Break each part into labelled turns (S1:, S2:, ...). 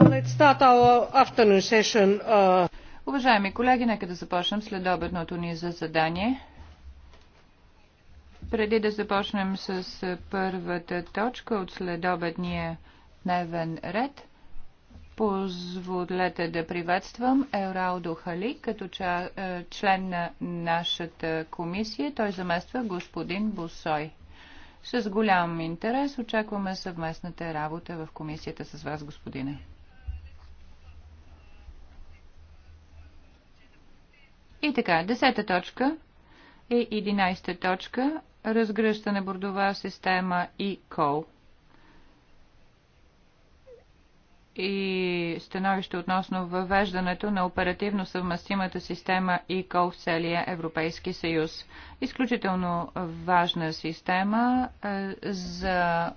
S1: Uh, Уважаеми колеги, нека да започнем след обедното ни за задание. Преди да започнем с първата точка от следобедния дневен ред, позволете да приветствам Ералдо Хали като е, член на нашата комисия. Той замества господин Босой. С голям интерес очакваме съвместната работа в комисията с вас, господине. И така, десета точка и е единайста точка разгръщане бордова система и кол. и становище относно въвеждането на оперативно съвместимата система ИКО в целия Европейски съюз. Изключително важна система е, за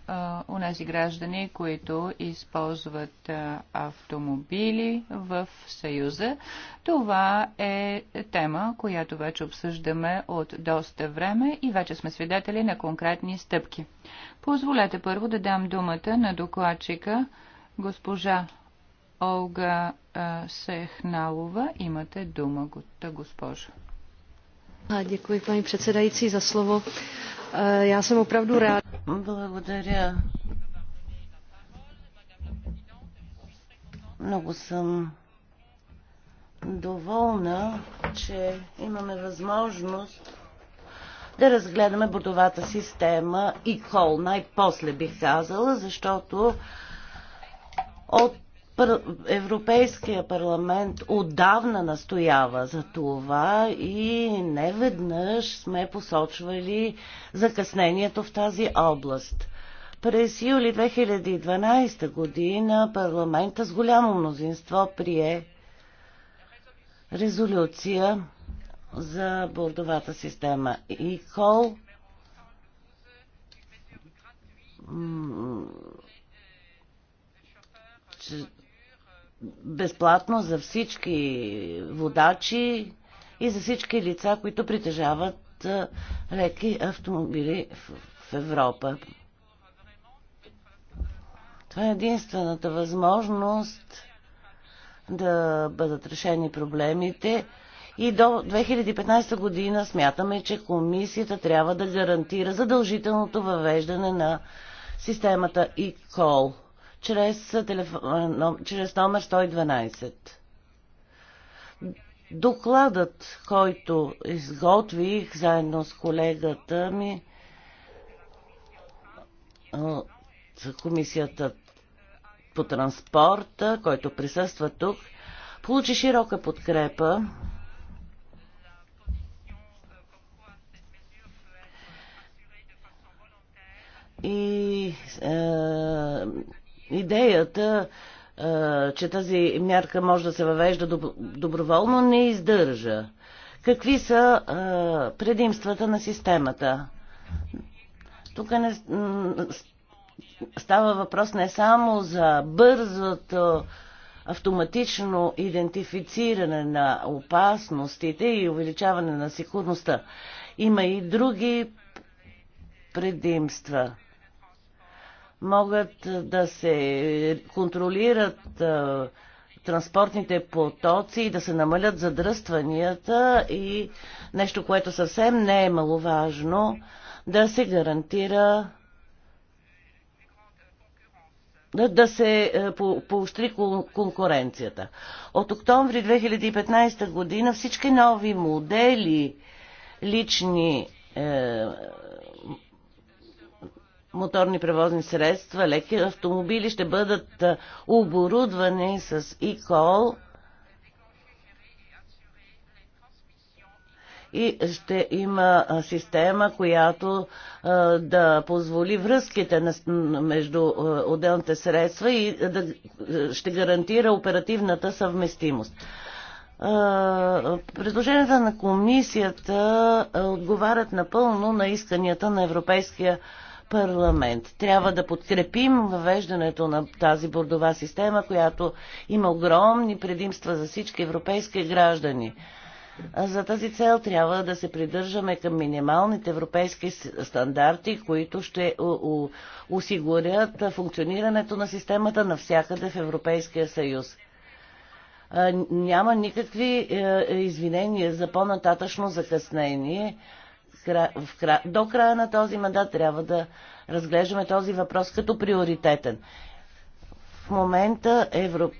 S1: унези е, граждани, които използват е, автомобили в Съюза. Това е тема, която вече обсъждаме от доста време и вече сме свидетели на конкретни стъпки. Позволете първо да дам думата на докладчика, Госпожа Олга Сехналова, имате дума, госпожо.
S2: Děkuji, paní předsedající, za slovo.
S3: Já jsem opravdu rád. Благодаря. Много съм доволна, че имаме възможност да разгледаме бордовата система и кол най-после бих казала, защото от Европейския парламент отдавна настоява за това и неведнъж сме посочвали закъснението в тази област. През юли 2012 година парламента с голямо мнозинство прие резолюция за бордовата система ИКОЛ безплатно за всички водачи и за всички лица, които притежават леки автомобили в Европа. Това е единствената възможност да бъдат решени проблемите и до 2015 година смятаме, че комисията трябва да гарантира задължителното въвеждане на системата e-call чрез, телефон, чрез номер 112. Докладът, който изготвих заедно с колегата ми от комисията по транспорта, който присъства тук, получи широка подкрепа. И е, Идеята, че тази мярка може да се въвежда доброволно, не издържа. Какви са предимствата на системата? Тук не, става въпрос не само за бързото автоматично идентифициране на опасностите и увеличаване на сигурността. Има и други предимства – могат да се контролират транспортните потоци и да се намалят задръстванията и нещо, което съвсем не е маловажно, да се гарантира да, да се е, по, поощри конкуренцията. От октомври 2015 година всички нови модели лични е, моторни превозни средства, леки автомобили ще бъдат оборудвани с ИКОЛ и ще има система, която да позволи връзките между отделните средства и да ще гарантира оперативната съвместимост. Предложенията на комисията отговарят напълно на исканията на Европейския парламент. Трябва да подкрепим въвеждането на тази бордова система, която има огромни предимства за всички европейски граждани. За тази цел трябва да се придържаме към минималните европейски стандарти, които ще осигурят функционирането на системата навсякъде в Европейския съюз. Няма никакви е, извинения за по-нататъчно закъснение до края на този мандат трябва да разглеждаме този въпрос като приоритетен. В момента Европа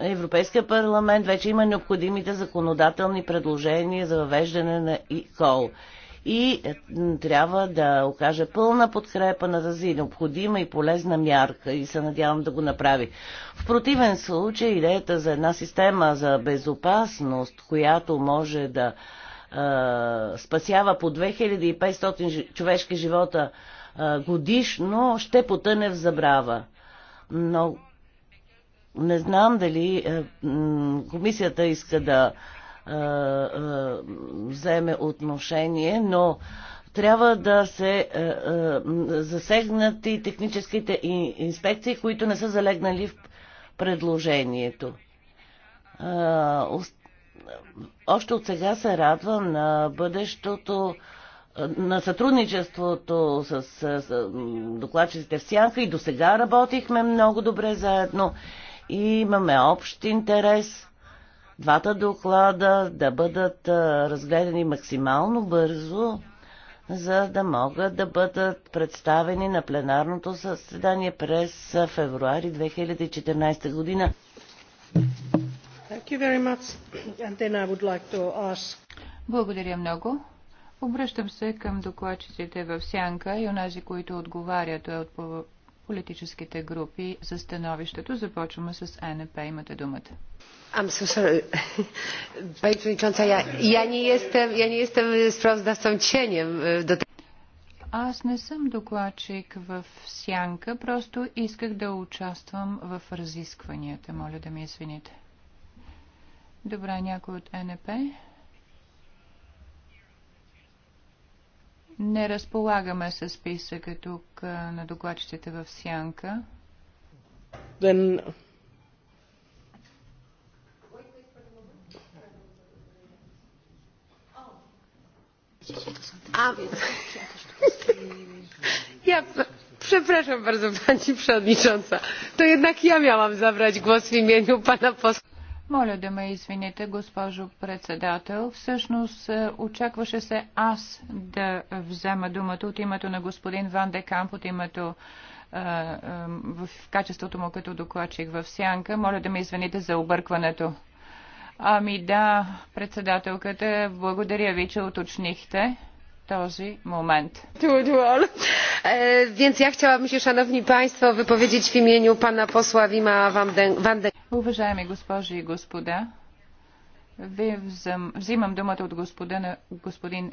S3: Европейския парламент вече има необходимите законодателни предложения за въвеждане на ИКОЛ. И е, трябва да окаже пълна подкрепа на тази необходима и полезна мярка и се надявам да го направи. В противен случай идеята за една система за безопасност, която може да спасява по 2500 човешки живота годишно, ще потъне в забрава. Но не знам дали е, комисията иска да е, е, вземе отношение, но трябва да се засегнат и техническите инспекции, които не са залегнали в предложението още от сега се радвам на бъдещото на сътрудничеството с, с, с докладчиците в Сянка и до сега работихме много добре заедно и имаме общ интерес двата доклада да бъдат разгледани максимално бързо, за да могат да бъдат представени на пленарното съседание през февруари 2014 година.
S1: Благодаря много. Обръщам се към докладчиците в Сянка и онази, които отговарят е, от политическите групи за становището. Започваме с НП. Имате думата.
S2: I'm so sorry.
S1: Аз не съм докладчик в сянка, просто исках да участвам в разискванията. Моля да ми извините. Добре, някой от НП. Не разполагаме с списъка тук на докладчетите в Сянка.
S3: Then... A...
S1: Ja przepraszam bardzo pani przewodnicząca. To jednak ja miałam zabrać głos w imieniu pana posła. Моля да ме извините, госпожо председател. Всъщност е, очакваше се аз да взема думата от името на господин Ван де Камп, от името е, е, в качеството му като докладчик в Сянка. Моля да ме извините за объркването. Ами да, председателката, благодаря ви, че уточнихте този момент. E, więc ja chciałabym się, szanowni państwo, wypowiedzieć w imieniu pana posła Wima van den... Уважаеми госпожи и господа, ви взем, взимам думата от господина, господин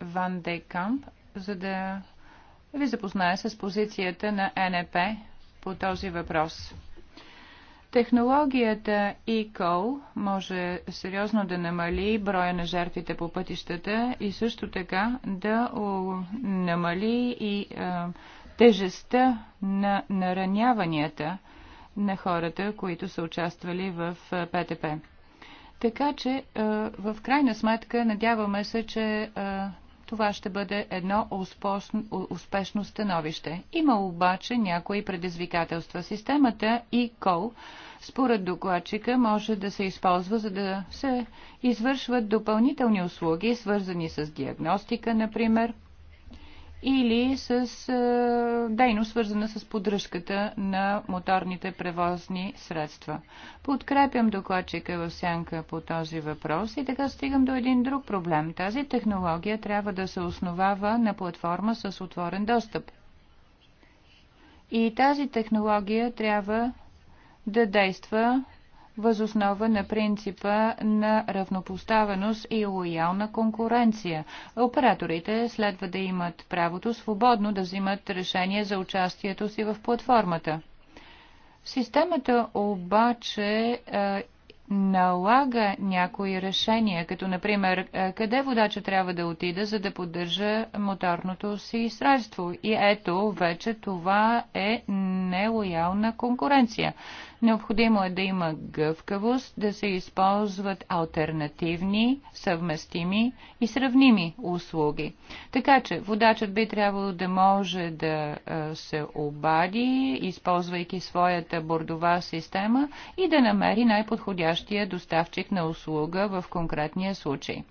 S1: Ван де Камп, за да ви запозная с позицията на НП по този въпрос. Технологията e-call може сериозно да намали броя на жертвите по пътищата и също така да намали и тежестта на нараняванията на хората, които са участвали в ПТП. Така че, в крайна сметка, надяваме се, че това ще бъде едно успешно, становище. Има обаче някои предизвикателства. Системата e-call според докладчика може да се използва, за да се извършват допълнителни услуги, свързани с диагностика, например, или с е, дейност, свързана с поддръжката на моторните превозни средства. Подкрепям докладчика в сянка по този въпрос и така стигам до един друг проблем. Тази технология трябва да се основава на платформа с отворен достъп. И тази технология трябва да действа възоснова на принципа на равнопоставеност и лоялна конкуренция. Операторите следва да имат правото свободно да взимат решение за участието си в платформата. Системата обаче е, налага някои решения, като например е, къде водача трябва да отида, за да поддържа моторното си средство. И ето, вече това е нелоялна конкуренция. Необходимо е да има гъвкавост, да се използват альтернативни, съвместими и сравними услуги. Така че водачът би трябвало да може да се обади, използвайки своята бордова система и да намери най-подходящия доставчик на услуга в конкретния случай.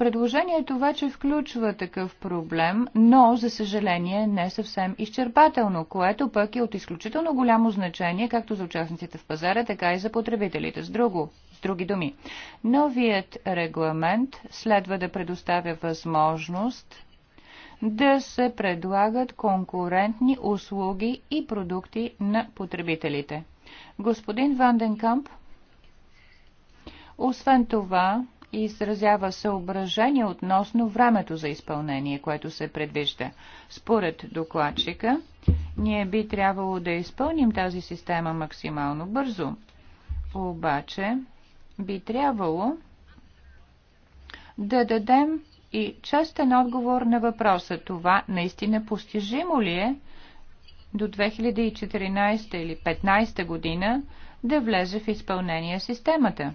S1: Предложението вече включва такъв проблем, но, за съжаление, не съвсем изчерпателно, което пък е от изключително голямо значение, както за участниците в пазара, така и за потребителите. С друго, с други думи, новият регламент следва да предоставя възможност да се предлагат конкурентни услуги и продукти на потребителите. Господин Ванденкамп, освен това, и изразява съображение относно времето за изпълнение, което се предвижда. Според докладчика, ние би трябвало да изпълним тази система максимално бързо. Обаче, би трябвало да дадем и честен отговор на въпроса това наистина постижимо ли е до 2014 или 2015 година да влезе в изпълнение системата.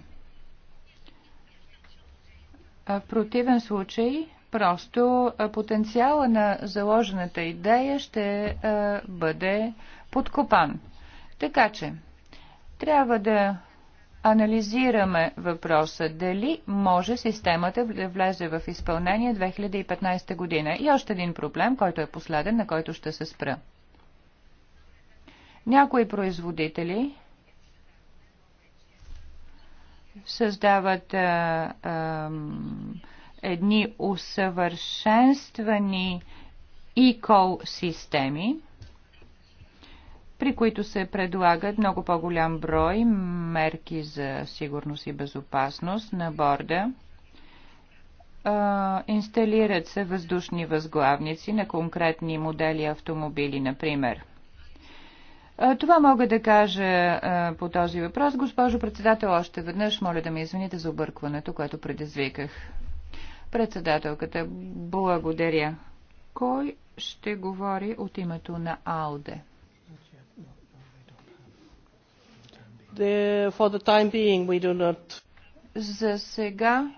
S1: В противен случай, просто потенциала на заложената идея ще бъде подкопан. Така че, трябва да анализираме въпроса дали може системата да влезе в изпълнение 2015 година. И още един проблем, който е последен, на който ще се спра. Някои производители създават а, а, едни усъвършенствани e кол системи, при които се предлагат много по-голям брой мерки за сигурност и безопасност на борда. А, инсталират се въздушни възглавници на конкретни модели автомобили, например – е, това мога да кажа е, по този въпрос. Госпожо председател, още веднъж моля да ме извините за объркването, което предизвиках. Председателката, благодаря. Кой ще говори от името на АЛДЕ? The, е, for the time being we do not... За сега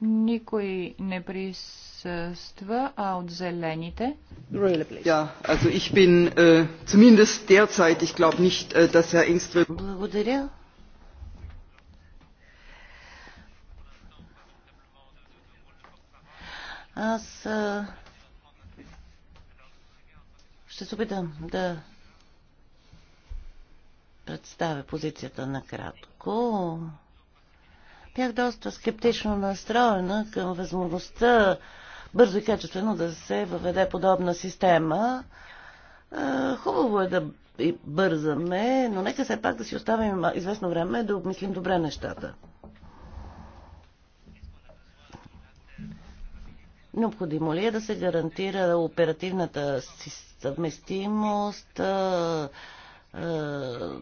S1: никой не присъства присъства, а от зелените?
S4: Äh,
S3: äh, Благодаря. Аз ще се опитам да представя позицията накратко. Бях доста скептично настроена към възможността бързо и качествено да се въведе подобна система. Хубаво е да бързаме, но нека все пак да си оставим известно време да обмислим добре нещата. Необходимо ли е да се гарантира оперативната съвместимост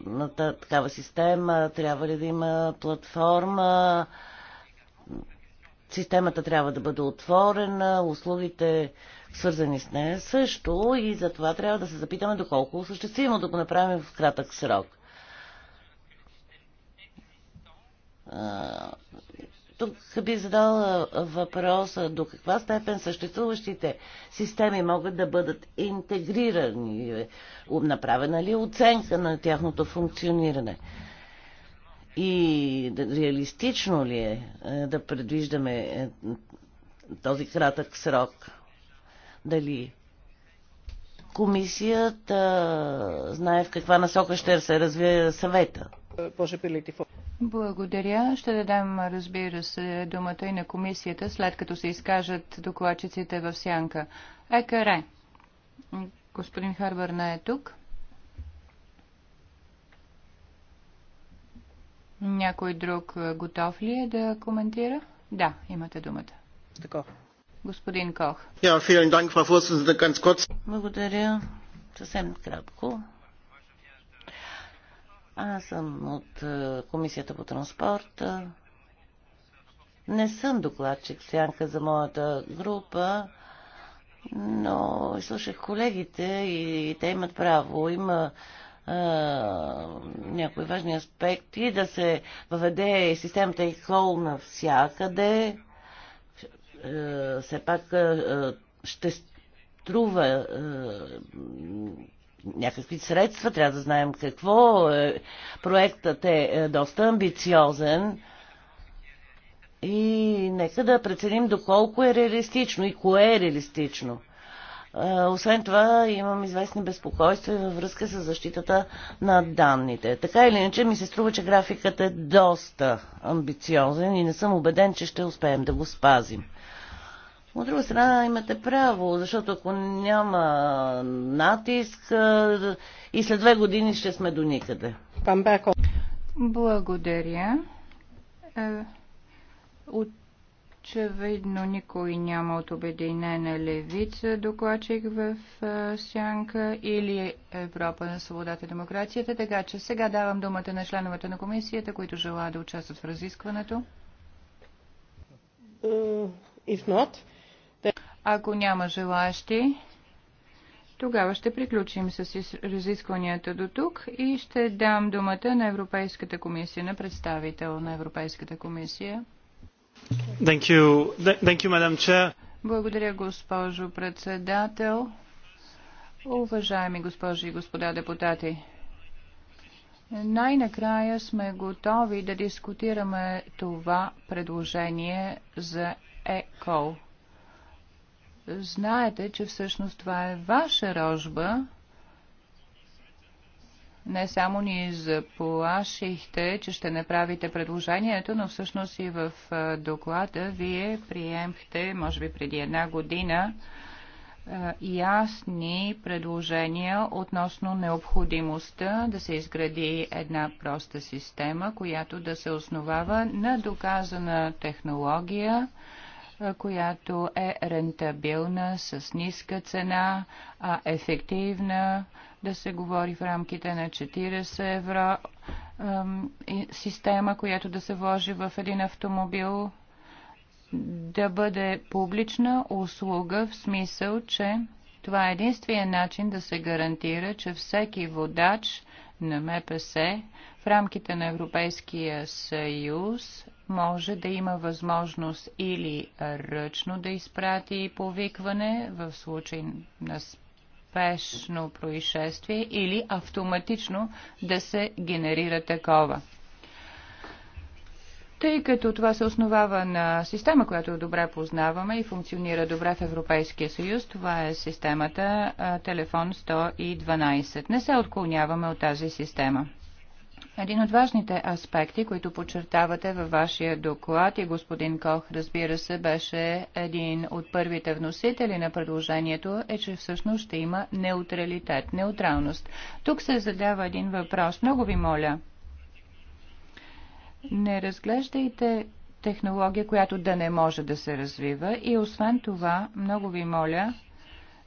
S3: на такава система? Трябва ли да има платформа? Системата трябва да бъде отворена, услугите свързани с нея също и за това трябва да се запитаме доколко е осъществимо да го направим в кратък срок. Тук би задала въпроса до каква степен съществуващите системи могат да бъдат интегрирани, направена ли е оценка на тяхното функциониране. И реалистично ли е, е да предвиждаме е, този кратък срок? Дали комисията е, знае в каква насока ще се развие съвета?
S1: Благодаря. Ще дадам, разбира се, думата и на комисията, след като се изкажат докладчиците в сянка. Екаре. Господин Харбър не е тук. Някой друг е, готов ли е да коментира? Да, имате думата. Така. Господин Кох.
S2: Yeah, Dank,
S3: Благодаря. Съвсем кратко. Аз съм от е, Комисията по транспорта. Не съм докладчик сянка за моята група, но слушах колегите и те имат право. Има някои важни аспекти, да се въведе системата и хол навсякъде. Е, все пак е, е, ще струва някакви средства, трябва да знаем какво. Проектът е доста амбициозен и нека да преценим доколко е реалистично и кое е реалистично. Е, освен това, имам известни безпокойства и във връзка с защитата на данните. Така или иначе, ми се струва, че графикът е доста амбициозен и не съм убеден, че ще успеем да го спазим. От друга страна имате право, защото ако няма натиск е, и след две години ще сме до никъде.
S1: Благодаря. Е, от Очевидно никой няма от обединена левица докладчик в Сянка или Европа на свободата и демокрацията, така че сега давам думата на членовете на комисията, които желаят да участват в разискването. Uh, not, then... Ако няма желащи, тогава ще приключим с разискванията до тук и ще дам думата на Европейската комисия, на представител на Европейската комисия. Благодаря, госпожо председател. Уважаеми госпожи и господа депутати, най-накрая сме готови да дискутираме това предложение за ЕКОЛ. Знаете, че всъщност това е ваша рожба, не само ни заплашихте, че ще направите предложението, но всъщност и в доклада вие приемхте, може би преди една година, ясни предложения относно необходимостта да се изгради една проста система, която да се основава на доказана технология, която е рентабилна, с ниска цена, а ефективна, да се говори в рамките на 40 евро система, която да се вложи в един автомобил, да бъде публична услуга в смисъл, че това е единствения начин да се гарантира, че всеки водач на МПС в рамките на Европейския съюз може да има възможност или ръчно да изпрати повикване в случай на успешно происшествие или автоматично да се генерира такова. Тъй като това се основава на система, която добре познаваме и функционира добре в Европейския съюз, това е системата а, телефон 112. Не се отклоняваме от тази система. Един от важните аспекти, които подчертавате във вашия доклад и господин Кох, разбира се, беше един от първите вносители на предложението, е, че всъщност ще има неутралитет, неутралност. Тук се задава един въпрос. Много ви моля, не разглеждайте технология, която да не може да се развива и освен това, много ви моля,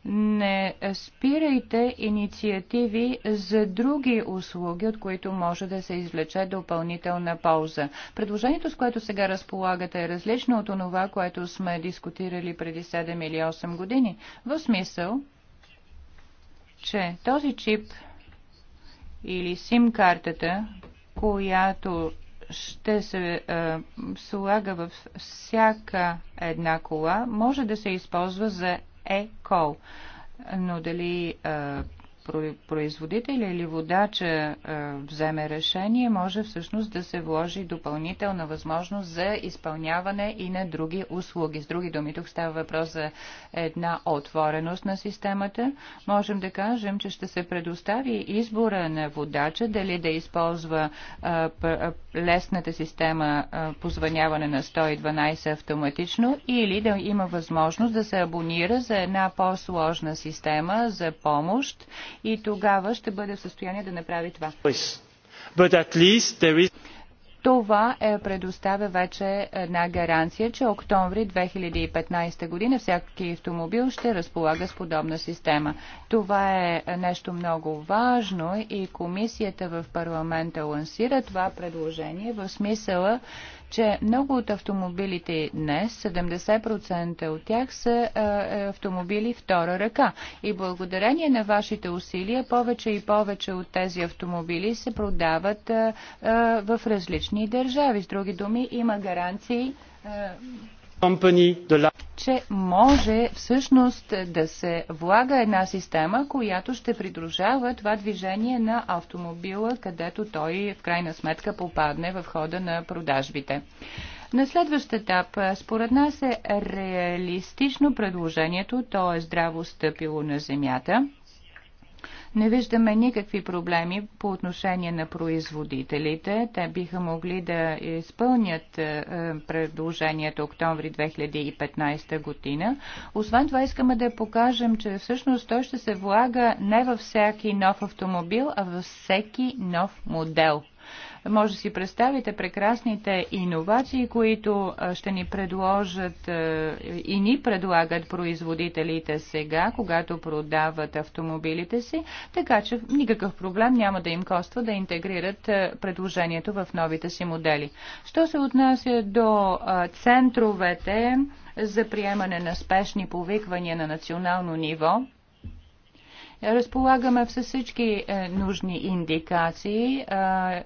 S1: не спирайте инициативи за други услуги, от които може да се извлече допълнителна полза. Предложението, с което сега разполагате, е различно от онова, което сме дискутирали преди 7 или 8 години. В смисъл, че този чип или сим-картата, която ще се е, слага във всяка една кола, може да се използва за е кол. Но дали а, производителя или водача е, вземе решение, може всъщност да се вложи допълнителна възможност за изпълняване и на други услуги. С други думи, тук става въпрос за една отвореност на системата. Можем да кажем, че ще се предостави избора на водача дали да използва е, е, лесната система позваняване на 112 автоматично или да има възможност да се абонира за една по-сложна система за помощ и тогава ще бъде в състояние да направи това. Това е предоставя вече една гаранция, че октомври 2015 година всяки автомобил ще разполага с подобна система. Това е нещо много важно и комисията в парламента лансира това предложение в смисъла, че много от автомобилите днес, 70% от тях са е, е, автомобили втора ръка. И благодарение на вашите усилия, повече и повече от тези автомобили се продават е, в различни държави. С други думи, има гаранции че може всъщност да се влага една система, която ще придружава това движение на автомобила, където той в крайна сметка попадне в хода на продажбите. На следващ етап, според нас е реалистично предложението, то е здраво стъпило на земята не виждаме никакви проблеми по отношение на производителите. Те биха могли да изпълнят е, предложението октомври 2015 година. Освен това искаме да покажем, че всъщност той ще се влага не във всеки нов автомобил, а във всеки нов модел може да си представите прекрасните иновации, които ще ни предложат и ни предлагат производителите сега, когато продават автомобилите си, така че никакъв проблем няма да им коства да интегрират предложението в новите си модели. Що се отнася до центровете за приемане на спешни повиквания на национално ниво, Разполагаме с всички е, нужни индикации. Е,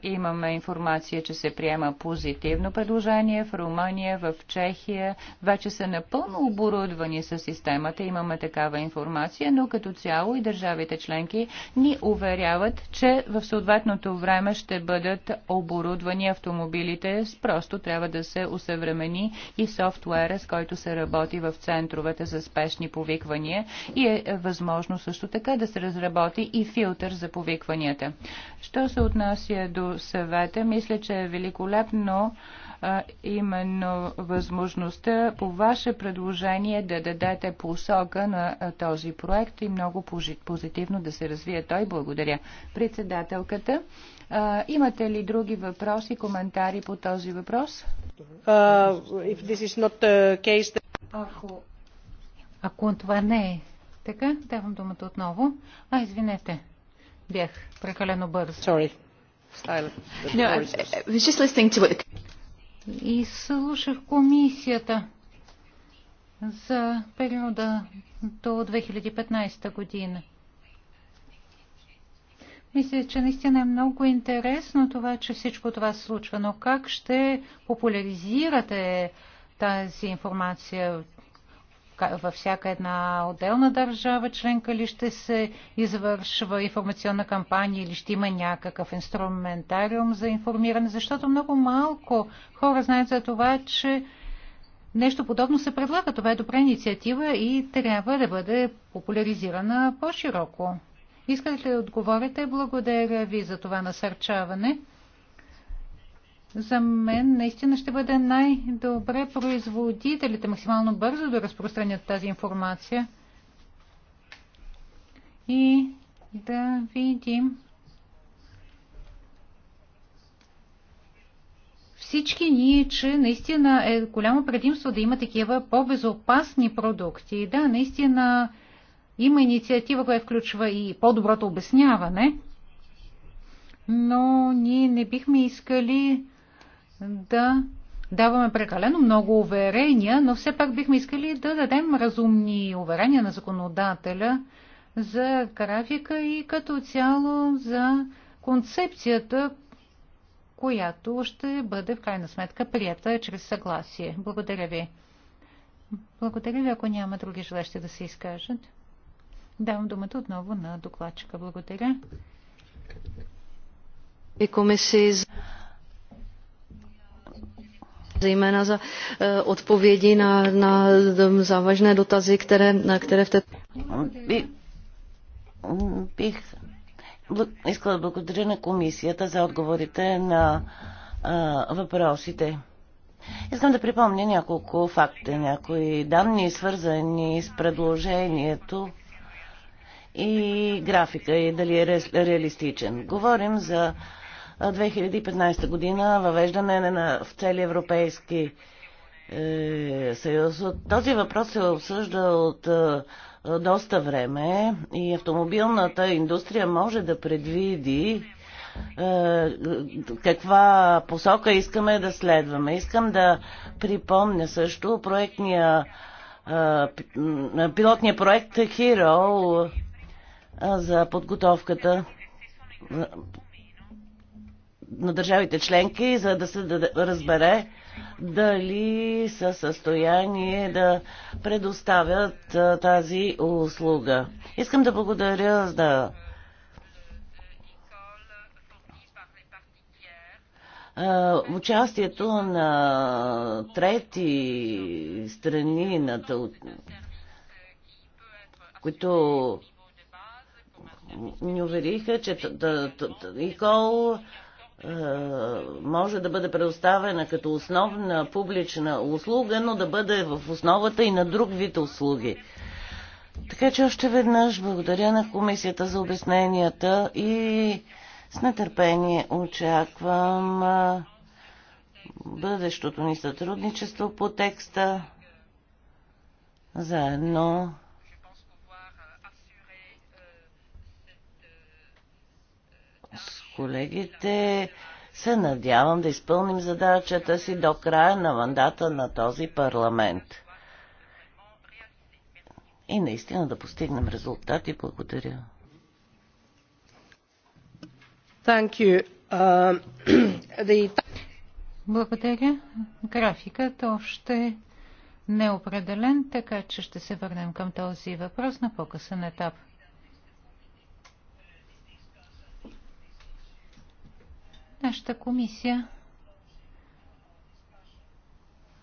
S1: имаме информация, че се приема позитивно предложение в Румъния, в Чехия. Вече са напълно оборудвани с системата. Имаме такава информация, но като цяло и държавите членки ни уверяват, че в съответното време ще бъдат оборудвани автомобилите. Просто трябва да се усъвремени и софтуера, с който се работи в центровете за спешни повиквания и е, е възможно също така да да се разработи и филтър за повикванията. Що се отнася до съвета, мисля, че е великолепно а, именно възможността по ваше предложение да дадете посока на а, този проект и много позитивно да се развие той. Благодаря. Председателката, а, имате ли други въпроси, коментари по този въпрос? Uh, case... Ако,
S2: ако това не е така, давам думата отново. А, извинете, бях прекалено бърз. Sorry. No, И слушах комисията за периода до 2015 година. Мисля, че наистина е много интересно това, че всичко това се случва, но как ще популяризирате тази информация във всяка една отделна държава членка ли ще се извършва информационна кампания или ще има някакъв инструментариум за информиране, защото много малко хора знаят за това, че нещо подобно се предлага. Това е добра инициатива и трябва да бъде популяризирана по-широко. Искате ли да отговорите? Благодаря ви за това насърчаване за мен наистина ще бъде най-добре производителите максимално бързо да разпространят тази информация и да видим всички ние, че наистина е голямо предимство да има такива по-безопасни продукти. Да, наистина има инициатива, която включва и по-доброто обясняване, но ние не бихме искали да даваме прекалено много уверения, но все пак бихме искали да дадем разумни уверения на законодателя за графика и като цяло за концепцията, която ще бъде в крайна сметка прията чрез съгласие. Благодаря ви. Благодаря ви, ако няма други желащи да се изкажат. Давам думата отново на докладчика. Благодаря zejména za eh, odpovědi na, na závažné dotazy, které, na které v té...
S3: bych искала да благодаря на комисията за отговорите на а, въпросите. Искам да припомня няколко факта, някои данни, свързани с предложението и графика и дали е ре, реалистичен. Говорим за 2015 година въвеждане на, в цели Европейски е, съюз. Този въпрос се обсъжда от е, доста време и автомобилната индустрия може да предвиди е, каква посока искаме да следваме. Искам да припомня също проектния е, пилотния проект Hero е, за подготовката на държавите членки, за да се да, разбере дали са състояние да предоставят а, тази услуга. Искам да благодаря за участието на трети страни, на, които ни увериха, че ИКОЛ е, може да бъде предоставена като основна публична услуга, но да бъде в основата и на друг вид услуги. Така че още веднъж благодаря на комисията за обясненията и с нетърпение очаквам е, бъдещото ни сътрудничество по текста заедно колегите се надявам да изпълним задачата си до края на мандата на този парламент. И наистина да постигнем резултати. Благодаря. Uh,
S2: Благодаря. Графикът още не е определен, така че ще се върнем към този въпрос на по-късен етап. Нашата комисия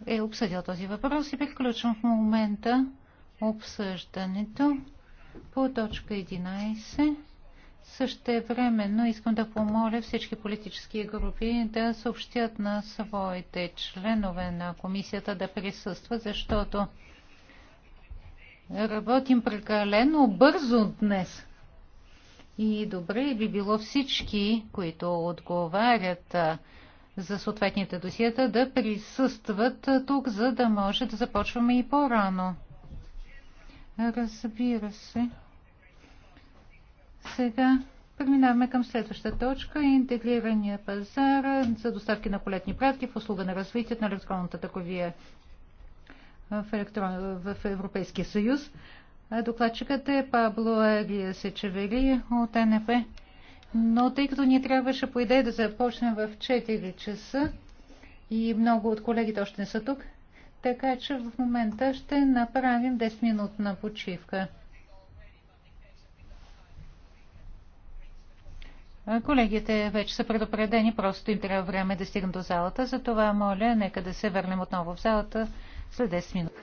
S2: е обсъдила този въпрос и приключвам в момента обсъждането по точка 11. Същевременно искам да помоля всички политически групи да съобщят на своите членове на комисията да присъстват, защото работим прекалено бързо днес. И добре би било всички, които отговарят за съответните досиета, да присъстват тук, за да може да започваме и по-рано. Разбира се. Сега преминаваме към следващата точка. Интегрирания пазар за доставки на полетни пратки в услуга на развитието на електронната търговия в, електрон... в Европейския съюз. Докладчикът е Пабло Агия Сечевели от НФ. Но тъй като ние трябваше по идея да започнем в 4 часа и много от колегите още не са тук, така че в момента ще направим 10-минутна почивка. Колегите вече са предупредени, просто им трябва време да стигнат до залата, затова моля, нека да се върнем отново в залата след 10 минути.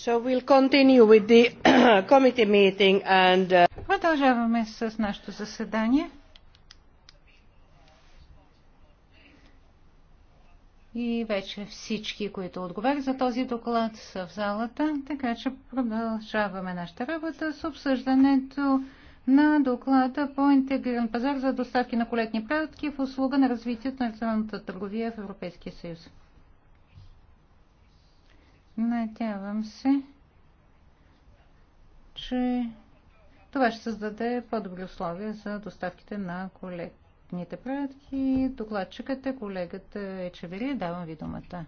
S1: Uh,
S2: продължаваме с нашето заседание. И вече всички, които отговарят за този доклад, са в залата, така че продължаваме нашата работа с обсъждането на доклада по интегриран пазар за доставки на колетни пратки в услуга на развитието на националната търговия в Европейския съюз. Надявам се, че това ще създаде по-добри условия за доставките на колегните пратки. Докладчикът е колегата Ечевери. Давам ви думата.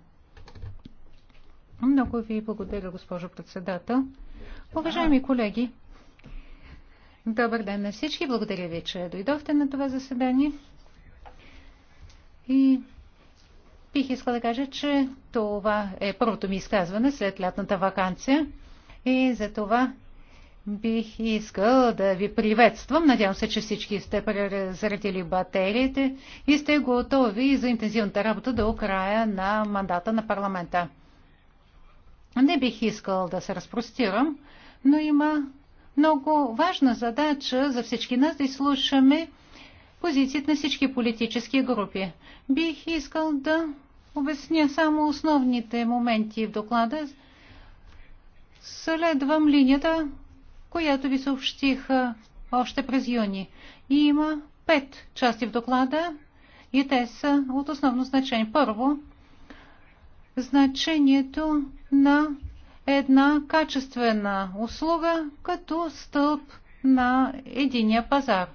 S2: Много ви благодаря, госпожо председател. Уважаеми колеги, добър ден на всички. Благодаря ви, че дойдохте на това заседание. И Бих искала да кажа, че това е първото ми изказване след лятната вакансия и за това бих искал да ви приветствам. Надявам се, че всички сте заредили батериите и сте готови за интензивната работа до края на мандата на парламента. Не бих искал да се разпростирам, но има много важна задача за всички нас да изслушаме позициите на всички политически групи. Бих искал да обясня само основните моменти в доклада. Следвам линията, която ви съобщих още през юни. И има пет части в доклада и те са от основно значение. Първо, значението на една качествена услуга като стълб на единия пазар.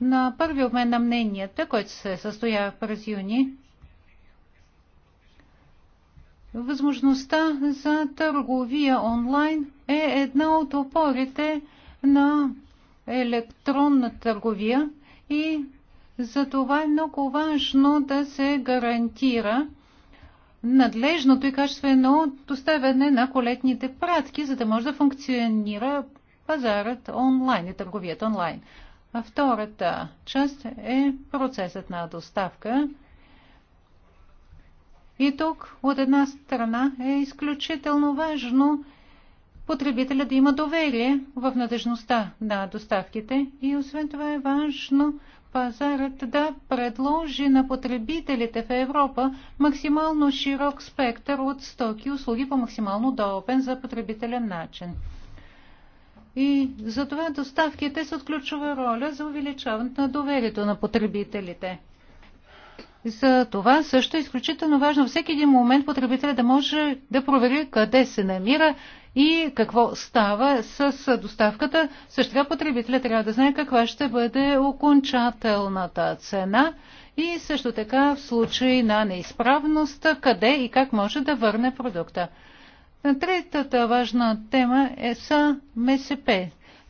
S2: На първи обмен на мненията, който се състоя през юни, Възможността за търговия онлайн е една от опорите на електронна търговия и за това е много важно да се гарантира надлежното и качествено доставяне на колетните пратки, за да може да функционира пазарът онлайн и търговията онлайн. А втората част е процесът на доставка. И тук от една страна е изключително важно потребителя да има доверие в надежността на доставките и освен това е важно пазарът да предложи на потребителите в Европа максимално широк спектър от стоки и услуги по максимално удобен за потребителен начин. И затова доставките са от ключова роля за увеличаването на доверието на потребителите – за това също е изключително важно всеки един момент потребителя да може да провери къде се намира и какво става с доставката. Също така потребителя трябва да знае каква ще бъде окончателната цена и също така в случай на неизправност къде и как може да върне продукта. Третата важна тема е са МСП,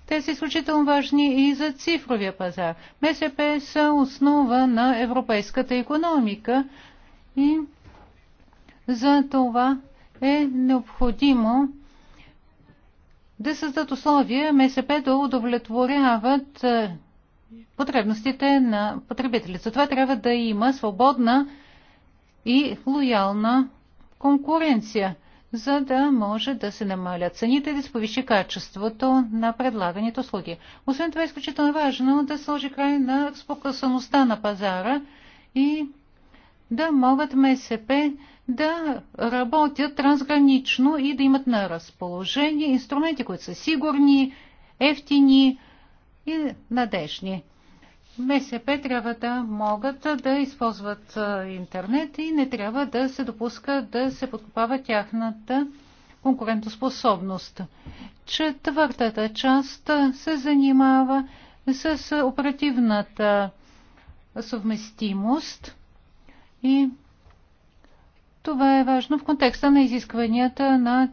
S2: те са изключително важни и за цифровия пазар. МСП са основа на европейската економика и за това е необходимо да създадат условия МСП да удовлетворяват е, потребностите на потребителите. Затова трябва да има свободна и лоялна конкуренция за да може да се намалят цените и да се повиши качеството на предлаганите услуги. Освен това е изключително важно да сложи край на разпокъсаността на пазара и да могат МСП да работят трансгранично и да имат на разположение инструменти, които са сигурни, ефтини и надежни. МСП трябва да могат да използват интернет и не трябва да се допуска да се подкопава тяхната конкурентоспособност. Четвъртата част се занимава с оперативната съвместимост и това е важно в контекста на изискванията на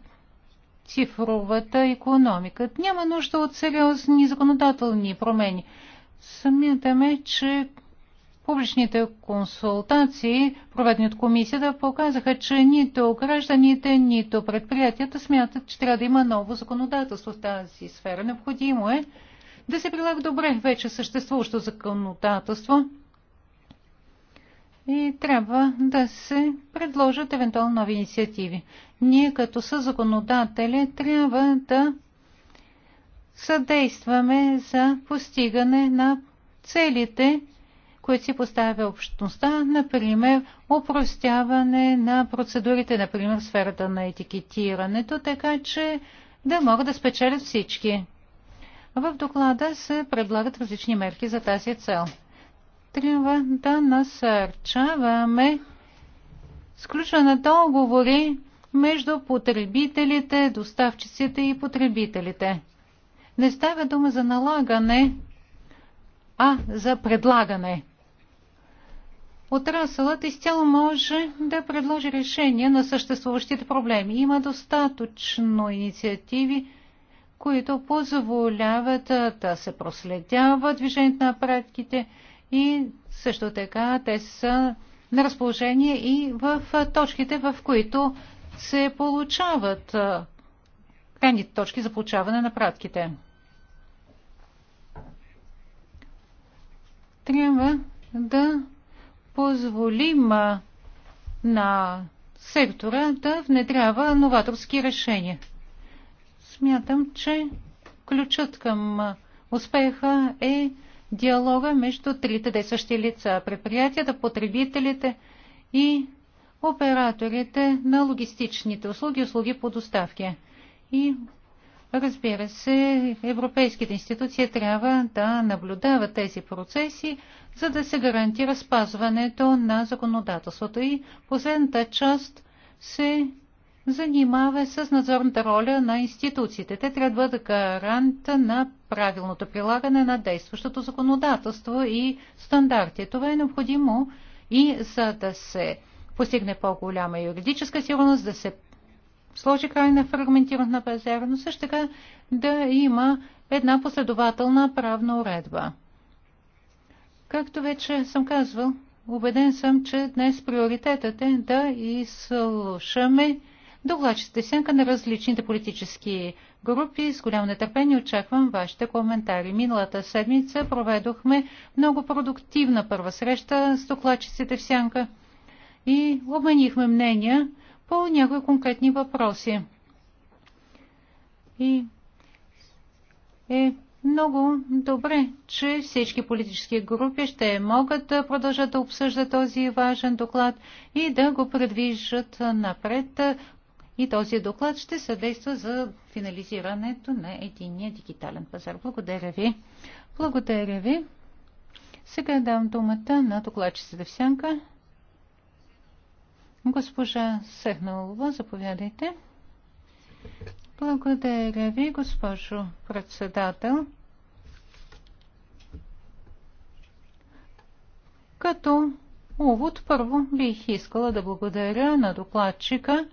S2: цифровата економика. Няма нужда от сериозни законодателни промени. Смятаме, е че публичните консултации, проведени от комисията, показаха, че нито гражданите, нито предприятията смятат, че трябва да има ново законодателство в тази сфера. Необходимо е да се прилага добре вече съществуващо законодателство и трябва да се предложат евентуално нови инициативи. Ние като съзаконодатели трябва да съдействаме за постигане на целите, които си поставя общността, например, упростяване на процедурите, например, в сферата на етикетирането, така че да могат да спечелят всички. В доклада се предлагат различни мерки за тази цел. Трябва да насърчаваме сключване на договори между потребителите, доставчиците и потребителите. Не става дума за налагане, а за предлагане. Отрасълът изцяло може да предложи решение на съществуващите проблеми. Има достатъчно инициативи, които позволяват да се проследява движението на пратките и също така те са на разположение и в точките, в които се получават крайните точки за получаване на пратките. трябва да позволим на сектора да внедрява новаторски решения. Смятам, че ключът към успеха е диалога между трите действащи лица – предприятията, потребителите и операторите на логистичните услуги, услуги по доставки. И Разбира се, европейските институции трябва да наблюдават тези процеси, за да се гарантира спазването на законодателството. И последната част се занимава с надзорната роля на институциите. Те трябва да гарант на правилното прилагане на действащото законодателство и стандарти. Това е необходимо и за да се постигне по-голяма юридическа сигурност, да се сложи край на фрагментирана пазара, но също така да има една последователна правна уредба. Както вече съм казвал, убеден съм, че днес приоритетът е да изслушаме докладчите сенка на различните политически групи. С голямо нетърпение очаквам вашите коментари. Миналата седмица проведохме много продуктивна първа среща с докладчиците в сянка и обменихме мнения по някои конкретни въпроси. И е много добре, че всички политически групи ще могат да продължат да обсъждат този важен доклад и да го предвижат напред. И този доклад ще съдейства за финализирането на единия дигитален пазар. Благодаря ви. Благодаря ви. Сега дам думата на докладчицата в сянка. Госпожа Сехналова, заповядайте. Благодаря ви, госпожо председател. Като увод първо бих искала да благодаря на докладчика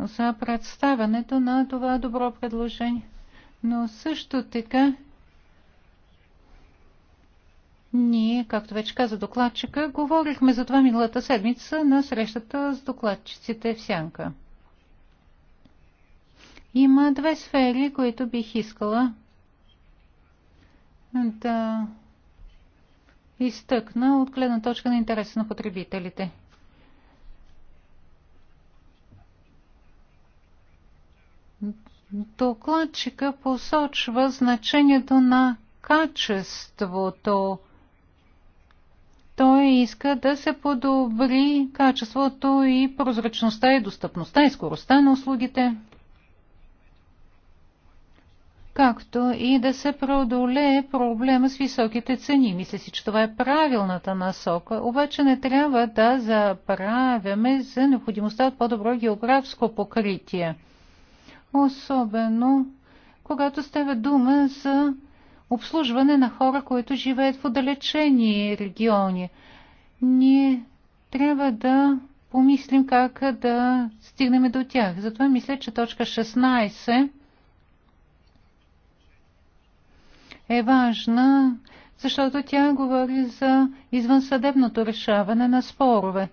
S2: за представянето на това добро предложение. Но също така ние, както вече каза докладчика, говорихме за това миналата седмица на срещата с докладчиците в Сянка. Има две сфери, които бих искала да изтъкна от гледна точка на интереса на потребителите. Докладчика посочва значението на качеството той иска да се подобри качеството и прозрачността и достъпността и скоростта на услугите, както и да се преодолее проблема с високите цени. Мисля си, че това е правилната насока, обаче не трябва да заправяме за необходимостта от по-добро географско покритие. Особено когато става дума за обслужване на хора, които живеят в отдалечени региони. Ние трябва да помислим как да стигнем до тях. Затова мисля, че точка 16 е важна, защото тя говори за извънсъдебното решаване на спорове.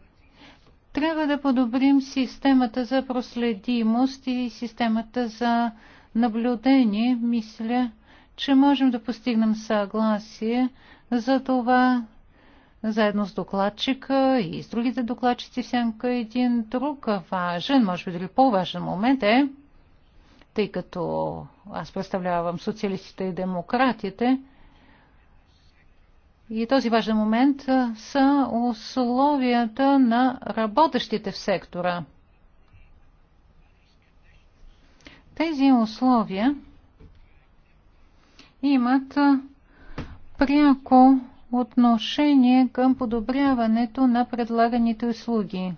S2: Трябва да подобрим системата за проследимост и системата за наблюдение. Мисля, че можем да постигнем съгласие за това, заедно с докладчика и с другите докладчици сянка един друг важен, може би дали по-важен момент е, тъй като аз представлявам социалистите и демократите, и този важен момент са условията на работещите в сектора. Тези условия имат пряко отношение към подобряването на предлаганите услуги.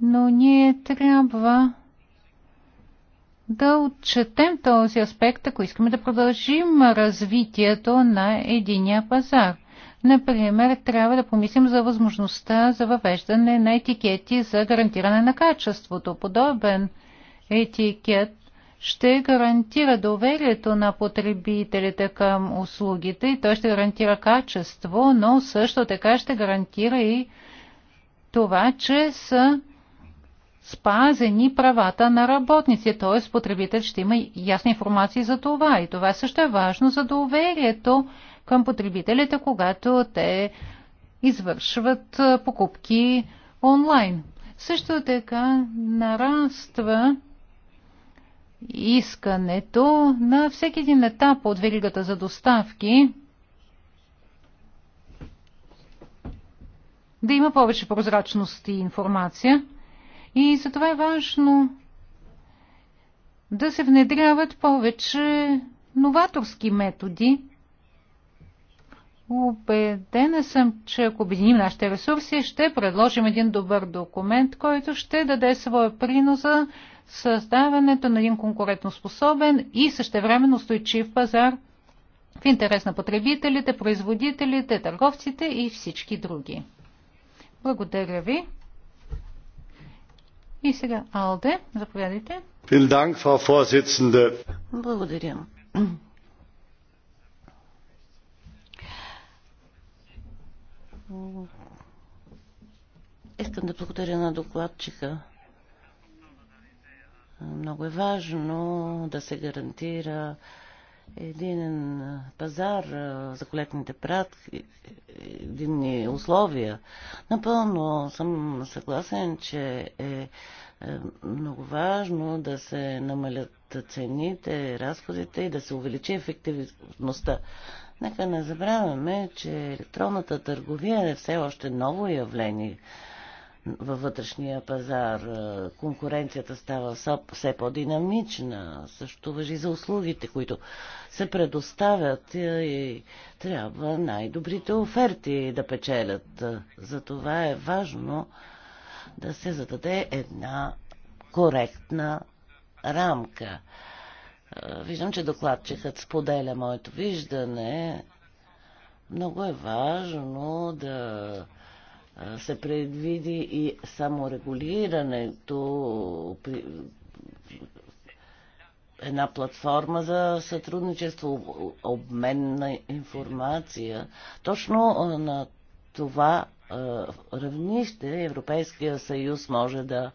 S2: Но ние трябва да отчетем този аспект, ако искаме да продължим развитието на единия пазар. Например, трябва да помислим за възможността за въвеждане на етикети за гарантиране на качеството. Подобен етикет ще гарантира доверието на потребителите към услугите и той ще гарантира качество, но също така ще гарантира и това, че са спазени правата на работници, т.е. потребител ще има ясна информация за това. И това също е важно за доверието към потребителите, когато те извършват покупки онлайн. Също така нараства искането на всеки един етап от веригата за доставки да има повече прозрачност и информация. И затова е важно да се внедряват повече новаторски методи. Обедена съм, че ако обединим нашите ресурси, ще предложим един добър документ, който ще даде своя принос за създаването на един конкурентоспособен и същевременно стойчив пазар в интерес на потребителите, производителите, търговците и всички други. Благодаря ви. И сега Алде, заповядайте.
S3: Благодаря. Искам да благодаря на докладчика много е важно да се гарантира един пазар за колетните пратки, единни условия. Напълно съм съгласен, че е, е много важно да се намалят цените, разходите и да се увеличи ефективността. Нека не забравяме, че електронната търговия е все още ново явление във вътрешния пазар. Е, конкуренцията става все по-динамична. Също въжи за услугите, които се предоставят е, и трябва най-добрите оферти да печелят. Е, Затова е важно да се зададе една коректна рамка. Виждам, че докладчикът споделя моето виждане. Много е важно да се предвиди и саморегулирането при една платформа за сътрудничество, обмен на информация. Точно на това равнище Европейския съюз може да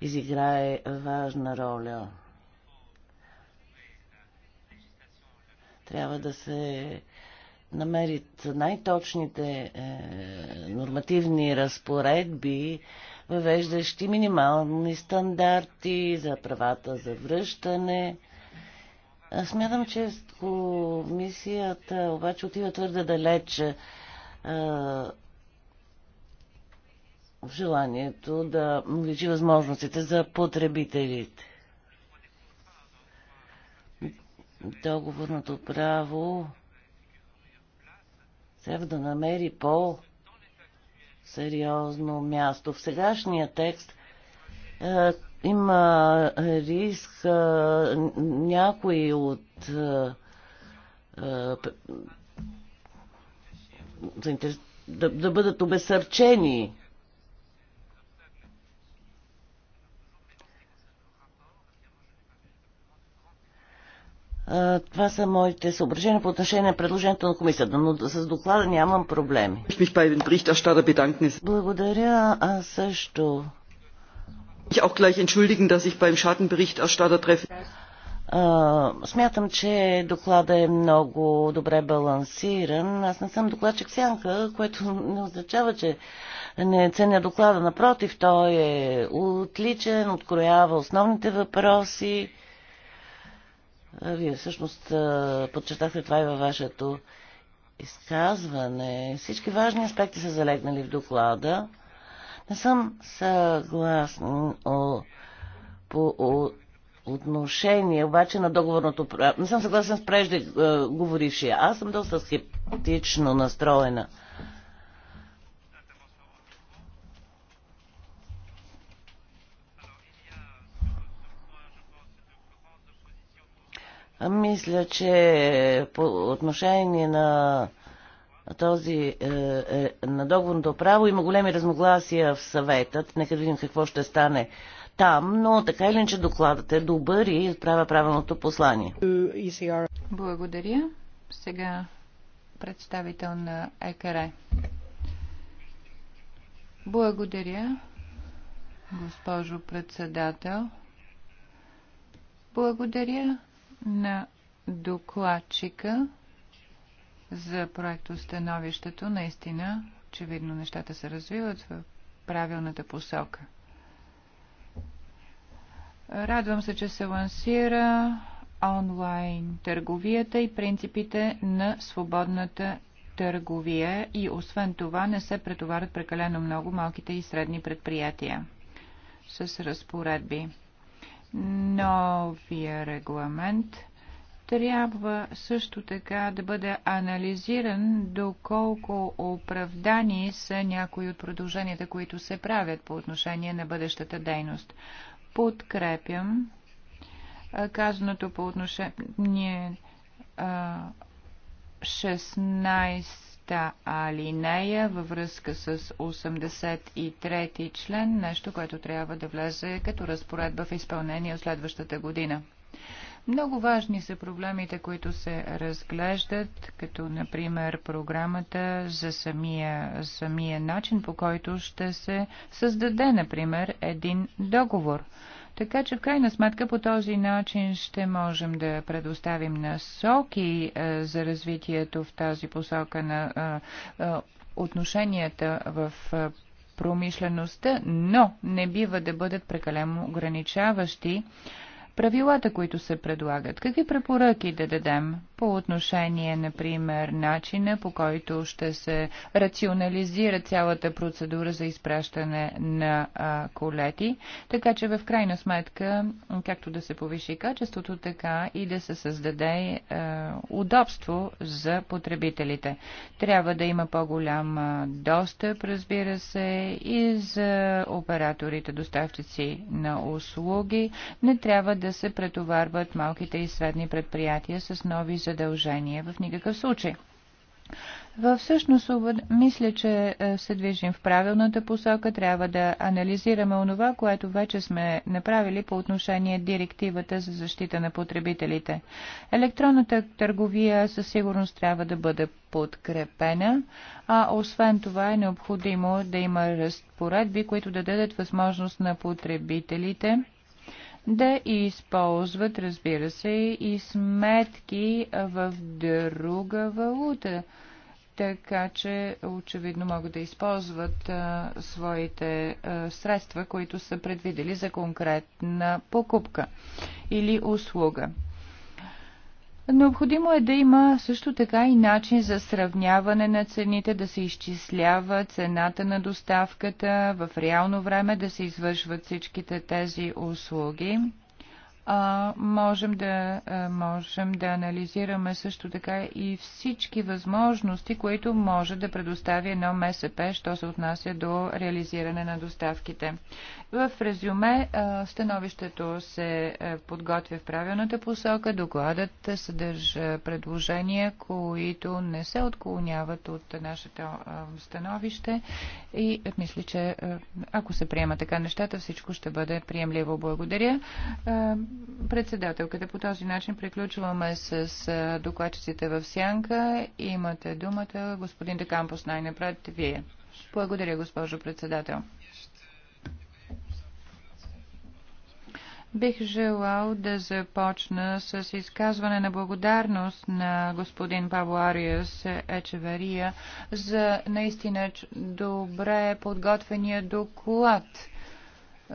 S3: изиграе важна роля. Трябва да се намерят най-точните е, нормативни разпоредби, въвеждащи минимални стандарти за правата за връщане. Аз смятам, че комисията обаче отива твърде далече в желанието да увеличи възможностите за потребителите. Договорното право трябва да намери по сериозно място. В сегашния текст е, има риск е, някои от е, е, да, да бъдат обесърчени Това са моите съображения по отношение на предложението на комисията, но с доклада нямам проблеми. Благодаря, а също. Смятам, че доклада е много добре балансиран. Аз не съм докладчик сянка, което не означава, че не ценя доклада. Напротив, той е отличен, откроява основните въпроси. Вие всъщност подчертахте това и във вашето изказване. Всички важни аспекти са залегнали в доклада. Не съм съгласен о, по о, отношение обаче на договорното право. Не съм съгласен с преждеговорившия. Аз съм доста скептично настроена Мисля, че по отношение на този, е, е, на договорното право има големи разногласия в съветът. Нека да видим какво ще стане там, но така или иначе докладът е добър и отправя правилното послание.
S1: Е, Благодаря. Сега представител на ЕКР. Благодаря, госпожо председател. Благодаря на докладчика за проектостановището. Наистина, очевидно, нещата се развиват в правилната посока. Радвам се, че се лансира онлайн търговията и принципите на свободната търговия и освен това не се претоварят прекалено много малките и средни предприятия с разпоредби новия регламент трябва също така да бъде анализиран доколко оправдани са някои от продълженията, които се правят по отношение на бъдещата дейност. Подкрепям казаното по отношение 16 Та, алинея във връзка с 83 член, нещо, което трябва да влезе като разпоредба в изпълнение от следващата година. Много важни са проблемите, които се разглеждат, като например програмата за самия, самия начин, по който ще се създаде, например, един договор – така че в крайна сметка по този начин ще можем да предоставим насоки е, за развитието в тази посока на е, е, отношенията в промишлеността, но не бива да бъдат прекалено ограничаващи правилата, които се предлагат? Какви препоръки да дадем по отношение, например, начина по който ще се рационализира цялата процедура за изпращане на а, колети, така че в крайна сметка, както да се повиши качеството, така и да се създаде а, е, удобство за потребителите. Трябва да има по-голям достъп, разбира се, и за операторите, доставчици на услуги. Не трябва да да се претоварват малките и средни предприятия с нови задължения в никакъв случай. Във всъщност мисля, че е, се движим в правилната посока. Трябва да анализираме онова, което вече сме направили по отношение директивата за защита на потребителите. Електронната търговия със сигурност трябва да бъде подкрепена, а освен това е необходимо да има разпоредби, които да дадат възможност на потребителите да използват, разбира се, и сметки в друга валута така че очевидно могат да използват а, своите а, средства, които са предвидели за конкретна покупка или услуга. Необходимо е да има също така и начин за сравняване на цените, да се изчислява цената на доставката, в реално време да се извършват всичките тези услуги можем, да, можем да анализираме също така и всички възможности, които може да предостави едно МСП, що се отнася до реализиране на доставките. В резюме становището се подготвя в правилната посока, докладът съдържа предложения, които не се отклоняват от нашето становище и мисля, че ако се приема така нещата, всичко ще бъде приемливо. Благодаря. Председателката, по този начин приключваме с докладчиците в сянка. Имате думата, господин Декампус, най-напред вие. Благодаря, госпожо председател. Бих желал да започна с изказване на благодарност на господин Павло Ариас Ечеверия за наистина добре подготвения доклад е,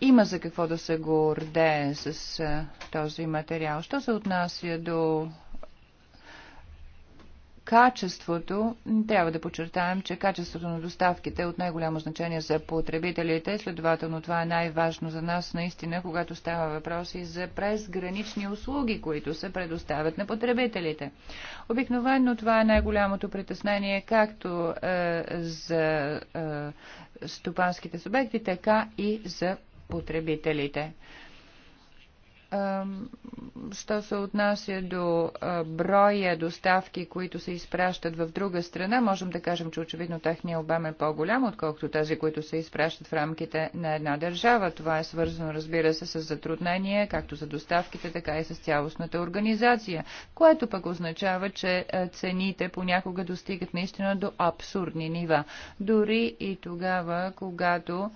S1: има за какво да се гордее с е, този материал. Що се отнася до качеството, трябва да подчертаем, че качеството на доставките е от най-голямо значение за потребителите. Следователно, това е най-важно за нас наистина, когато става въпрос и за презгранични услуги, които се предоставят на потребителите. Обикновено това е най-голямото притеснение както е, за е, стопанските субекти, така и за потребителите що се отнася до броя доставки, които се изпращат в друга страна, можем да кажем, че очевидно техния обем е по-голям, отколкото тези, които се изпращат в рамките на една държава. Това е свързано, разбира се, с затруднение, както за доставките, така и с цялостната организация, което пък означава, че цените понякога достигат наистина до абсурдни нива. Дори и тогава, когато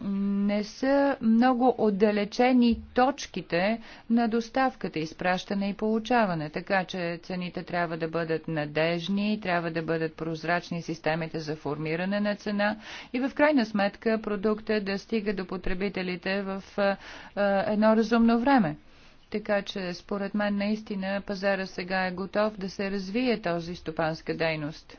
S1: не са много отдалечени точките на доставката, изпращане и получаване, така че цените трябва да бъдат надежни, трябва да бъдат прозрачни системите за формиране на цена и в крайна сметка продукта да стига до потребителите в едно разумно време. Така че, според мен, наистина пазара сега е готов да се развие този стопанска дейност.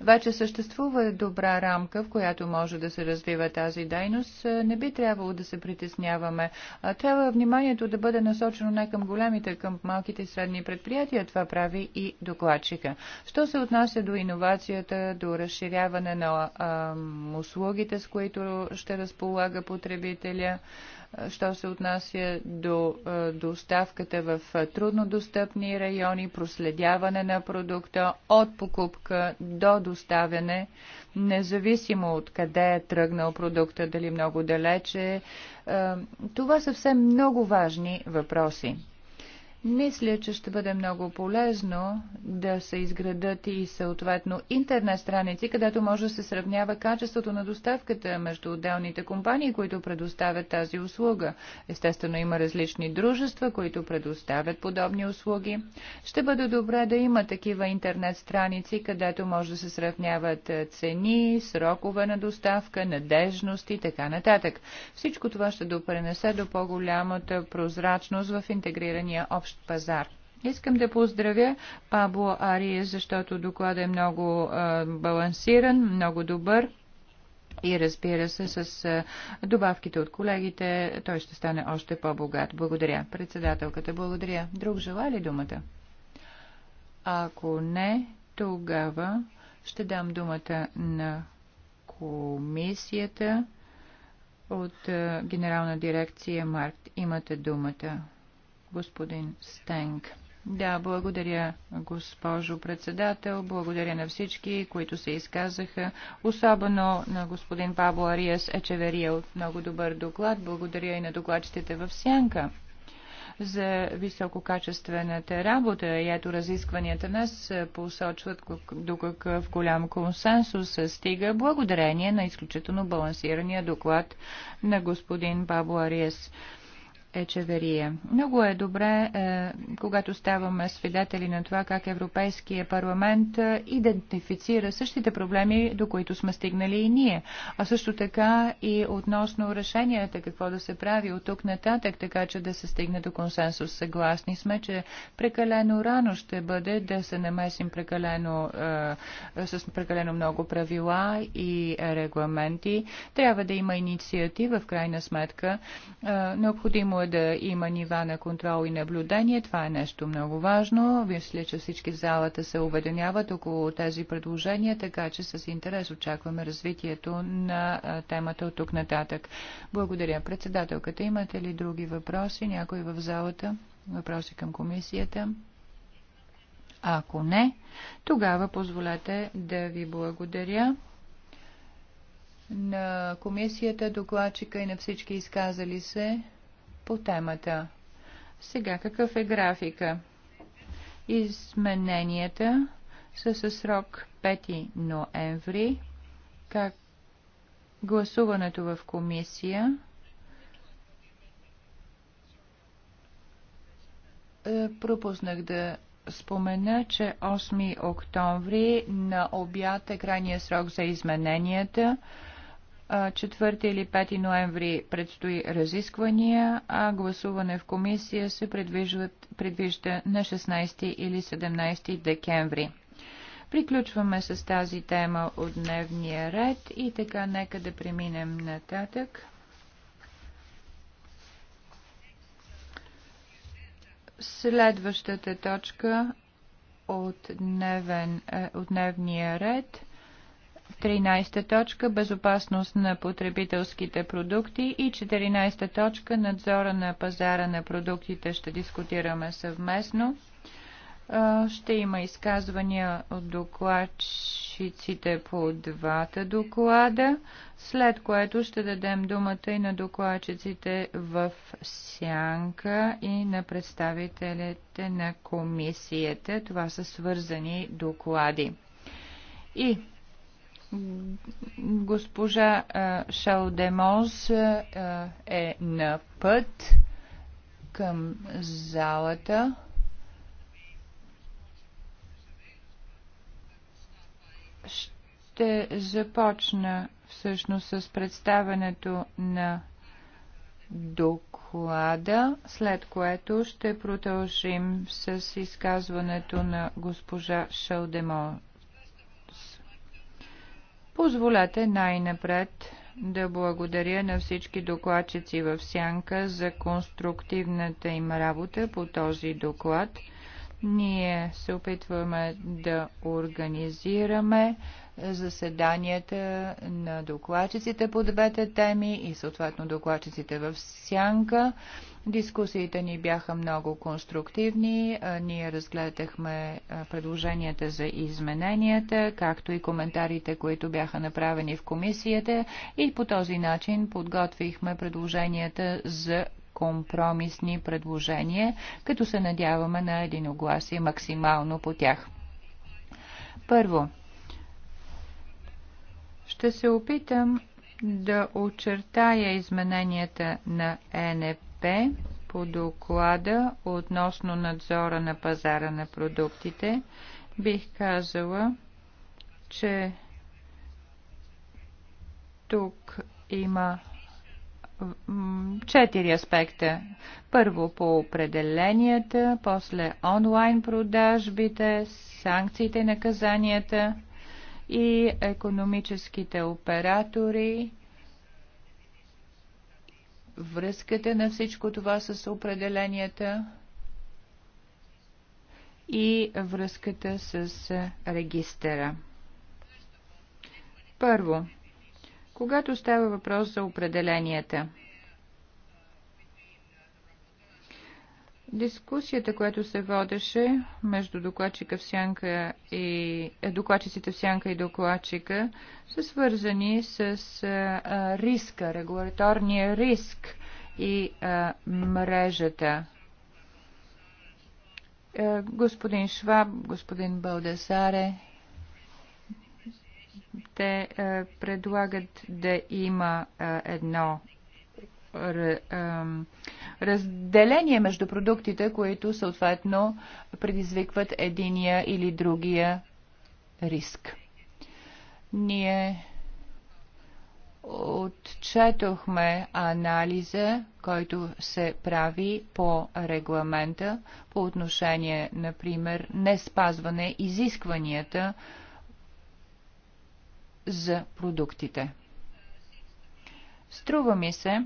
S1: Вече съществува добра рамка, в която може да се развива тази дейност. Не би трябвало да се притесняваме. Трябва вниманието да бъде насочено не към големите, към малките и средни предприятия. Това прави и докладчика. Що се отнася до иновацията, до разширяване на а, услугите, с които ще разполага потребителя, що се отнася до е, доставката в е, труднодостъпни райони, проследяване на продукта от покупка до доставяне, независимо от къде е тръгнал продукта, дали много далече. Е, това са все много важни въпроси. Мисля, че ще бъде много полезно да се изградат и съответно интернет страници, където може да се сравнява качеството на доставката между отделните компании, които предоставят тази услуга. Естествено има различни дружества, които предоставят подобни услуги. Ще бъде добре да има такива интернет страници, където може да се сравняват е, цени, срокове на доставка, надежност и така нататък. Всичко това ще допренесе до по-голямата прозрачност в интегрирания общ общ пазар. Искам да поздравя Пабло Ария, защото докладът е много а, балансиран, много добър. И разбира се, с добавките от колегите той ще стане още по-богат. Благодаря. Председателката, благодаря. Друг жела ли думата? Ако не, тогава ще дам думата на комисията от Генерална дирекция Март. Имате думата господин Стенг. Да, благодаря, госпожо председател. Благодаря на всички, които се изказаха. Особено на господин Пабло Ариас Ечеверия от много добър доклад. Благодаря и на докладчетите в Сянка за висококачествената работа. И ето разискванията нас посочват до какъв голям консенсус се стига благодарение на изключително балансирания доклад на господин Пабло Ариес. Ечеверия. Много е добре, е, когато ставаме свидетели на това как Европейския парламент е, идентифицира същите проблеми, до които сме стигнали и ние, а също така и относно решенията какво да се прави от тук нататък, така че да се стигне до консенсус. Съгласни сме, че прекалено рано ще бъде да се намесим прекалено, е, с прекалено много правила и регламенти. Трябва да има инициатива в крайна сметка. Е, необходимо е да има нива на контрол и наблюдение. Това е нещо много важно. Мисля, че всички в залата се обединяват около тези предложения, така че с интерес очакваме развитието на темата от тук нататък. Благодаря. Председателката, имате ли други въпроси? Някой в залата? Въпроси към комисията? Ако не, тогава позволете да ви благодаря на комисията, докладчика и на всички изказали се по темата. Сега какъв е графика? Измененията са със срок 5 ноември, как гласуването в комисия е, пропуснах да спомена, че 8 октомври на обяд е крайния срок за измененията. 4 или 5 ноември предстои разисквания, а гласуване в комисия се предвижда на 16 или 17 декември. Приключваме с тази тема от дневния ред и така нека да преминем нататък. Следващата точка от, дневен, е, от дневния ред – 13 точка безопасност на потребителските продукти и 14 точка надзора на пазара на продуктите ще дискутираме съвместно. Ще има изказвания от докладчиците по двата доклада, след което ще дадем думата и на докладчиците в сянка и на представителите на комисията. Това са свързани доклади. И Госпожа Шалдемоз е на път към залата. Ще започна всъщност с представенето на доклада, след което ще продължим с изказването на госпожа Шалдемоз. Позволете най-напред да благодаря на всички докладчици в Сянка за конструктивната им работа по този доклад. Ние се опитваме да организираме заседанията на докладчиците по двете теми и съответно докладчиците в сянка. Дискусиите ни бяха много конструктивни. Ние разгледахме предложенията за измененията, както и коментарите, които бяха направени в комисията и по този начин подготвихме предложенията за компромисни предложения, като се надяваме на единогласие максимално по тях. Първо, ще се опитам да очертая измененията на НП по доклада относно надзора на пазара на продуктите. Бих казала, че тук има четири аспекта. Първо по определенията, после онлайн продажбите, санкциите и наказанията – и економическите оператори, връзката на всичко това с определенията и връзката с регистъра. Първо, когато става въпрос за определенията – Дискусията, която се водеше между докладчика в сянка и, е, докладчиците в сянка и докладчика, са свързани с а, е, е, риска, регулаторния риск и а, мрежата. А, господин Шваб, господин Балдасаре, те а, предлагат да има а, едно разделение между продуктите, които съответно предизвикват единия или другия риск. Ние отчетохме анализа, който се прави по регламента по отношение, например, не спазване изискванията за продуктите. Струва ми се,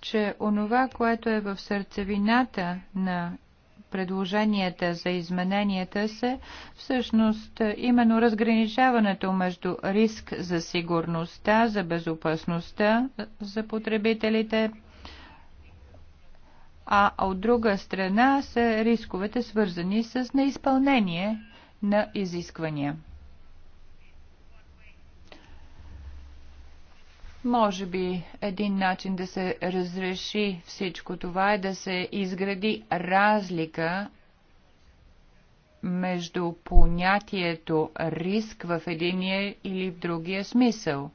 S1: че онова, което е в сърцевината на предложенията за измененията се всъщност е, именно разграничаването между риск за сигурността, за безопасността е, за потребителите, а от друга страна са рисковете свързани с неизпълнение на изисквания. Може би един начин да се разреши всичко това е да се изгради разлика между понятието риск в единия или в другия смисъл.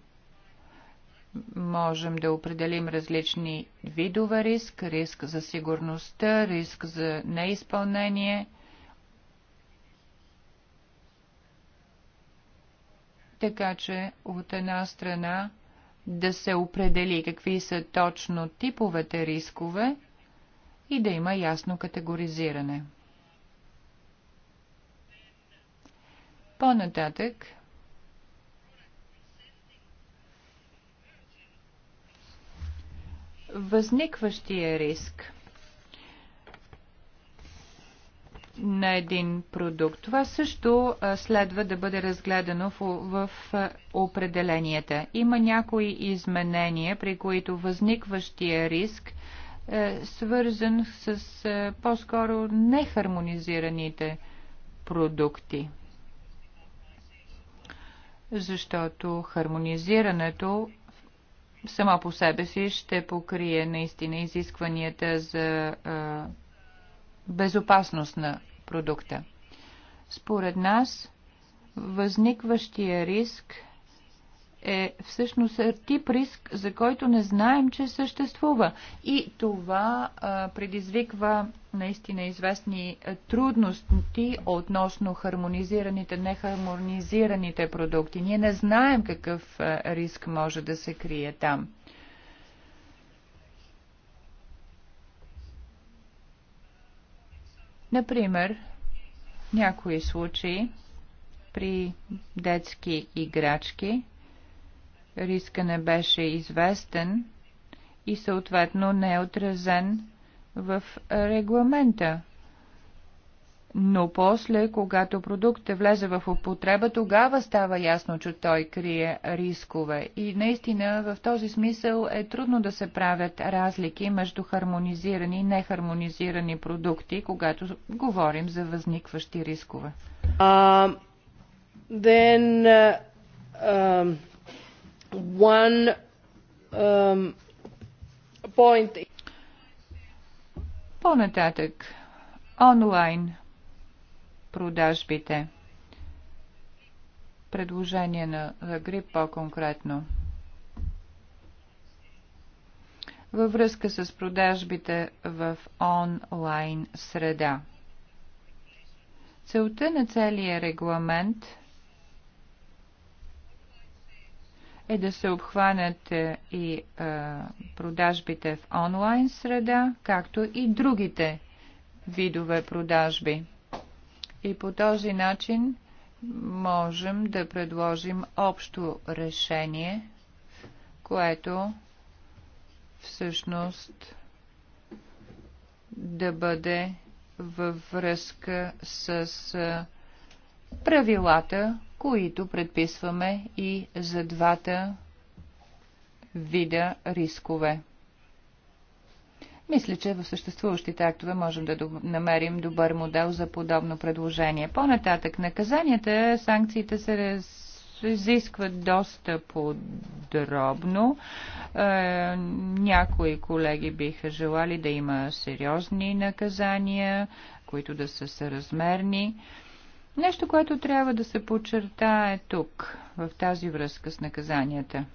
S1: Можем да определим различни видове риск, риск за сигурността, риск за неизпълнение. Така че от една страна да се определи какви са точно типовете рискове и да има ясно категоризиране. По-нататък възникващия риск – на един продукт. Това също следва да бъде разгледано в, в определенията. Има някои изменения, при които възникващия риск е свързан с е, по-скоро нехармонизираните продукти защото хармонизирането само по себе си ще покрие наистина изискванията за е, безопасност на продукта. Според нас, възникващия риск е всъщност тип риск, за който не знаем, че съществува. И това а, предизвиква наистина известни трудности относно хармонизираните, нехармонизираните продукти. Ние не знаем какъв риск може да се крие там. Например, някои случаи при детски играчки риска не беше известен и съответно не е отразен в регламента но после, когато е влезе в употреба, тогава става ясно, че той крие рискове. И наистина в този смисъл е трудно да се правят разлики между хармонизирани и нехармонизирани продукти, когато говорим за възникващи рискове. Uh, then, uh, um, one, um, point... По-нататък, онлайн продажбите. Предложение на Грип по-конкретно. Във връзка с продажбите в онлайн среда. Целта на целия регламент е да се обхванат и е, продажбите в онлайн среда, както и другите видове продажби. И по този начин можем да предложим общо решение, което всъщност да бъде във връзка с правилата, които предписваме и за двата вида рискове. Мисля, че в съществуващите актове можем да намерим добър модел за подобно предложение. По-нататък наказанията, санкциите се изискват доста подробно. Е, някои колеги биха желали да има сериозни наказания, които да са съразмерни. Нещо, което трябва да се подчертае тук, в тази връзка с наказанията.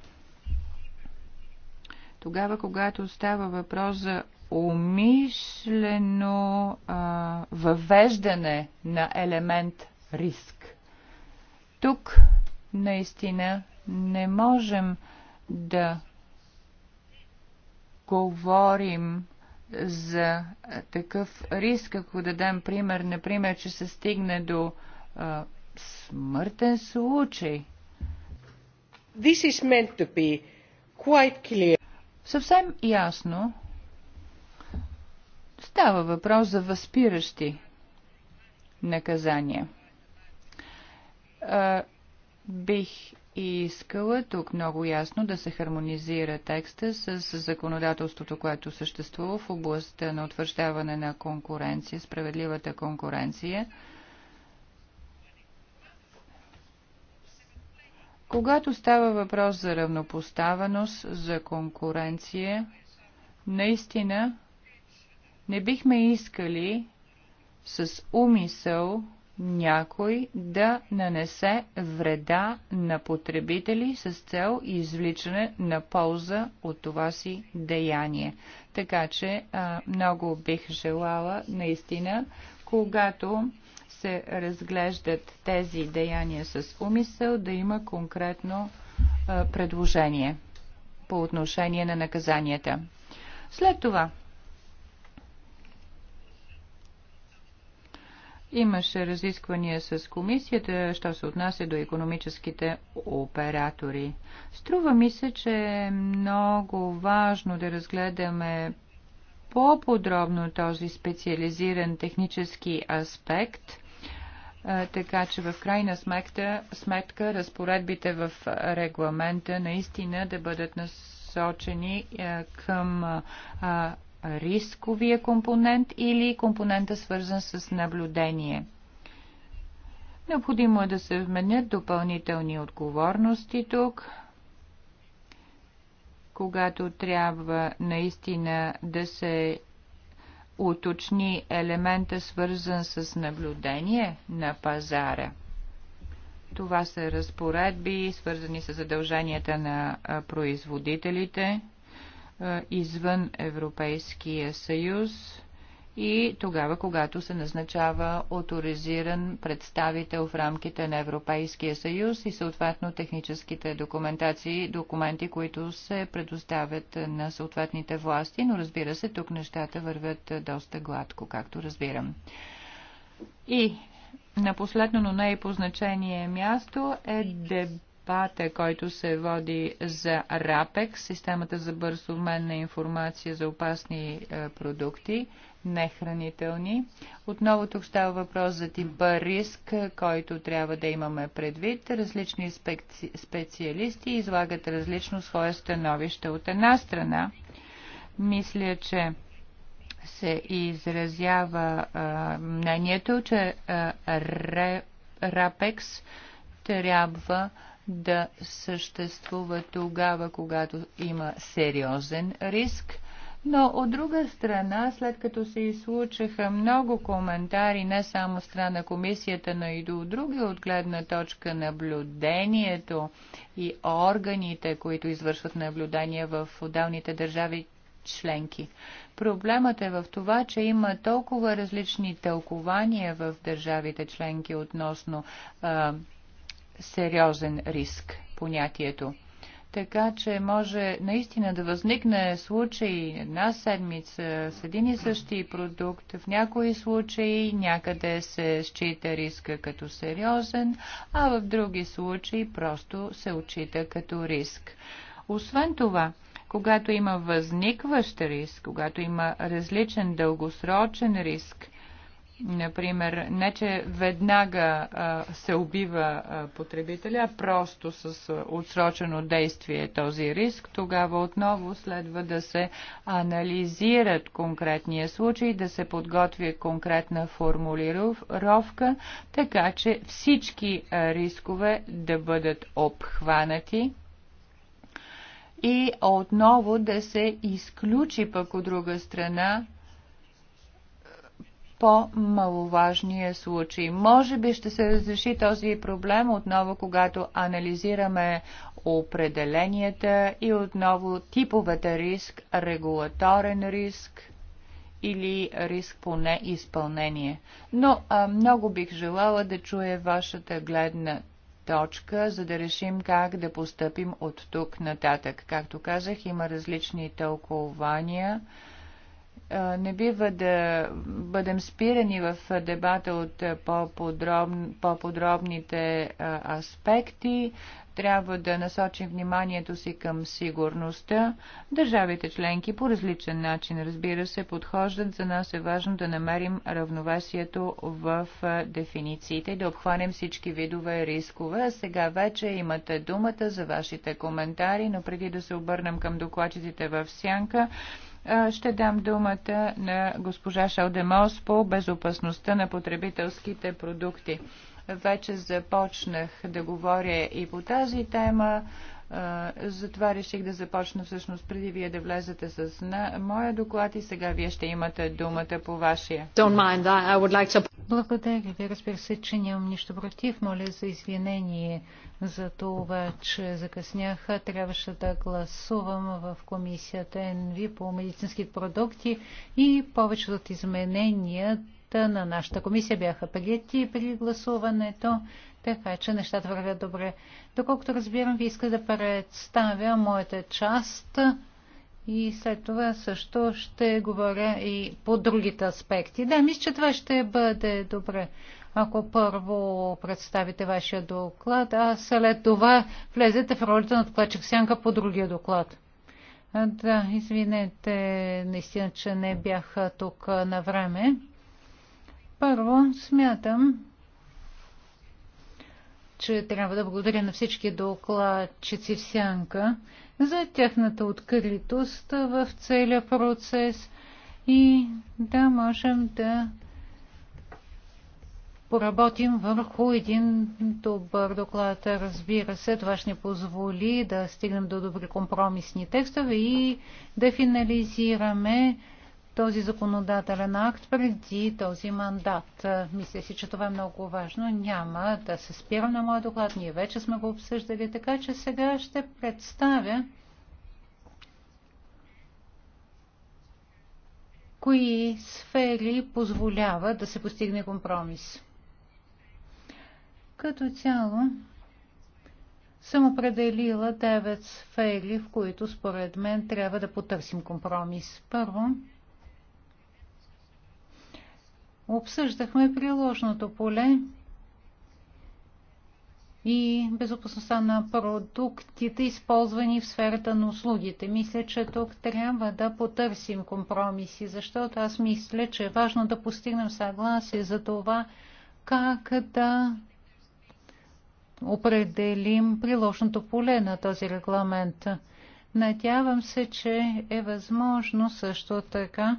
S1: Тогава, когато става въпрос за умишлено а, въвеждане на елемент риск. Тук наистина не можем да говорим за такъв риск, ако дадем пример, например, че се стигне до а, смъртен случай. This is meant to be quite clear. Съвсем ясно Става въпрос за възпиращи наказания. бих искала тук много ясно да се хармонизира текста с законодателството, което съществува в областта на утвърждаване на конкуренция, справедливата конкуренция. Когато става въпрос за равнопоставеност, за конкуренция, наистина не бихме искали с умисъл някой да нанесе вреда на потребители с цел извличане на полза от това си деяние. Така че а, много бих желала наистина, когато се разглеждат тези деяния с умисъл, да има конкретно а, предложение по отношение на наказанията. След това Имаше разисквания с комисията, що се отнася до економическите оператори. Струва ми се, че е много важно да разгледаме по-подробно този специализиран технически аспект, така че в крайна сметка, сметка разпоредбите в регламента наистина да бъдат насочени към рисковия компонент или компонента свързан с наблюдение. Необходимо е да се вменят допълнителни отговорности тук, когато трябва наистина да се уточни елемента свързан с наблюдение на пазара. Това са разпоредби, свързани с задълженията на производителите – извън Европейския съюз и тогава, когато се назначава авторизиран представител в рамките на Европейския съюз и съответно техническите документации, документи, които се предоставят на съответните власти, но разбира се, тук нещата вървят доста гладко, както разбирам. И на последно, но не и по значение място е деб дебата, който се води за РАПЕК, системата за бързо обмен на информация за опасни е, продукти, нехранителни. Отново тук става въпрос за типа риск, който трябва да имаме предвид. Различни специ... специалисти излагат различно свое становище. От една страна, мисля, че се изразява а, е, мнението, че а, е, Рапекс трябва да съществува тогава, когато има сериозен риск. Но от друга страна, след като се изслучаха много коментари, не само страна комисията, но и до други от гледна точка наблюдението и органите, които извършват наблюдение в отделните държави членки. Проблемът е в това, че има толкова различни тълкования в държавите членки относно а, сериозен риск понятието. Така че може наистина да възникне случай една седмица с един и същи продукт. В някои случаи някъде се счита риска като сериозен, а в други случаи просто се отчита като риск. Освен това, когато има възникващ риск, когато има различен дългосрочен риск, Например, не че веднага а, се убива а, потребителя, просто с а, отсрочено действие този риск, тогава отново следва да се анализират конкретния случай, да се подготви конкретна формулировка, така че всички а, рискове да бъдат обхванати и отново да се изключи пък от друга страна по-маловажния случай. Може би ще се разреши този проблем отново, когато анализираме определенията и отново типовете риск, регулаторен риск или риск по неизпълнение. Но а, много бих желала да чуя вашата гледна точка, за да решим как да постъпим от тук нататък. Както казах, има различни тълкования не бива да бъдем спирани в дебата от по-подробните по аспекти. Трябва да насочим вниманието си към сигурността. Държавите членки по различен начин, разбира се, подхождат. За нас е важно да намерим равновесието в дефинициите и да обхванем всички видове рискове. Сега вече имате думата за вашите коментари, но преди да се обърнем към докладчиците в сянка, ще дам думата на госпожа Шалдемос по безопасността на потребителските продукти. Вече започнах да говоря и по тази тема. Затова реших да започна всъщност преди вие да влезете с моя доклад и сега вие ще имате думата по вашия.
S2: Like to... Благодаря ви. Разбира се, че нямам нищо против. Моля за извинение за това, че закъснях. Трябваше да гласувам в комисията НВ по медицински продукти и повечето от измененията на нашата комисия бяха прияти при гласуването, така че нещата вървят добре. Доколкото разбирам, ви иска да представя моята част и след това също ще говоря и по другите аспекти. Да, мисля, че това ще бъде добре. Ако първо представите вашия доклад, а след това влезете в ролята на докладчик Сянка по другия доклад. А, да, извинете, наистина, че не бях тук на време. Първо, смятам, че трябва да благодаря на всички докладчици в Сянка за тяхната откритост в целия процес и да можем да поработим върху един добър доклад. Разбира се, това ще ни позволи да стигнем до добри компромисни текстове и да финализираме този законодателен акт преди този мандат. Мисля си, че това е много важно. Няма да се спирам на моя доклад. Ние вече сме го обсъждали, така че сега ще представя кои сфери позволява да се постигне компромис. Като цяло съм определила девет сфери, в които според мен трябва да потърсим компромис. Първо, обсъждахме приложното поле и безопасността на продуктите, използвани в сферата на услугите. Мисля, че тук трябва да потърсим компромиси, защото аз мисля, че е важно да постигнем съгласие за това, как да определим приложното поле на този регламент. Надявам се, че е възможно също така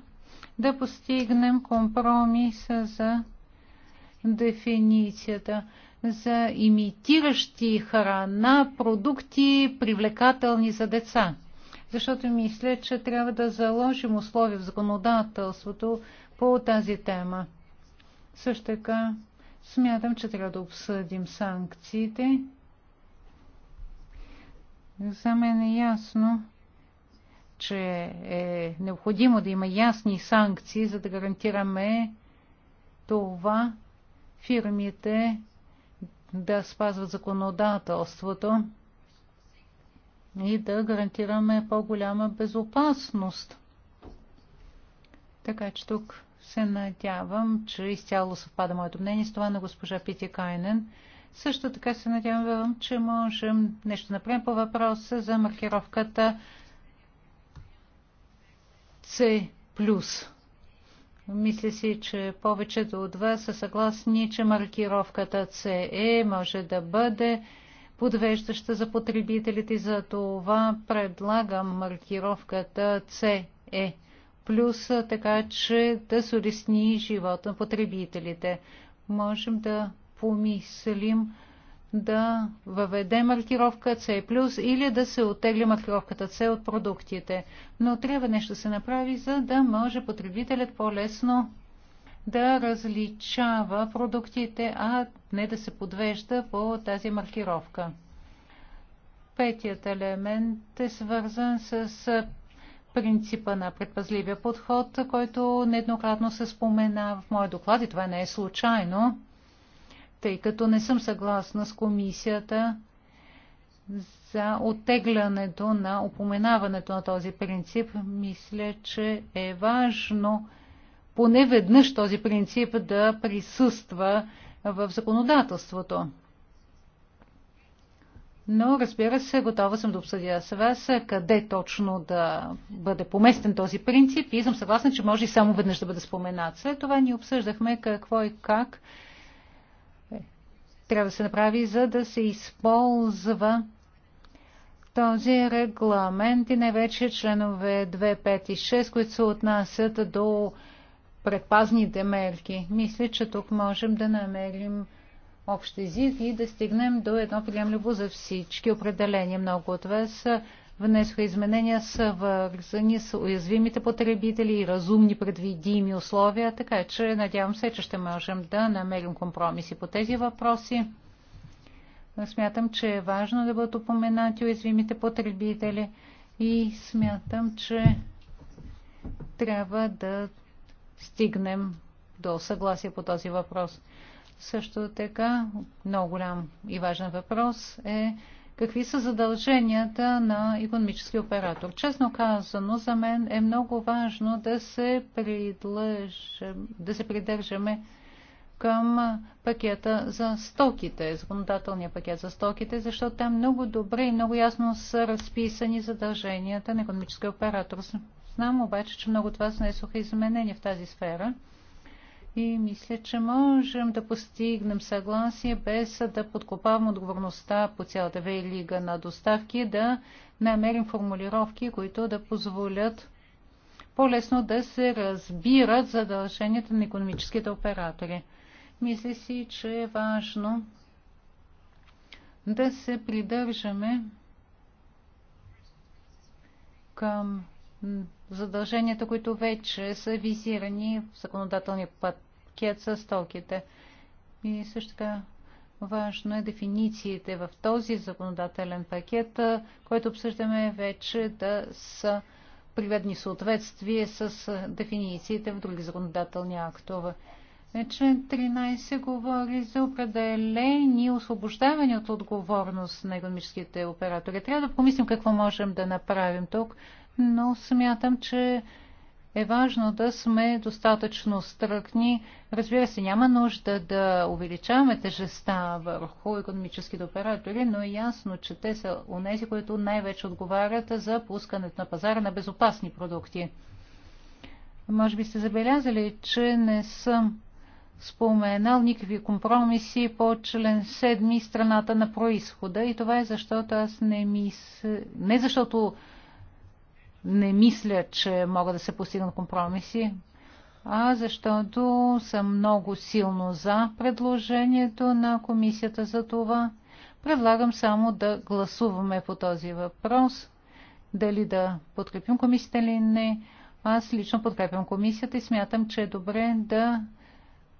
S2: да постигнем компромиса за дефиницията за имитиращи храна продукти, привлекателни за деца. Защото мисля, че трябва да заложим условия в законодателството по тази тема. Също така смятам, че трябва да обсъдим санкциите. За мен е ясно, че е необходимо да има ясни санкции, за да гарантираме това фирмите да спазват законодателството и да гарантираме по-голяма безопасност. Така че тук се надявам, че изцяло съвпада моето мнение с това на госпожа Пити Кайнен. Също така се надявам, че можем нещо да направим по въпроса за маркировката C+. Мисля си, че повечето от вас са съгласни, че маркировката CE е може да бъде подвеждаща за потребителите. За това предлагам маркировката CE+, е така че да се улесни живота на потребителите. Можем да помислим да въведе маркировка C+, или да се оттегли маркировката C от продуктите. Но трябва нещо да се направи, за да може потребителят по-лесно да различава продуктите, а не да се подвежда по тази маркировка. Петият елемент е свързан с принципа на предпазливия подход, който нееднократно се спомена в моя доклад и това не е случайно тъй като не съм съгласна с комисията за оттеглянето на упоменаването на този принцип. Мисля, че е важно поне веднъж този принцип да присъства в законодателството. Но, разбира се, готова съм да обсъдя с вас къде точно да бъде поместен този принцип и съм съгласна, че може и само веднъж да бъде споменат. След това ни обсъждахме какво и как трябва да се направи, за да се използва този регламент и най-вече членове 2, 5 и 6, които се отнасят до предпазните мерки. Мисля, че тук можем да намерим общ език и да стигнем до едно приемливо за всички определение. Много от вас внесоха изменения, са вързани с уязвимите потребители и разумни предвидими условия, така че надявам се, че ще можем да намерим компромиси по тези въпроси. Смятам, че е важно да бъдат упоменати уязвимите потребители и смятам, че трябва да стигнем до съгласие по този въпрос. Също така, много голям и важен въпрос е какви са задълженията на економически оператор. Честно казано, за мен е много важно да се, придлъжем, да се придържаме към пакета за стоките, законодателния пакет за стоките, защото там много добре и много ясно са разписани задълженията на економическия оператор. Знам обаче, че много от вас внесоха изменения в тази сфера и мисля, че можем да постигнем съгласие без да подкопаваме отговорността по цялата велига на доставки, да намерим формулировки, които да позволят по-лесно да се разбират задълженията на економическите оператори. Мисля си, че е важно да се придържаме към задълженията, които вече са визирани в законодателния път пакет с стоките. И също така важно е дефинициите в този законодателен пакет, който обсъждаме вече да са приведни съответствие с дефинициите в други законодателни актове. Член 13 говори за определени освобождавания от отговорност на економическите оператори. Трябва да помислим какво можем да направим тук, но смятам, че е важно да сме достатъчно стръкни. Разбира се, няма нужда да увеличаваме тежеста върху економическите оператори, но е ясно, че те са унези, които най-вече отговарят за пускането на пазара на безопасни продукти. Може би сте забелязали, че не съм споменал никакви компромиси по член 7 страната на происхода и това е защото аз не мисля, не защото не мисля, че мога да се постигнат компромиси, а защото съм много силно за предложението на комисията за това. Предлагам само да гласуваме по този въпрос, дали да подкрепим комисията или не. Аз лично подкрепям комисията и смятам, че е добре да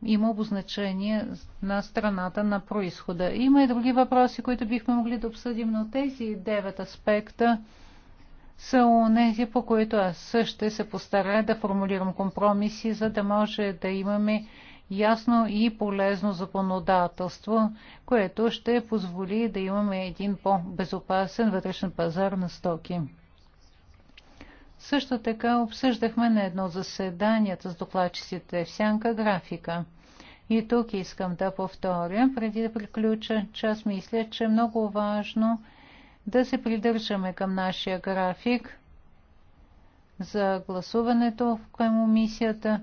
S2: има обозначение на страната на происхода. Има и други въпроси, които бихме могли да обсъдим, но тези девет аспекта са онези, по които аз също ще се постарая да формулирам компромиси, за да може да имаме ясно и полезно законодателство, което ще позволи да имаме един по-безопасен вътрешен пазар на стоки. Също така обсъждахме на едно заседанията с докладчиците в сянка графика. И тук искам да повторя, преди да приключа, че аз мисля, че е много важно е да се придържаме към нашия график за гласуването в комисията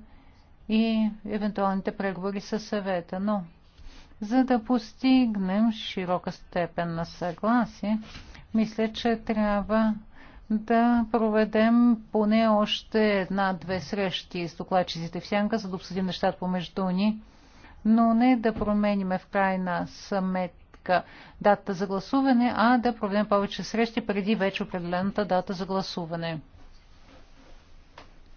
S2: и евентуалните преговори със съвета. Но за да постигнем широка степен на съгласие, мисля, че трябва да проведем поне още една-две срещи с докладчиците в сянка, за да обсъдим нещата помежду ни, но не да промениме в крайна съмет сметка датата за гласуване, а да проведем повече срещи преди вече определената дата за гласуване.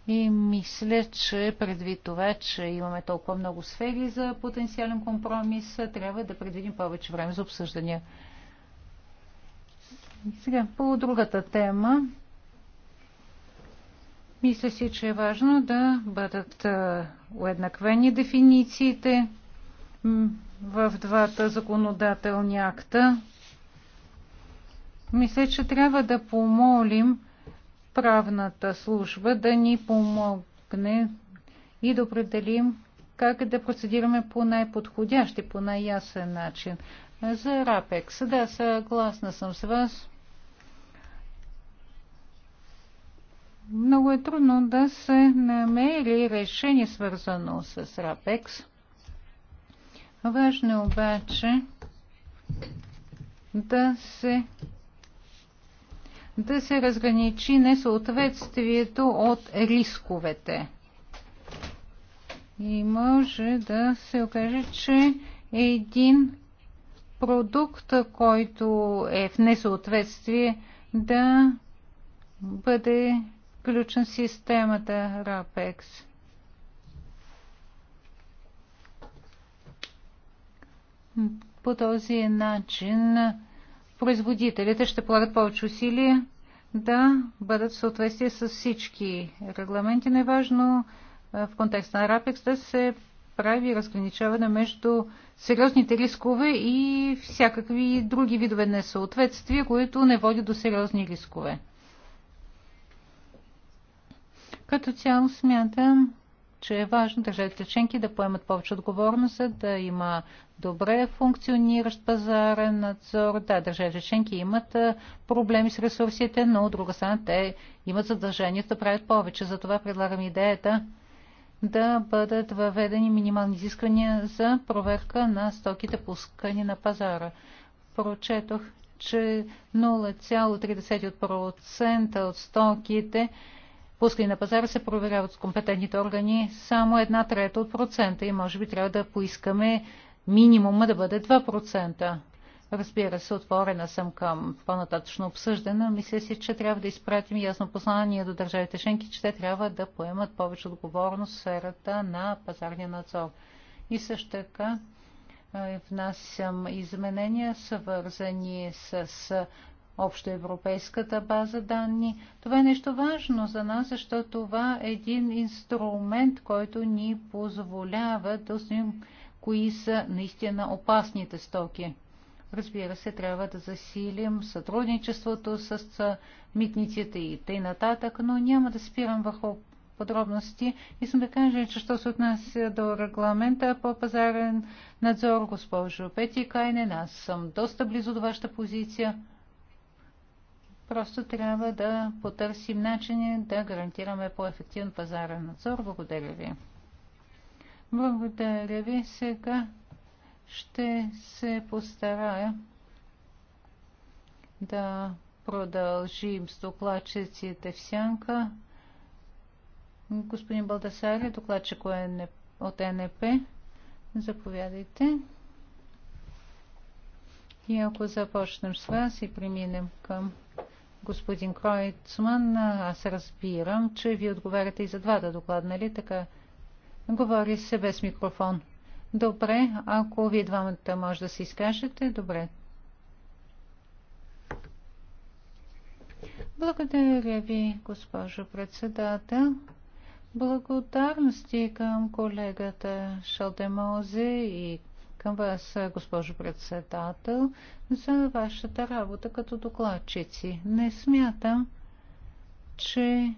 S2: И мисля, че предвид това, че имаме толкова много сфери за потенциален компромис, трябва да предвидим повече време за обсъждания. Сега, по другата тема. Мисля си, че е важно да бъдат уеднаквени дефинициите в двата законодателни акта. Мисля, че трябва да помолим правната служба да ни помогне и да определим как да процедираме по най-подходящ и по най-ясен начин. За РАПЕКС, да, съгласна съм с вас. Много е трудно да се намери решение свързано с РАПЕКС. Важно е обаче да се да се разграничи несъответствието от рисковете. И може да се окаже, че един продукт, който е в несъответствие, да бъде включен в системата RAPEX. По този начин производителите ще полагат повече усилия да бъдат в съответствие с всички регламенти. Неважно в контекста на РАПЕКС да се прави разграничаване между сериозните рискове и всякакви други видове несъответствия, които не водят до сериозни рискове. Като цяло смятам, че е важно държавите членки да поемат повече отговорност, да има добре функциониращ пазарен надзор. Да, държавите членки имат проблеми с ресурсите, но от друга страна те имат задължение да правят повече. Затова предлагам идеята да бъдат въведени минимални изисквания за проверка на стоките пускани на пазара. Прочетох, че 0,3% от стоките пускани на пазара се проверяват с компетентните органи само една трета от процента и може би трябва да поискаме минимума да бъде 2%. Разбира се, отворена съм към по-нататъчно обсъждане, но мисля си, че трябва да изпратим ясно послание до държавите Шенки, че те трябва да поемат повече отговорност в сферата на пазарния надзор. И също така внасям изменения, свързани с общоевропейската база данни. Това е нещо важно за нас, защото това е един инструмент, който ни позволява да установим кои са наистина опасните стоки. Разбира се, трябва да засилим сътрудничеството с митниците и тъй нататък, но няма да спирам върху подробности. Искам да кажа, че що се отнася до регламента по пазарен надзор, госпожо Пети Кайнен, аз съм доста близо до вашата позиция. Просто трябва да потърсим начини да гарантираме по-ефективен пазарен надзор. Благодаря ви. Благодаря ви. Сега ще се постарая да продължим с докладчиците в сянка. Господин Балдасари, докладчик е от НП, заповядайте. И ако започнем с вас и преминем към господин Кройцман, аз разбирам, че ви отговаряте и за двата доклада, нали така? Говори се без микрофон. Добре, ако вие двамата може да се изкажете, добре. Благодаря ви, госпожо председател. Благодарности към колегата Шалдемозе и към вас, госпожо председател, за вашата работа като докладчици. Не смятам, че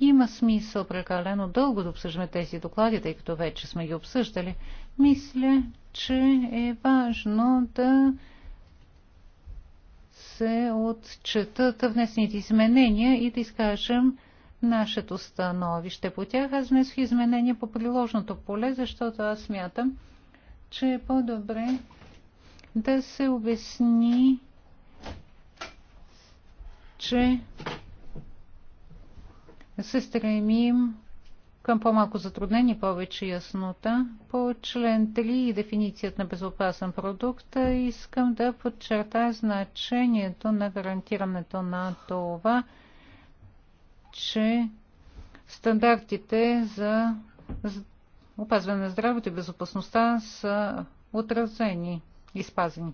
S2: има смисъл прекалено дълго да обсъждаме тези доклади, тъй като вече сме ги обсъждали. Мисля, че е важно да се отчетат внесените изменения и да изкажем нашето становище по тях. Аз внесох изменения по приложното поле, защото аз смятам, че е по-добре да се обясни, че се стремим към по-малко затруднение, повече яснота. По член 3 и дефиницията на безопасен продукт искам да подчертая значението на гарантирането на това, че стандартите за опазване на здравето и безопасността са отразени и спазени.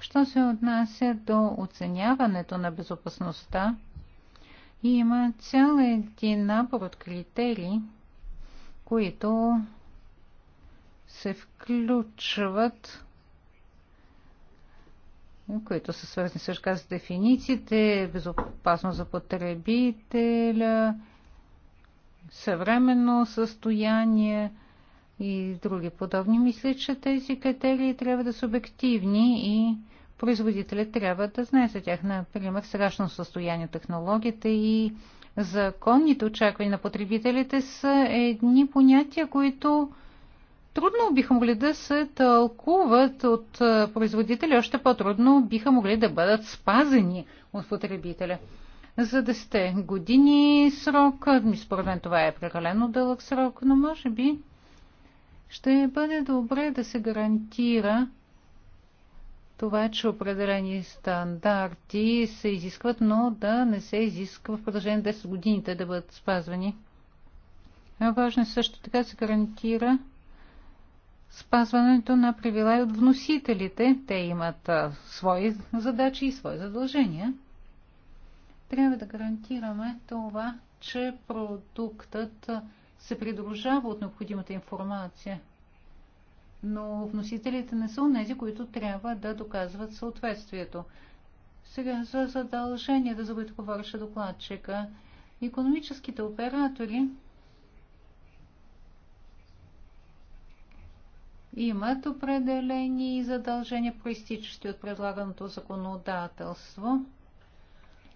S2: Що се отнася до оценяването на безопасността, има цял един набор от критерии, които се включват, които са свързани също с дефинициите, безопасност за потребителя, съвременно състояние и други подобни. Мисля, че тези критерии трябва да са обективни и производителят трябва да знае за тях, например, сегашно състояние технологията и законните очаквания на потребителите са едни понятия, които трудно биха могли да се тълкуват от производителя, още по-трудно биха могли да бъдат спазени от потребителя за 10 години срок. Според мен това е прекалено дълъг срок, но може би ще бъде добре да се гарантира това, че определени стандарти се изискват, но да не се изисква в продължение 10 годините да бъдат спазвани. Важно е също така се гарантира спазването на правила и от вносителите. Те имат свои задачи и свои задължения. Трябва да гарантираме това, че продуктът се придружава от необходимата информация. Но вносителите не са тези, които трябва да доказват съответствието. Сега за задължение да които говореше докладчика, економическите оператори имат определени задължения, проистичащи от предлаганото законодателство –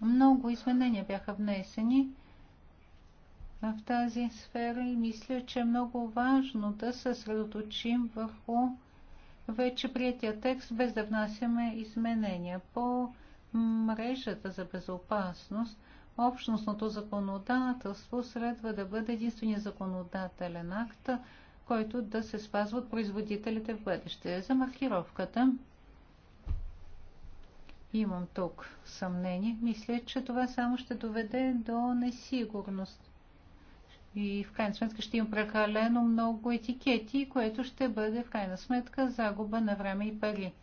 S2: много изменения бяха внесени в тази сфера и мисля, че е много важно да се съсредоточим върху вече приятия текст, без да внасяме изменения. По мрежата за безопасност, общностното законодателство следва да бъде единствения законодателен акт, който да се спазва от производителите в бъдеще. За маркировката имам тук съмнение. Мисля, че това само ще доведе до несигурност. И в крайна сметка ще има прекалено много етикети, което ще бъде в крайна сметка загуба на време и пари.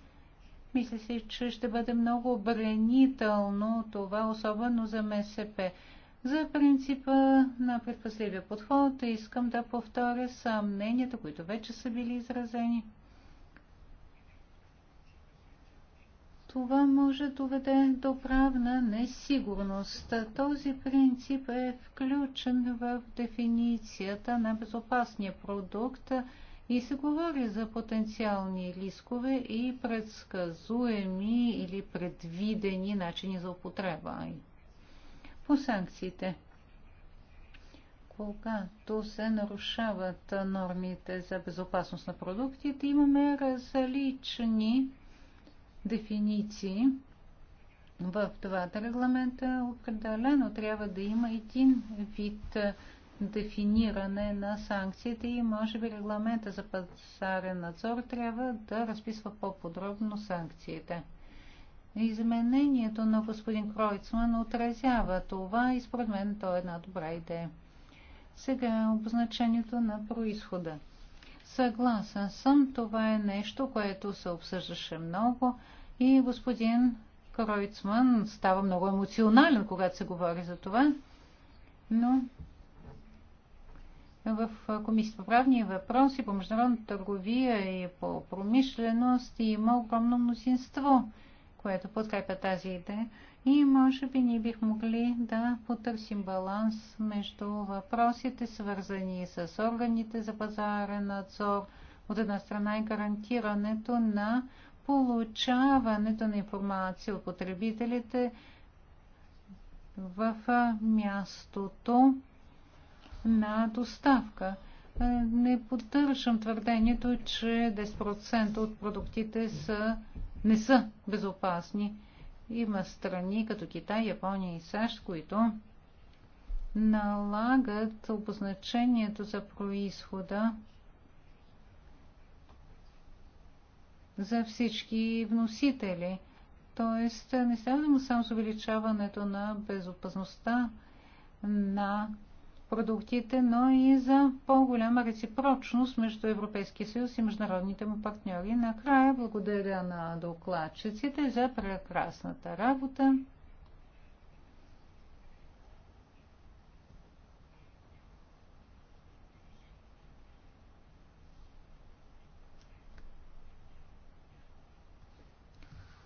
S2: Мисля си, че ще бъде много обренително това, особено за МСП. За принципа на предпоследния подход искам да повторя съмненията, които вече са били изразени. това може да доведе до правна несигурност. Този принцип е включен в дефиницията на безопасния продукт и се говори за потенциални рискове и предсказуеми или предвидени начини за употреба. По санкциите. Когато се нарушават нормите за безопасност на продуктите, имаме различни дефиниции в двата регламента, е определено трябва да има един вид дефиниране на санкциите и може би регламента за пазарен надзор трябва да разписва по-подробно санкциите. Изменението на господин Кройцман отразява това и според мен то е една добра идея. Сега обозначението на происхода. Съгласен съм, това е нещо, което се обсъждаше много и господин Кройцман става много емоционален, когато се говори за това, но в Комисията по правни въпроси, по международна търговия и по промишленост има огромно мнозинство, което подкрепя тази идея. И може би ние бих могли да потърсим баланс между въпросите, свързани с органите за пазарен надзор, от една страна и е гарантирането на получаването на информация от потребителите в мястото на доставка. Е, не поддържам твърдението, че 10% от продуктите са, не са безопасни. Има страни като Китай, Япония и САЩ, които налагат обозначението за происхода за всички вносители. Тоест, не става само с увеличаването на безопасността на продуктите, но и за по-голяма реципрочност между Европейския съюз и международните му партньори. Накрая благодаря на докладчиците за прекрасната работа.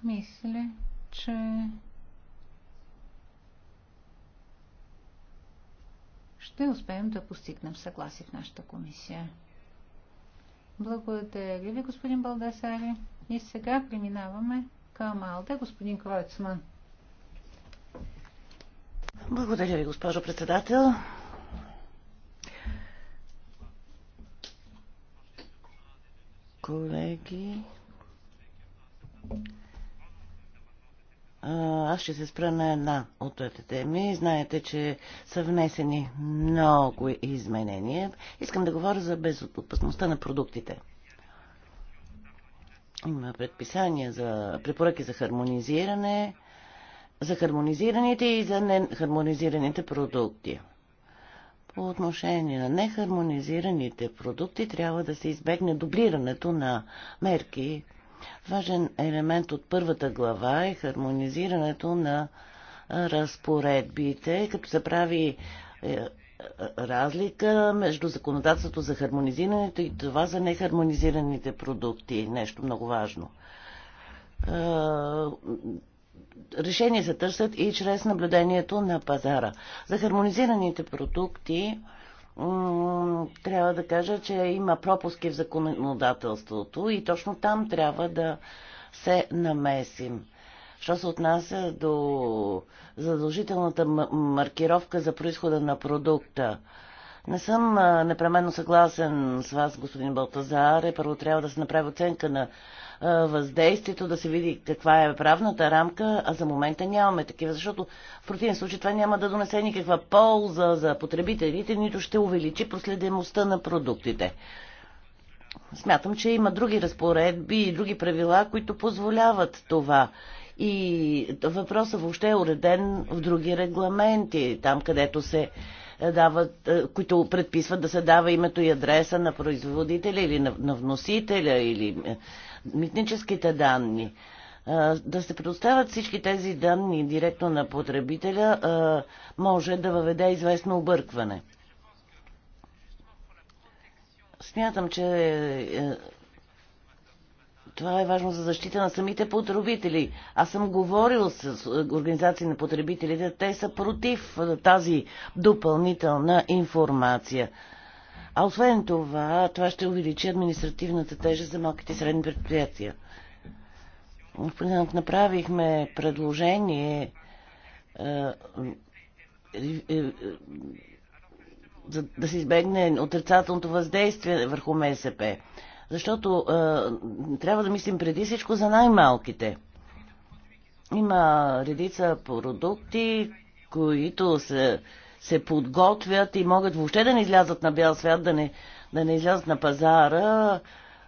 S2: Мисля, че ще успеем да постигнем съгласие в нашата комисия. Благодаря ви, господин Балдасари. И сега преминаваме към Алде, господин Кройцман.
S3: Благодаря ви, госпожо председател. Колеги, аз ще се спра на една от двете теми. Знаете, че са внесени много изменения. Искам да говоря за безопасността на продуктите. Има предписания за препоръки за хармонизиране, за хармонизираните и за нехармонизираните продукти. По отношение на нехармонизираните продукти трябва да се избегне дублирането на мерки Важен елемент от първата глава е хармонизирането на разпоредбите, като се прави е, е, разлика между законодателството за хармонизирането и това за нехармонизираните продукти. Нещо много важно. Решения се търсят и чрез наблюдението на пазара. За хармонизираните продукти трябва да кажа, че има пропуски в законодателството и точно там трябва да се намесим. Що се отнася до задължителната маркировка за происхода на продукта, не съм непременно съгласен с вас, господин Балтазар. Първо трябва да се направи оценка на въздействието, да се види каква е правната рамка, а за момента нямаме такива, защото в противен случай това няма да донесе никаква полза за потребителите, нито ще увеличи проследимостта на продуктите. Смятам, че има други разпоредби и други правила, които позволяват това. И въпросът въобще е уреден в други регламенти, там където се е, дават, е, които предписват да се дава името и адреса на производителя или на, на вносителя или е, митническите данни. Да се предоставят всички тези данни директно на потребителя може да въведе известно объркване. Смятам, че е, това е важно за защита на самите потребители. Аз съм говорил с организации на потребителите, те са против тази допълнителна информация. А освен това, това ще увеличи административната тежест за малките и средни предприятия. В понеделник направихме предложение е, е, е, за да се избегне отрицателното въздействие върху МСП. Защото е, трябва да мислим преди всичко за най-малките. Има редица продукти, които се се подготвят и могат въобще да не излязат на бял свят, да не, да не излязат на пазара,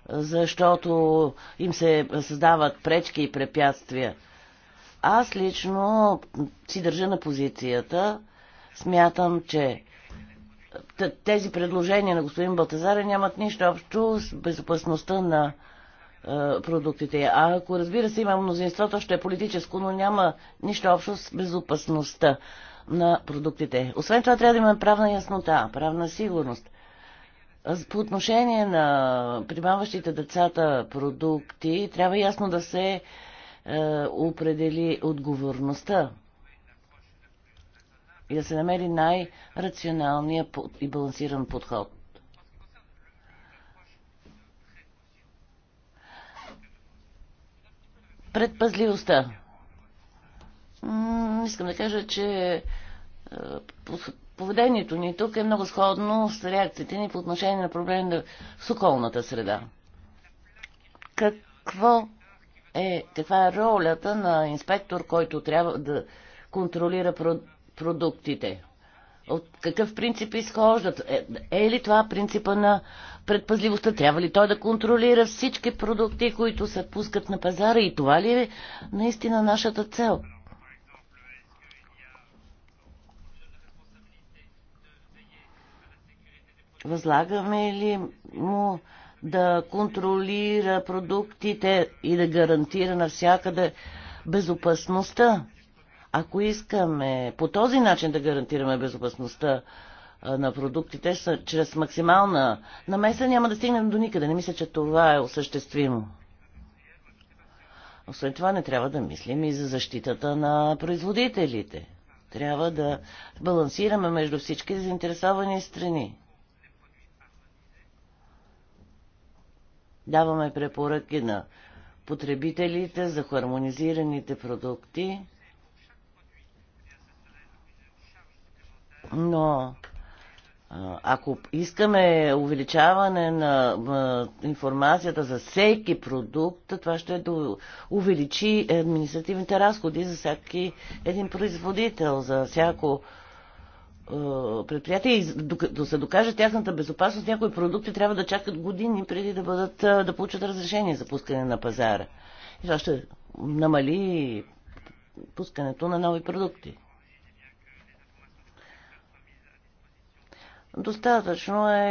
S3: защото им се създават пречки и препятствия. Аз лично си държа на позицията. Смятам, че тези предложения на господин Балтазара нямат нищо общо с безопасността на е, продуктите. А ако разбира се има мнозинството, ще е политическо, но няма нищо общо с безопасността на продуктите. Освен това, трябва да имаме правна яснота, правна сигурност. По отношение на прибаващите децата продукти, трябва ясно да се е, определи отговорността и да се намери най-рационалния и балансиран подход. Предпазливостта искам да кажа, че е, поведението ни тук е много сходно с реакциите ни по отношение на проблеми с околната среда. Какво е, каква е ролята на инспектор, който трябва да контролира продуктите? От какъв принцип изхождат? Е, е ли това принципа на предпазливостта? Трябва ли той да контролира всички продукти, които се пускат на пазара? И това ли е наистина нашата цел? Възлагаме ли му да контролира продуктите и да гарантира навсякъде безопасността? Ако искаме по този начин да гарантираме безопасността на продуктите, са, чрез максимална намеса няма да стигнем до никъде. Не мисля, че това е осъществимо. Освен това не трябва да мислим и за защитата на производителите. Трябва да балансираме между всички заинтересовани страни. Даваме препоръки на потребителите за хармонизираните продукти, но ако искаме увеличаване на информацията за всеки продукт, това ще да увеличи административните разходи за всеки един производител, за всяко е, предприятия и докато се докаже тяхната безопасност, някои продукти трябва да чакат години преди да, бъдат, е, да получат разрешение за пускане на пазара. И това ще намали пускането на нови продукти. Достатъчно е,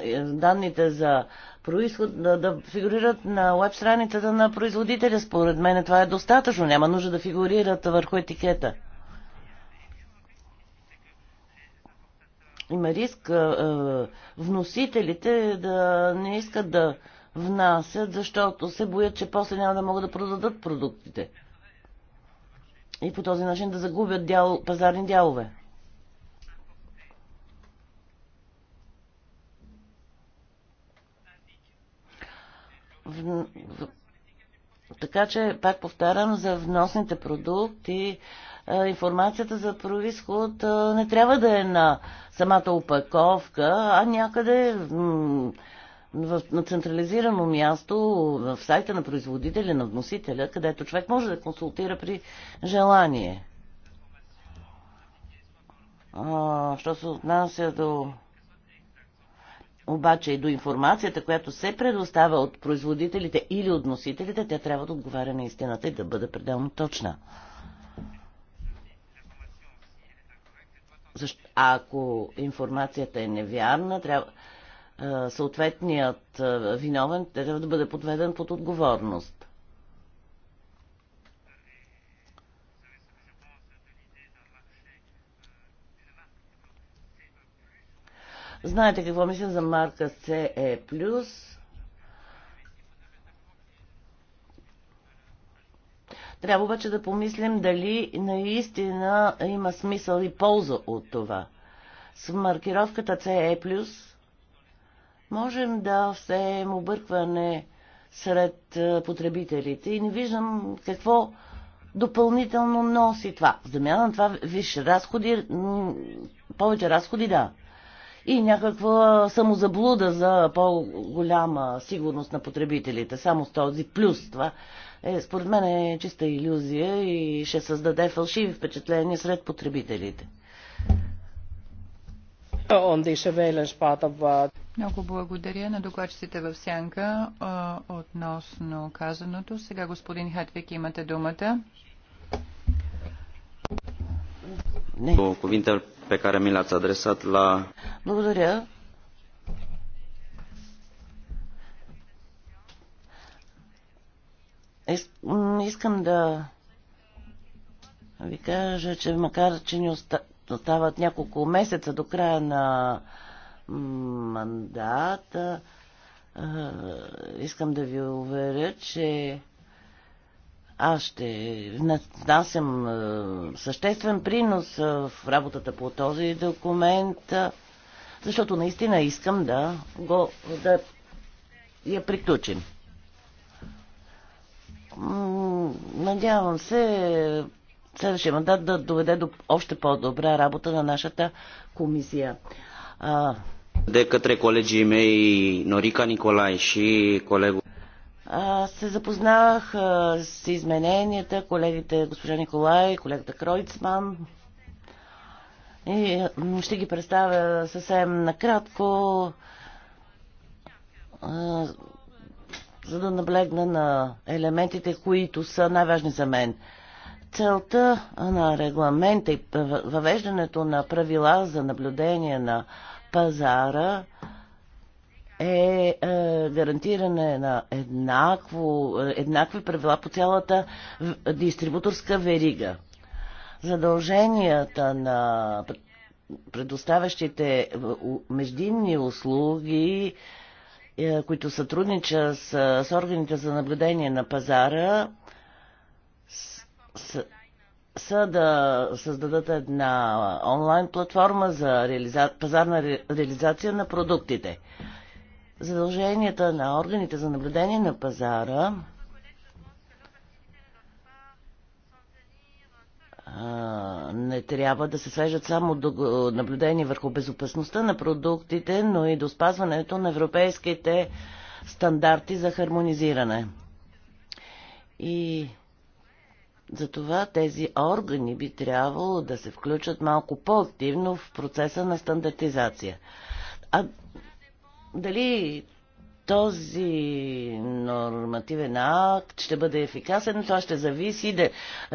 S3: е данните за происход да, да фигурират на веб страницата на производителя. Според мен това е достатъчно. Няма нужда да фигурират върху етикета. има риск а, вносителите да не искат да внасят, защото се боят, че после няма да могат да продадат продуктите. И по този начин да загубят дял, пазарни дялове. В... Така че, пак повтарям, за вносните продукти информацията за происход не трябва да е на самата опаковка, а някъде в, на централизирано място в сайта на производителя, на вносителя, където човек може да консултира при желание. А, що се отнася до обаче и до информацията, която се предоставя от производителите или от носителите, тя трябва да отговаря на истината и да бъде пределно точна. Защо, ако информацията е невярна, трябва, съответният виновен трябва да бъде подведен под отговорност. Знаете какво мисля за марка CE+. Трябва обаче да помислим дали наистина има смисъл и полза от това. С маркировката CE+, можем да всеем объркване сред потребителите и не виждам какво допълнително носи това. замяна на това, виж, разходи, повече разходи, да. И някаква самозаблуда за по-голяма сигурност на потребителите, само с този плюс това е, според мен е чиста иллюзия и ще създаде фалшиви впечатления сред потребителите.
S1: Много благодаря на докладчиците в Сянка относно казаното. Сега господин Хатвик имате думата.
S3: Не. Благодаря. Искам да ви кажа, че макар, че ни остават няколко месеца до края на мандата, искам да ви уверя, че аз ще внасям съществен принос в работата по този документ, защото наистина искам да, го, да я приключим. Надявам се следващия мандат да доведе до още по-добра работа на нашата комисия. А... De către colegii mei Norica Nicolae și colegul се запознах с измененията, колегите госпожа Николай, колегата Кройцман. И ще ги представя съвсем накратко за да наблегна на елементите, които са най-важни за мен. Целта на регламента и въвеждането на правила за наблюдение на пазара е, е гарантиране на еднакво, еднакви правила по цялата дистрибуторска верига. Задълженията на предоставящите е, междинни услуги е, които сътруднича с, е, с органите за наблюдение на пазара, с, с, са да създадат една онлайн платформа за реализа... пазарна ре... реализация на продуктите. Задълженията на органите за наблюдение на пазара не трябва да се свежат само до наблюдение върху безопасността на продуктите, но и до спазването на европейските стандарти за хармонизиране. И затова тези органи би трябвало да се включат малко по-активно в процеса на стандартизация. А дали този нормативен акт ще бъде ефикасен, това ще зависи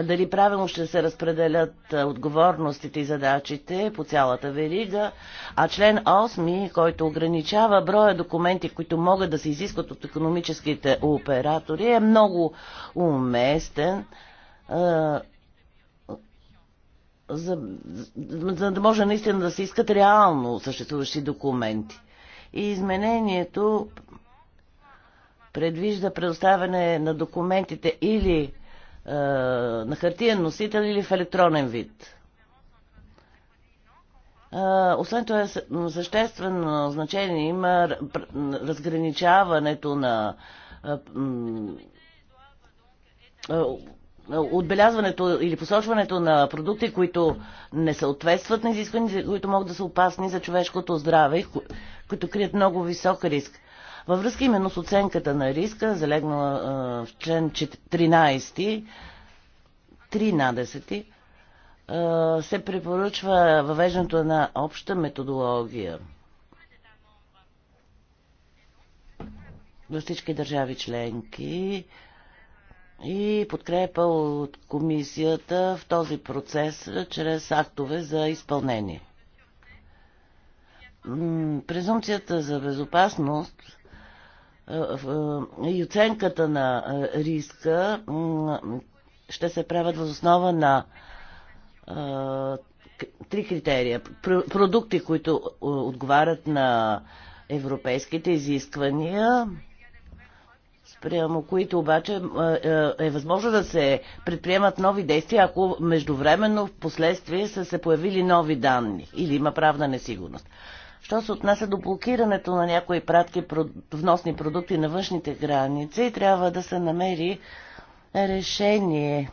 S3: дали правилно ще се разпределят отговорностите и задачите по цялата верига, а член 8, който ограничава броя документи, които могат да се изискват от економическите оператори, е много уместен за, за да може наистина да се искат реално съществуващи документи. И изменението предвижда предоставяне на документите или а, е, на хартиен носител, или в електронен вид. А, е, освен това, е съществено значение има разграничаването на отбелязването или посочването на продукти, които не съответстват на изискванията, които могат да са опасни за човешкото здраве, които крият много висок риск. Във връзка именно с оценката на риска, залегнала в член 13, 13 се препоръчва въвеждането на обща методология до всички държави членки и подкрепа от комисията в този процес чрез актове за изпълнение. Презумцията за безопасност е, е, и оценката на е, риска ще се правят въз основа на три критерия. Продукти, които отговарят на европейските изисквания, спрямо които обаче е възможно да се предприемат нови действия, ако междувременно в последствие са се появили нови данни или има правна несигурност. Що се отнася до блокирането на някои пратки, вносни продукти на външните граници, трябва да се намери решение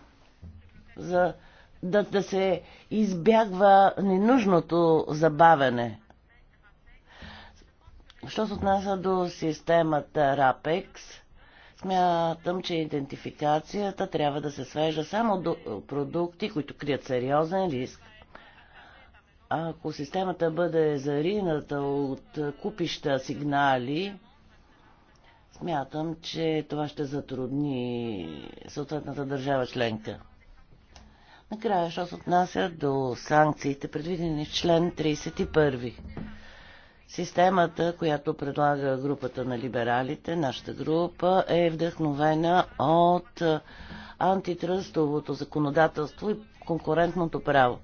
S3: за да, да се избягва ненужното забавене. Що се отнася до системата RAPEX, смятам, че идентификацията трябва да се свежда само до продукти, които крият сериозен риск ако системата бъде зарината от купища сигнали, смятам, че това ще затрудни съответната държава членка. Накрая, що се отнася до санкциите, предвидени в член 31. Системата, която предлага групата на либералите, нашата група, е вдъхновена от антитръстовото законодателство и конкурентното право.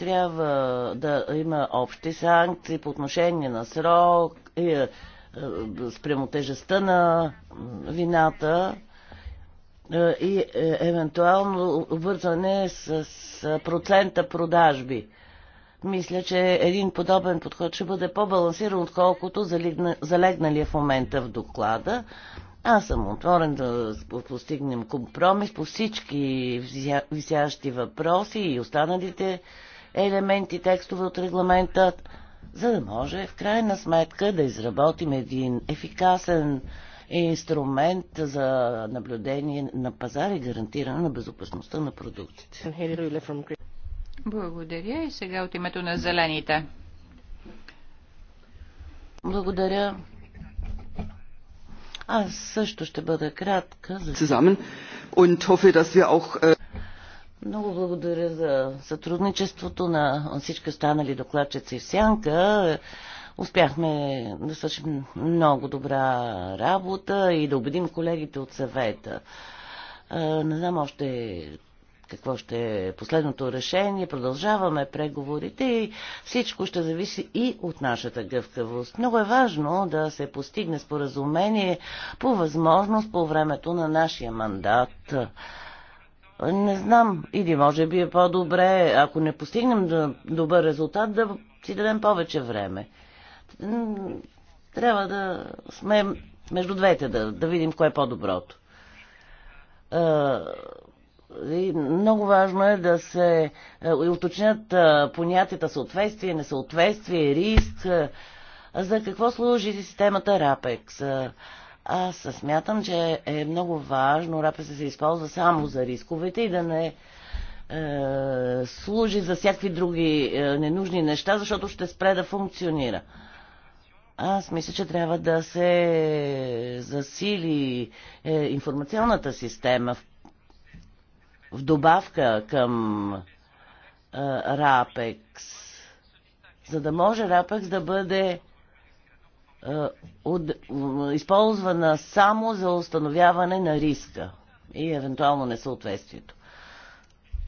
S3: Трябва да има общи санкции по отношение на срок, е, спрямо тежестта на вината е, и е, евентуално вързане с процента продажби. Мисля, че един подобен подход ще бъде по-балансиран, отколкото залегналия в момента в доклада. Аз съм отворен да постигнем компромис по всички висящи въпроси и останалите елементи, текстове от регламента, за да може в крайна сметка да изработим един ефикасен инструмент за наблюдение на пазара и гарантиране на безопасността на продуктите.
S1: Благодаря и сега от името на зелените.
S3: Благодаря. Аз също ще бъда кратка. Zusammen und hoffe, dass wir auch äh, много благодаря за сътрудничеството на всички останали докладчици в Сянка. Успяхме да свършим много добра работа и да убедим колегите от съвета. Не знам още какво ще е последното решение. Продължаваме преговорите и всичко ще зависи и от нашата гъвкавост. Много е важно да се постигне споразумение по възможност по времето на нашия мандат. Не знам. Или може би е по-добре, ако не постигнем добър резултат, да си дадем повече време. Трябва да сме между двете, да, да видим кое е по-доброто. И много важно е да се е, уточнят понятията съответствие, несъответствие, риск. За какво служи системата Рапекс. Аз смятам, че е много важно рапа да се използва само за рисковете и да не е, служи за всякакви други е, ненужни неща, защото ще спре да функционира. Аз мисля, че трябва да се засили е, информационната система в, в добавка към е, РАПЕКС, за да може рапекс да бъде е, използвана само за установяване на риска и евентуално несъответствието.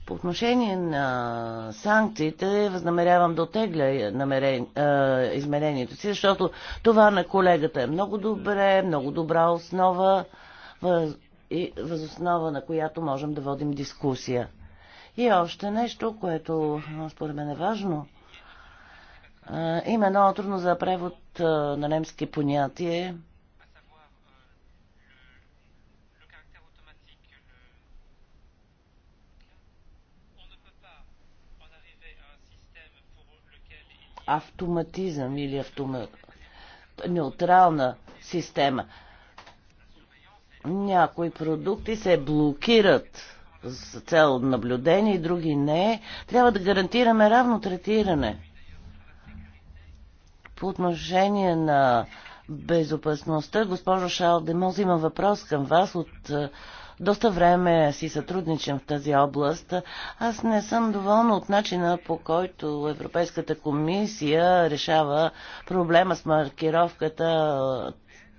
S3: По отношение на санкциите, възнамерявам да отегля е, намерен, е, измерението си, защото това на колегата е много добре, много добра основа, въз, и, възоснова на която можем да водим дискусия. И още нещо, което според мен е важно – а, има едно трудно за превод на немски понятие. Автоматизъм или автома... неутрална система. Някои продукти се блокират с цел наблюдение, други не. Трябва да гарантираме равно третиране. По отношение на безопасността, госпожо Шал Демоз, има въпрос към вас от е, доста време си сътрудничам в тази област. Аз не съм доволна от начина по който Европейската комисия решава проблема с маркировката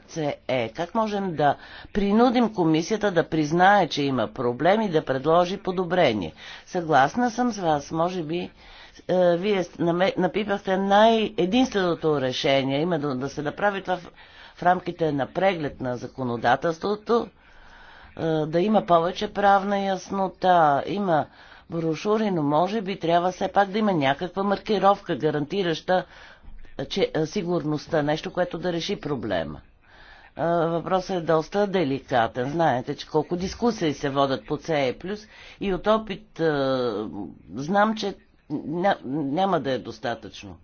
S3: CE. Как можем да принудим комисията да признае, че има проблеми и да предложи подобрение? Съгласна съм с вас. Може би е, вие напипахте най-единственото решение, именно да се направи това в, в рамките на преглед на законодателството, е, да има повече правна яснота, има брошури, но може би трябва все пак да има някаква маркировка, гарантираща че, е, сигурността, нещо, което да реши проблема. Въпросът е доста деликатен. Знаете, че колко дискусии се водят по CE+, и от опит знам, че няма да е достатъчно.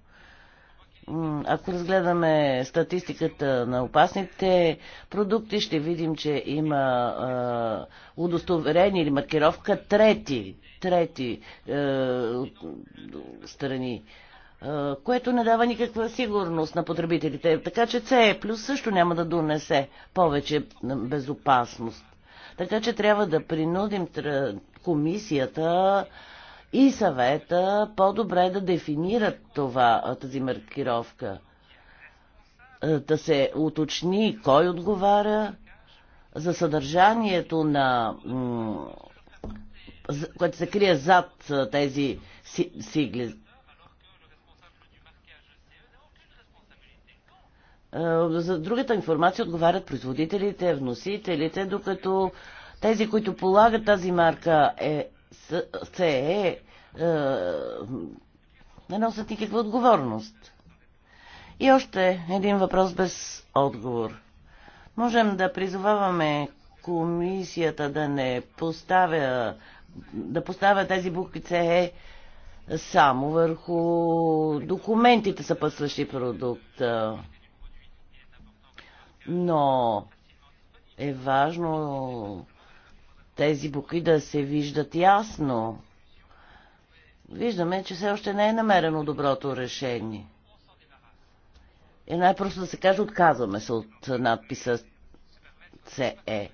S3: Ако разгледаме статистиката на опасните продукти, ще видим, че има е, удостоверение или маркировка трети, трети е, страни, е, което не дава никаква сигурност на потребителите. Така че C е плюс също няма да донесе повече безопасност. Така че трябва да принудим комисията и съвета по-добре да дефинират това, тази маркировка. Е, да се уточни кой отговаря за съдържанието на което се крие зад е, тези сигли. Е, за другата информация отговарят производителите, вносителите, докато тези, които полагат тази марка е СЕ не е, носят никаква отговорност. И още един въпрос без отговор. Можем да призоваваме комисията да не поставя, да поставя тези букви ЦЕ само върху документите съпътстващи продукт. Но е важно тези букви да се виждат ясно. Виждаме, че все още не е намерено доброто решение. И е, най-просто да се каже, отказваме се от надписа CE.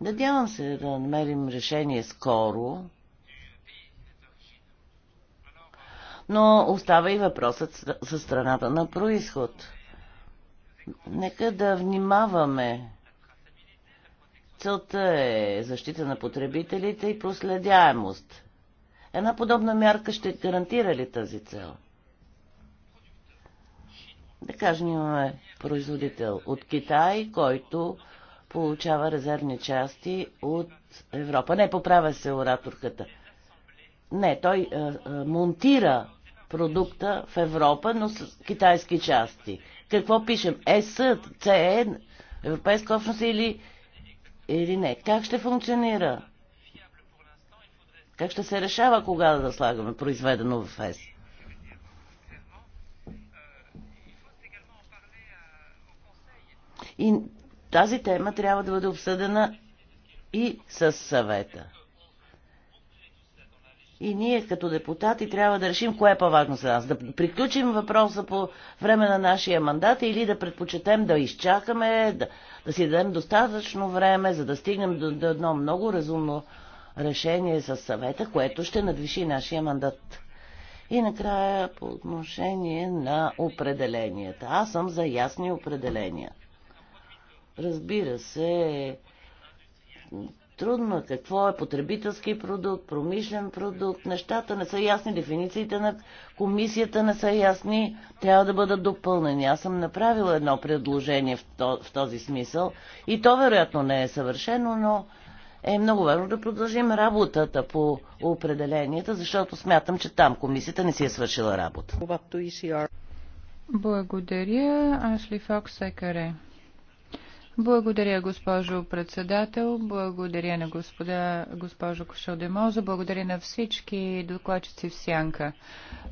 S3: Надявам се да намерим решение скоро. Но остава и въпросът за страната на происход. Нека да внимаваме. Целта е защита на потребителите и проследяемост. Една подобна мярка ще гарантира ли тази цел? Да кажем, имаме производител от Китай, който получава резервни части от Европа. Не, поправя се ораторката. Не, той а, а, монтира продукта в Европа, но с китайски части. Какво пишем? ЕС, ЦН, е, Европейска общност или, или не? Как ще функционира? Как ще се решава кога да слагаме произведено в ЕС? И тази тема трябва да бъде обсъдена и с съвета. И ние като депутати трябва да решим кое е по-важно за нас. Да приключим въпроса по време на нашия мандат или да предпочетем да изчакаме, да, да си дадем достатъчно време, за да стигнем до, до едно много разумно решение с съвета, което ще надвиши нашия мандат. И накрая по отношение на определенията. Аз съм за ясни определения. Разбира се, трудно. Какво е потребителски продукт, промишлен продукт? Нещата не са ясни, дефинициите на комисията не са ясни, трябва да бъдат допълнени. Аз съм направила едно предложение в този смисъл и то вероятно не е съвършено, но е много важно да продължим работата по определенията, защото смятам, че там комисията не си е свършила работа.
S1: Благодаря, Ашли Фокс Екаре. Благодаря, госпожо председател. Благодаря на господа, госпожо Кошодемоза. Благодаря на всички докладчици в Сянка.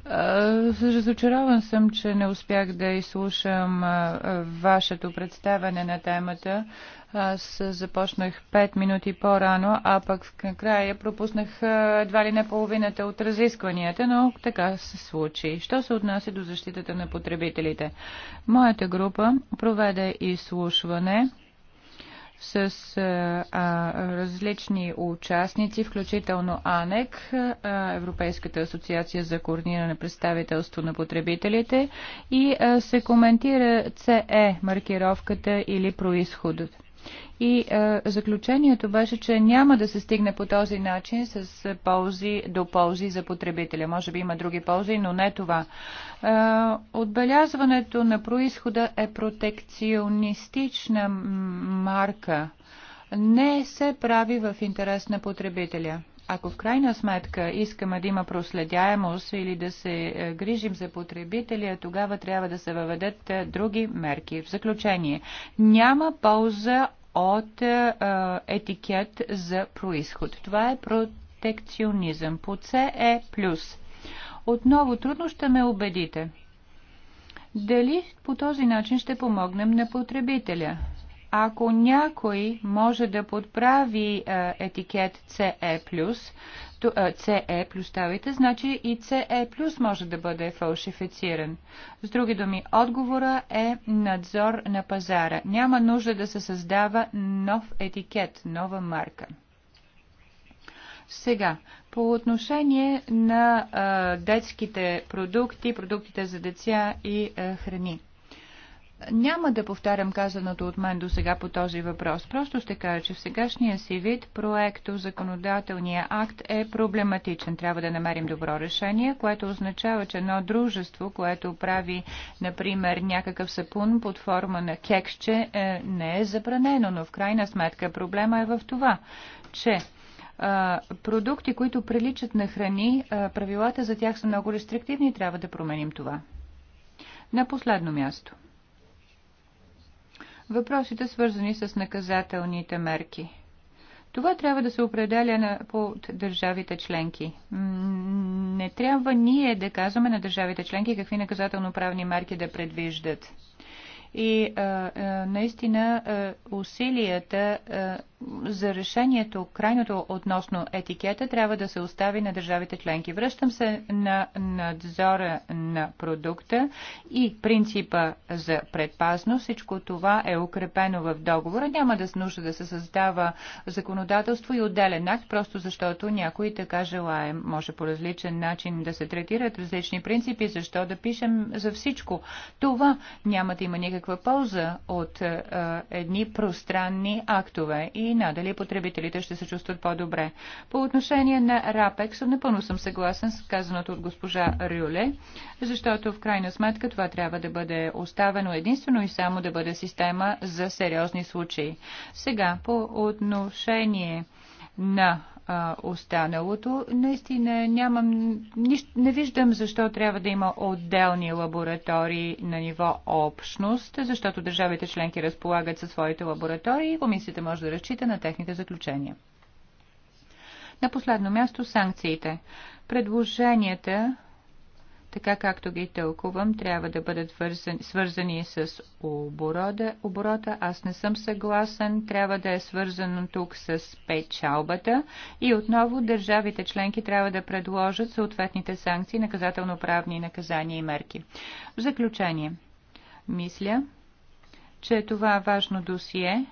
S1: Разочарован съм, че не успях да изслушам вашето представяне на темата аз започнах 5 минути по-рано, а пък в края пропуснах едва ли не половината от разискванията, но така се случи. Що се отнася до защитата на потребителите? Моята група проведе изслушване с а, различни участници, включително АНЕК, а, Европейската асоциация за координиране представителство на потребителите и а, се коментира CE е маркировката или происходът. И е, заключението беше, че няма да се стигне по този начин с ползи до ползи за потребителя. Може би има други ползи, но не това. Е, отбелязването на происхода е протекционистична марка. Не се прави в интерес на потребителя. Ако в крайна сметка искаме да има проследяемост или да се е, грижим за потребителя, тогава трябва да се въведат е, други мерки. В заключение, няма полза от е, етикет за происход. Това е протекционизъм. По е плюс. Отново трудно ще ме убедите. Дали по този начин ще помогнем на потребителя? ако някой може да подправи е, етикет CE+, е, CE ставите, значи и CE може да бъде фалшифициран. С други думи, отговора е надзор на пазара. Няма нужда да се създава нов етикет, нова марка. Сега, по отношение на а, е, детските продукти, продуктите за деца и а, храни. Няма да повтарям казаното от мен до сега по този въпрос. Просто ще кажа, че в сегашния си вид проекто законодателния акт е проблематичен. Трябва да намерим добро решение, което означава, че едно дружество, което прави, например, някакъв сапун под форма на кексче, е, не е забранено, но в крайна сметка проблема е в това, че продукти, които приличат на храни, правилата за тях са много рестриктивни и трябва да променим това. На последно място въпросите, свързани с наказателните мерки. Това трябва да се определя на, от държавите членки. Не трябва ние да казваме на държавите членки какви наказателно-правни мерки да предвиждат. И а, а, наистина а, усилията а, за решението крайното относно етикета трябва да се остави на държавите членки. Връщам се на надзора на продукта и принципа за предпазно. Всичко това е укрепено в договора. Няма да нужда да се създава законодателство и отделен акт, просто защото някой така желае. Може по различен начин да се третират различни принципи. Защо да пишем за всичко? Това няма да има никаква полза от е, едни пространни актове. И и надали потребителите ще се чувстват по-добре. По отношение на Рапекс напълно съм съгласен с казаното от госпожа Рюле, защото в крайна сметка това трябва да бъде оставено единствено и само да бъде система за сериозни случаи. Сега, по отношение на а, останалото. Наистина нямам, нищ, не виждам защо трябва да има отделни лаборатории на ниво общност, защото държавите членки разполагат със своите лаборатории и комисията може да разчита на техните заключения. На последно място санкциите. Предложенията така както ги тълкувам, трябва да бъдат вързани, свързани с оборода, оборота. Аз не съм съгласен, трябва да е свързано тук с печалбата. И отново държавите членки трябва да предложат съответните санкции, наказателно-правни наказания и мерки. В заключение, мисля, че това важно досие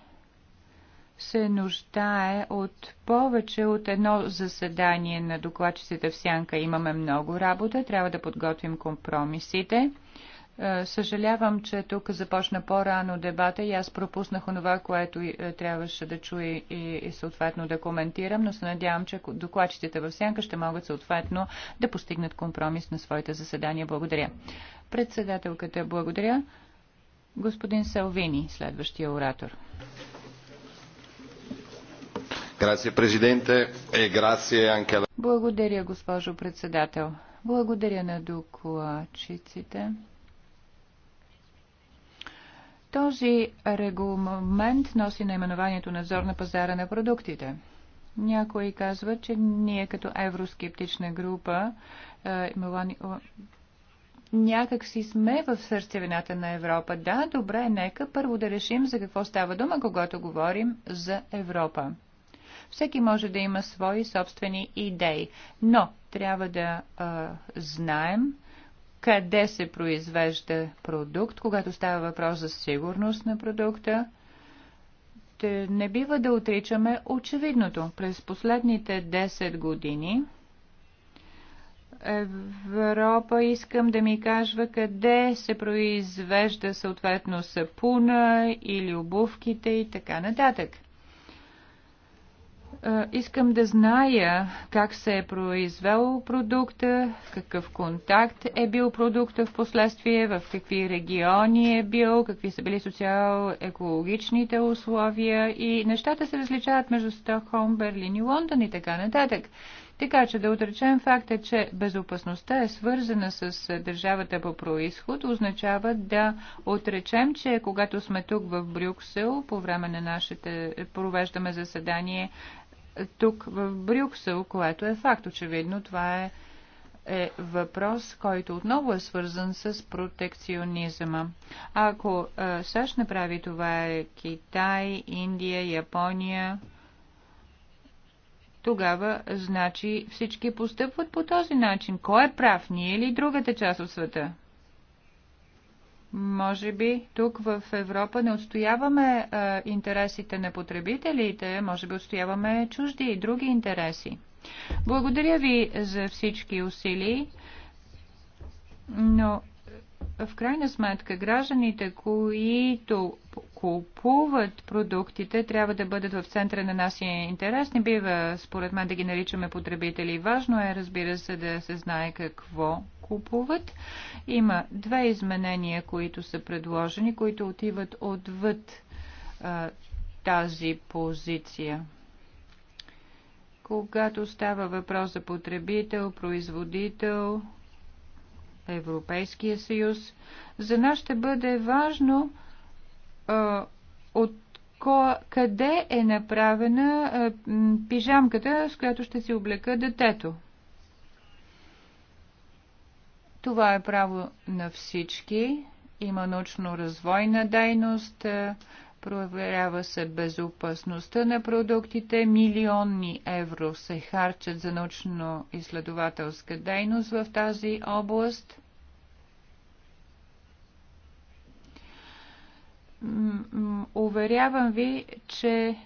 S1: се нуждае от повече от едно заседание на докладчиците в Сянка. Имаме много работа, трябва да подготвим компромисите. Е, съжалявам, че тук започна по-рано дебата и аз пропуснах онова, което е, трябваше да чуя и, съответно да коментирам, но се надявам, че докладчиците в Сянка ще могат съответно да постигнат компромис на своите заседания. Благодаря. Председателката, благодаря. Господин Салвини, следващия оратор.
S3: E
S1: Благодаря, госпожо председател. Благодаря на докладчиците. Този регламент носи наименованието надзор на пазара на продуктите. Някои казват, че ние като евроскептична група е, някак си сме в сърцевината на Европа. Да, добре, нека първо да решим за какво става дума, когато говорим за Европа. Всеки може да има свои собствени идеи, но трябва да а, знаем къде се произвежда продукт, когато става въпрос за сигурност на продукта. Не бива да отричаме очевидното. През последните 10 години Европа искам да ми кажва къде се произвежда съответно сапуна или обувките и така нататък. Е, искам да зная как се е произвел продукта, какъв контакт е бил продукта в последствие, в какви региони е бил, какви са били социал-екологичните условия и нещата се различават между Стокхолм, Берлин и Лондон и така нататък. Така че да отречем факта, че безопасността е свързана с държавата по происход, означава да отречем, че когато сме тук в Брюксел, по време на нашите, провеждаме заседание тук в Брюксел, което е факт. Очевидно това е, е въпрос, който отново е свързан с протекционизма. Ако е, САЩ направи това е Китай, Индия, Япония, тогава значи всички постъпват по този начин. Кой е прав, ние или другата част от света? Може би тук в Европа не отстояваме а, интересите на потребителите, може би отстояваме чужди и други интереси. Благодаря ви за всички усилия, но в крайна сметка гражданите, които купуват продуктите, трябва да бъдат в центъра на нашия интерес. Не бива, според мен, да ги наричаме потребители. Важно е, разбира се, да се знае какво купуват. Има две изменения, които са предложени, които отиват отвъд а, тази позиция. Когато става въпрос за потребител, производител, Европейския съюз, за нас ще бъде важно а, от къде е направена пижамката, с която ще си облека детето. Това е право на всички. Има научно-развойна дейност, проверява се безопасността на продуктите. Милионни евро се харчат за научно-изследователска дейност в тази област. Уверявам ви, че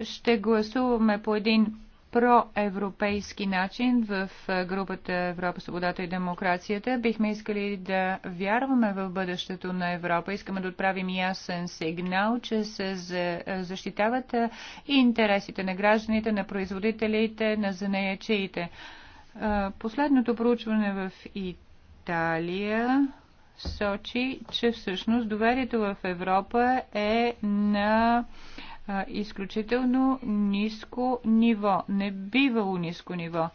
S1: ще гласуваме по един проевропейски начин в групата Европа, свободата и демокрацията. Бихме искали да вярваме в бъдещето на Европа. Искаме да отправим ясен сигнал, че се защитават и интересите на гражданите, на производителите, на занаячиите. Последното проучване в Италия сочи, че всъщност доверието в Европа е на изключително ниско ниво, не бивало ниско ниво.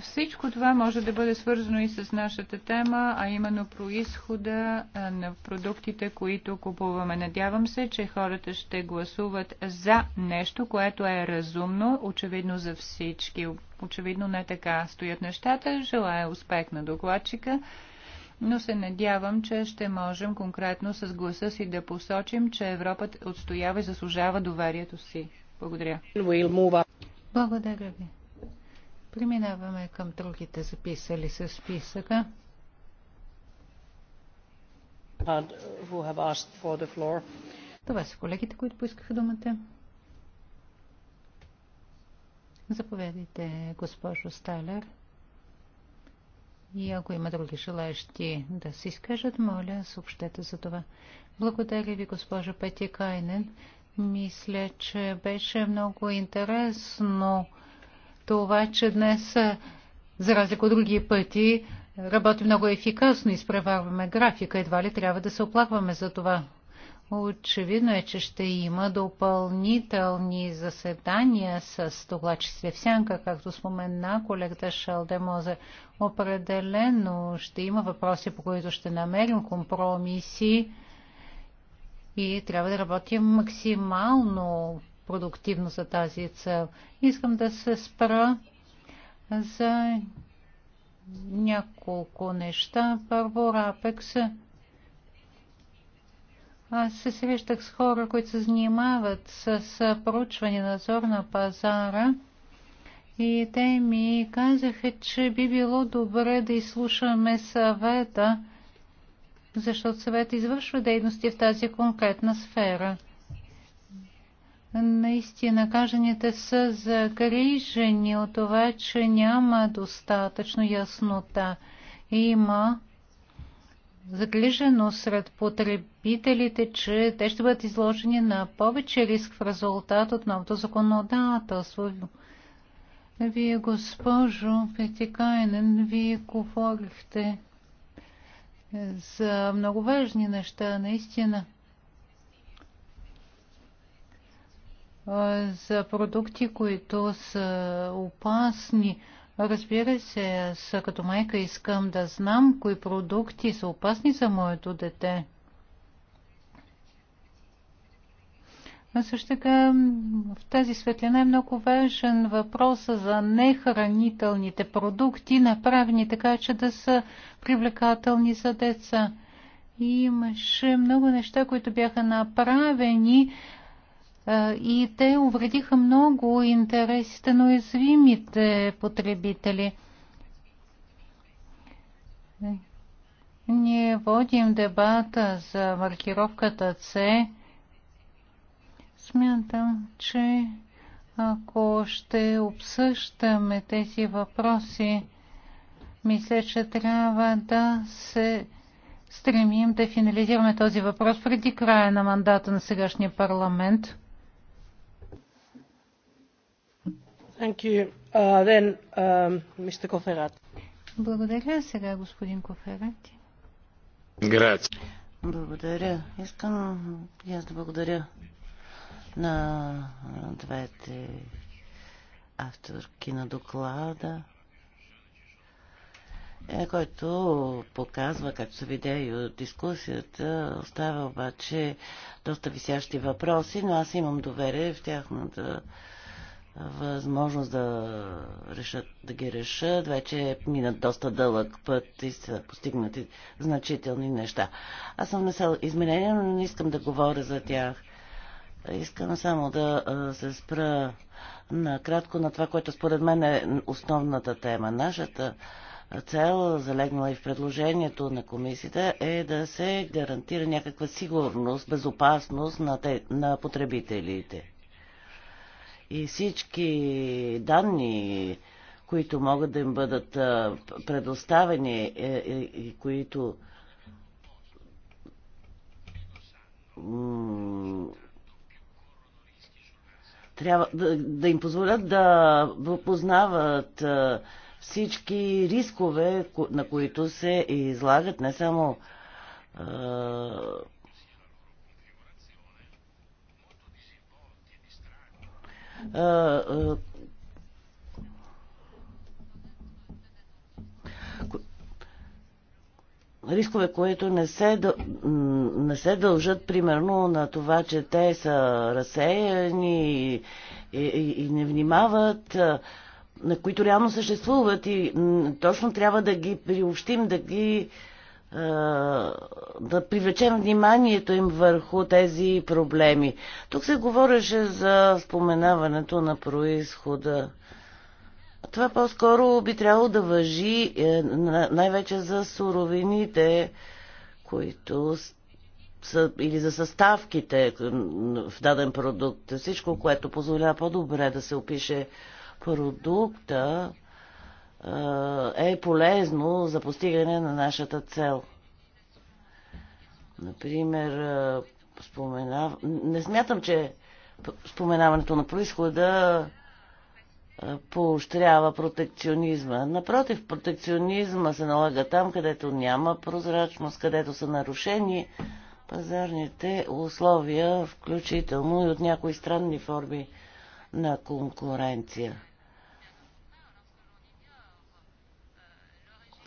S1: всичко това може да бъде свързано и с нашата тема, а именно происхода на продуктите, които купуваме. Надявам се, че хората ще гласуват за нещо, което е разумно, очевидно за всички. Очевидно не така стоят нещата. Желая успех на докладчика но се надявам, че ще можем конкретно с гласа си да посочим, че Европа отстоява и заслужава доверието си. Благодаря.
S2: Благодаря ви. Преминаваме към другите записали се списъка. Това са колегите, които поискаха думата. Заповядайте, госпожо Стайлер. И ако има други желаящи да се изкажат, моля, съобщете за това. Благодаря ви, госпожа Пети Кайнен. Мисля, че беше много интересно това, че днес, за разлика от други пъти, работи много ефикасно, изпреварваме графика. Едва ли трябва да се оплакваме за това. Очевидно е, че ще има допълнителни заседания с докладчиците в сянка, както спомена колегата Шалдемоза. Определено ще има въпроси, по които ще намерим компромиси и трябва да работим максимално продуктивно за тази цел. Искам да се спра за няколко неща. Първо, Рапекс. Аз се срещах с хора, които се занимават с проучване надзор на пазара и те ми казаха, че би било добре да изслушаме съвета, защото съвет извършва дейности в тази конкретна сфера. Наистина, кажените са загрижени от това, че няма достатъчно яснота. Има загрижено сред потребителите, че те ще бъдат изложени на повече риск в резултат от новото законодателство. Вие, госпожо Петикайнен, вие говорихте за много важни неща, наистина. За продукти, които са опасни, Разбира се, аз като майка искам да знам кои продукти са опасни за моето дете. А също така в тази светлина е много важен въпрос за нехранителните продукти, направени така, че да са привлекателни за деца. Имаше много неща, които бяха направени и те увредиха много интересите на уязвимите потребители. Ние водим дебата за маркировката С. Смятам, че ако ще обсъждаме тези въпроси, мисля, че трябва да се стремим да финализираме този въпрос преди края на мандата на сегашния парламент. Uh, then, um, Благодаря. Сега господин Коферати.
S3: Грация. Благодаря. Искам и аз да благодаря на двете авторки на доклада, е, който показва, както се видя и от дискусията, остава обаче доста висящи въпроси, но аз имам доверие в тяхната да възможност да, решат, да ги решат. Вече минат доста дълъг път и са постигнати значителни неща. Аз съм внесъл изменения, но не искам да говоря за тях. Искам само да се спра на кратко на това, което според мен е основната тема. Нашата цел, залегнала и в предложението на комисията, е да се гарантира някаква сигурност, безопасност на, те, на потребителите и всички данни, които могат да им бъдат предоставени е, е, и които трябва да, да им позволят да познават всички рискове, на които се излагат не само рискове, които не се, не се дължат примерно на това, че те са разсеяни и, и, и не внимават, на които реално съществуват и точно трябва да ги приобщим, да ги да привлечем вниманието им върху тези проблеми. Тук се говореше за споменаването на происхода. Това по-скоро би трябвало да въжи е, най-вече за суровините, които са, или за съставките в даден продукт. Всичко, което позволява по-добре да се опише продукта, е полезно за постигане на нашата цел. Например, споменав... не смятам, че споменаването на происхода поощрява протекционизма. Напротив, протекционизма се налага там, където няма прозрачност, където са нарушени пазарните условия, включително и от някои странни форми на конкуренция.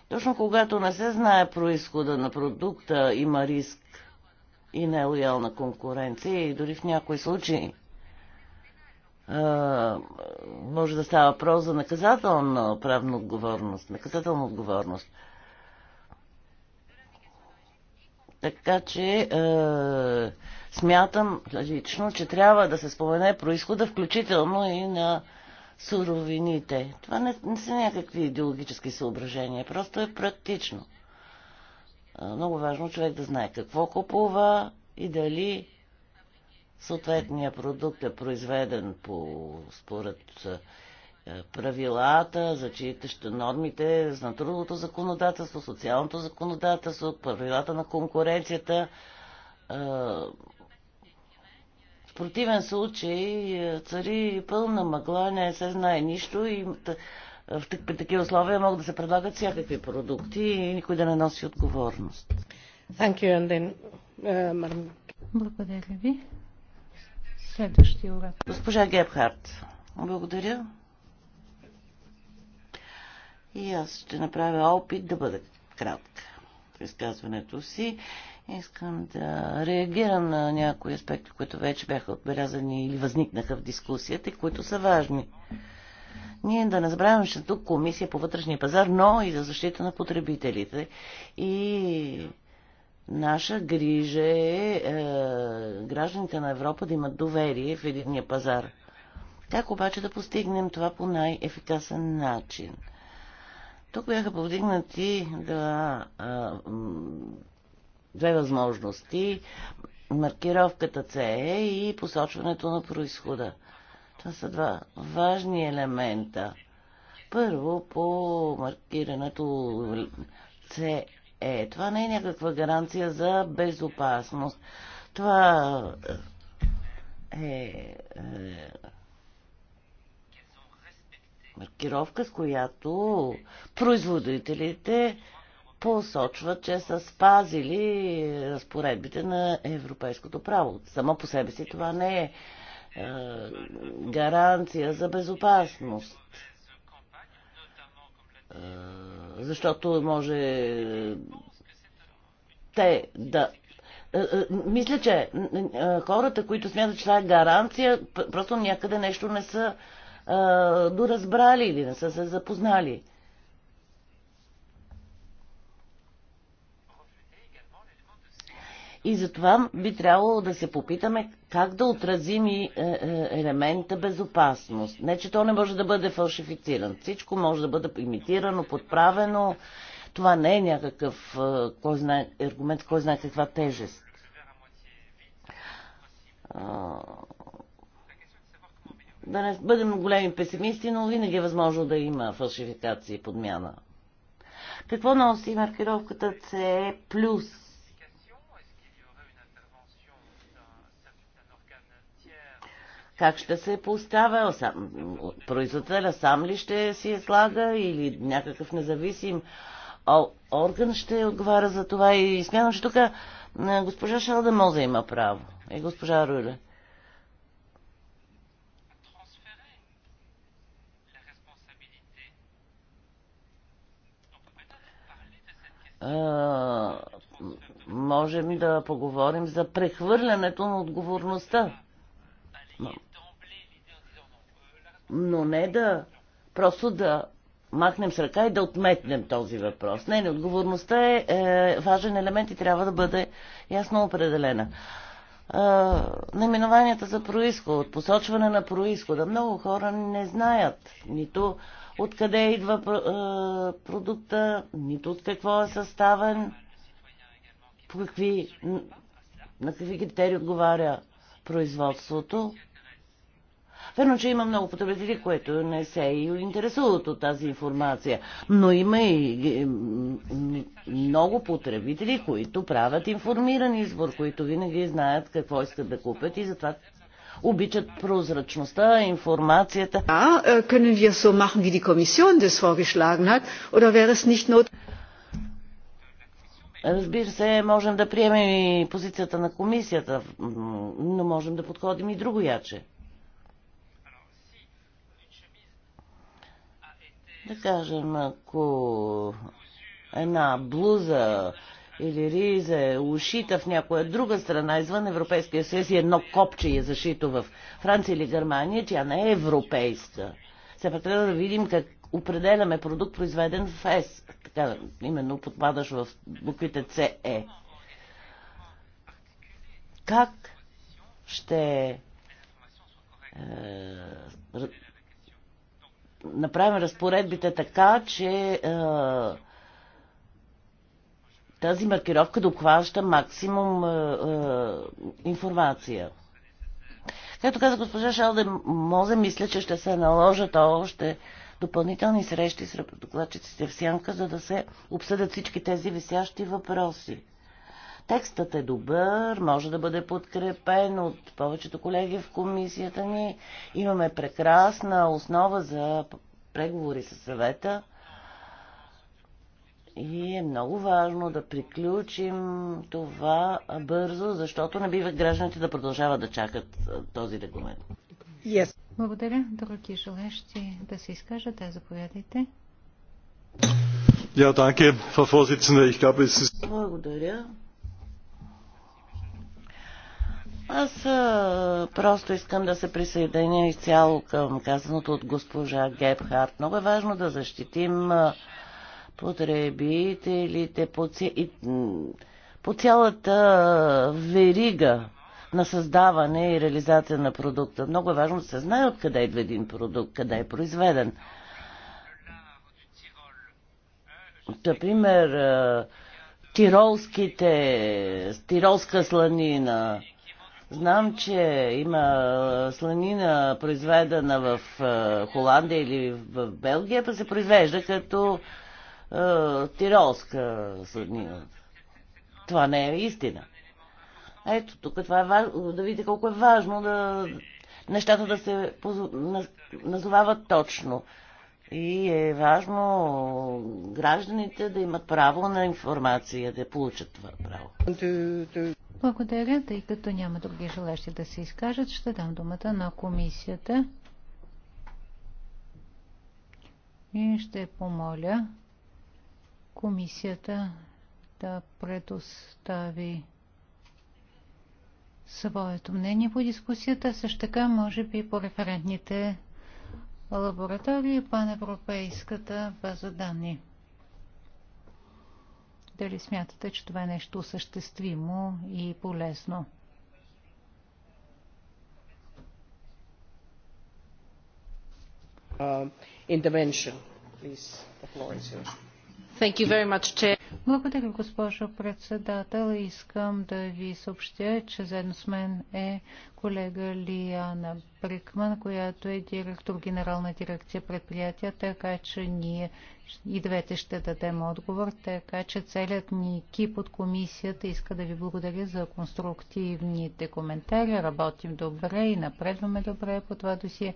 S3: Точно когато не се знае происхода на продукта, има риск и нелоялна конкуренция и дори в някои случаи може да става въпрос за наказателна правна отговорност, наказателна отговорност. Така че е, смятам лично, че трябва да се спомене происхода, включително и на суровините. Това не, не са някакви идеологически съображения, просто е практично. Много важно човек да знае какво купува и дали съответният продукт е произведен по, според правилата, за чието нормите на трудовото законодателство, социалното законодателство, правилата на конкуренцията, противен случай е, цари пълна мъгла, не се знае нищо и е, при такива условия могат да се предлагат всякакви продукти и никой да не носи отговорност. Thank you, and then, uh, Благодаря ви. Следващия урок. Госпожа Гебхарт, благодаря. И аз ще направя опит да бъда кратка в изказването си. Искам да реагирам на някои аспекти, които вече бяха отбелязани или възникнаха в дискусията и които са важни. Ние да не забравяме, че тук комисия по вътрешния пазар, но и за защита на потребителите. И наша грижа е, е гражданите на Европа да имат доверие в единния пазар. Как обаче да постигнем това по най-ефикасен начин? Тук бяха повдигнати да, две възможности. Маркировката CE и посочването на происхода. Това са два важни елемента. Първо, по маркирането CE. Е. Това не е някаква гаранция за безопасност. Това е, е маркировка, с която производителите посочват, че са спазили разпоредбите на европейското право. Само по себе си това не е, е гаранция за безопасност. Е, защото може те да. Е, е, мисля, че е, хората, които смятат, че това е гаранция, просто някъде нещо не са доразбрали или не са се запознали. И затова би трябвало да се попитаме как да отразим и е, е, елемента безопасност. Не, че то не може да бъде фалшифициран. Всичко може да бъде имитирано, подправено. Това не е някакъв е, кой знае, аргумент, кой знае каква тежест. Да не бъдем големи песимисти, но винаги е възможно да има фалшификация и подмяна. Какво носи маркировката C+, как ще се поставя, сам, производителя сам ли ще си я слага или някакъв независим орган ще отговаря за това и смятам, че тук госпожа Моза има право и госпожа Руле. можем да поговорим за прехвърлянето на отговорността. Но не да просто да махнем с ръка и да отметнем този въпрос. Не, не, отговорността е, е важен елемент и трябва да бъде ясно определена. Е, наименованията за происход, посочване на происхода. Много хора не знаят нито откъде идва е, продукта, нито от какво е съставен, по какви, на какви критерии отговаря производството. Верно, че има много потребители, които не се и интересуват от тази информация, но има и много потребители, които правят информиран избор, които винаги знаят какво искат да купят и затова обичат прозрачността, информацията. Да, е, können wir so machen, wie die Kommission das vorgeschlagen hat, oder wäre es nicht notwendig? Разбира се, можем да приемем и позицията на комисията, но можем да подходим и друго яче. Да кажем, ако една блуза или риза е ушита в някоя друга страна извън Европейския съюз и едно копче е зашито в Франция или Германия, тя не е европейска. Сега пак трябва да видим как, определяме продукт, произведен в ЕС. Така, именно подпадаш в буквите CE. Е. Как ще е, направим разпоредбите така, че е, тази маркировка да обхваща максимум е, е, информация. Както каза госпожа Шалде може мисля, че ще се наложат още допълнителни срещи с работодателците в Сянка, за да се обсъдят всички тези висящи въпроси. Текстът е добър, може да бъде подкрепен от повечето колеги в комисията ни. Имаме прекрасна основа за преговори с съвета. И е много важно да приключим това бързо, защото не бива гражданите да продължават да чакат този регламент.
S2: Yes. Благодаря. Други желащи да се изкажат, да заповядайте.
S3: Благодаря. Аз а, просто искам да се присъединя изцяло към казаното от госпожа Гебхарт. Много е важно да защитим а, потребителите по, ци... по цялата верига на създаване и реализация на продукта. Много е важно да се знае откъде идва един продукт, къде е произведен. Например, тиролските, тиролска сланина. Знам, че има сланина произведена в Холандия или в Белгия, па се произвежда като тиролска сланина. Това не е истина. Ето, тук това е важно, да видите колко е важно да нещата да се поз... назовават точно. И е важно гражданите да имат право на информация, да получат това право.
S2: Благодаря, тъй като няма други желащи да се изкажат, ще дам думата на комисията. И ще помоля комисията да предостави своето мнение по дискусията, също така може би по референтните лаборатории и паневропейската база данни. Дали смятате, че това е нещо осъществимо и
S1: полезно?
S4: Uh, intervention, please. The floor is yours.
S2: Благодаря, госпожо председател. Искам да ви съобщя, че заедно с мен е колега Лиана Брикман, която е директор Генерална дирекция предприятия, така че ние и двете ще дадем отговор, така че целият ни екип от комисията иска да ви благодаря за конструктивните коментари. Работим добре и напредваме добре по това досие.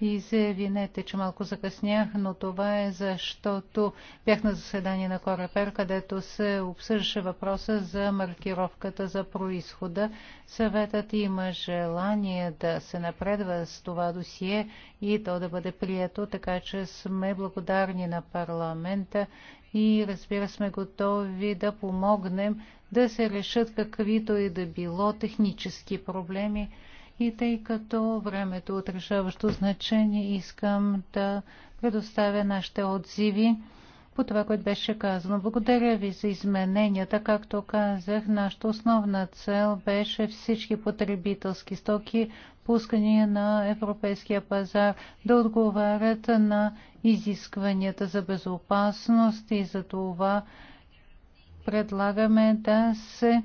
S2: Извинете, че малко закъснях, но това е защото бях на заседание на Корапер, където се обсъждаше въпроса за маркировката за происхода. Съветът има желание да се напредва с това досие и то да бъде прието, така че сме благодарни на парламента и разбира сме готови да помогнем да се решат каквито и да било технически проблеми и тъй като времето е от решаващо значение, искам да предоставя нашите отзиви по това, което беше казано. Благодаря ви за измененията. Както казах, нашата основна цел беше всички потребителски стоки, пускани на европейския пазар, да отговарят на изискванията за безопасност и за това предлагаме да се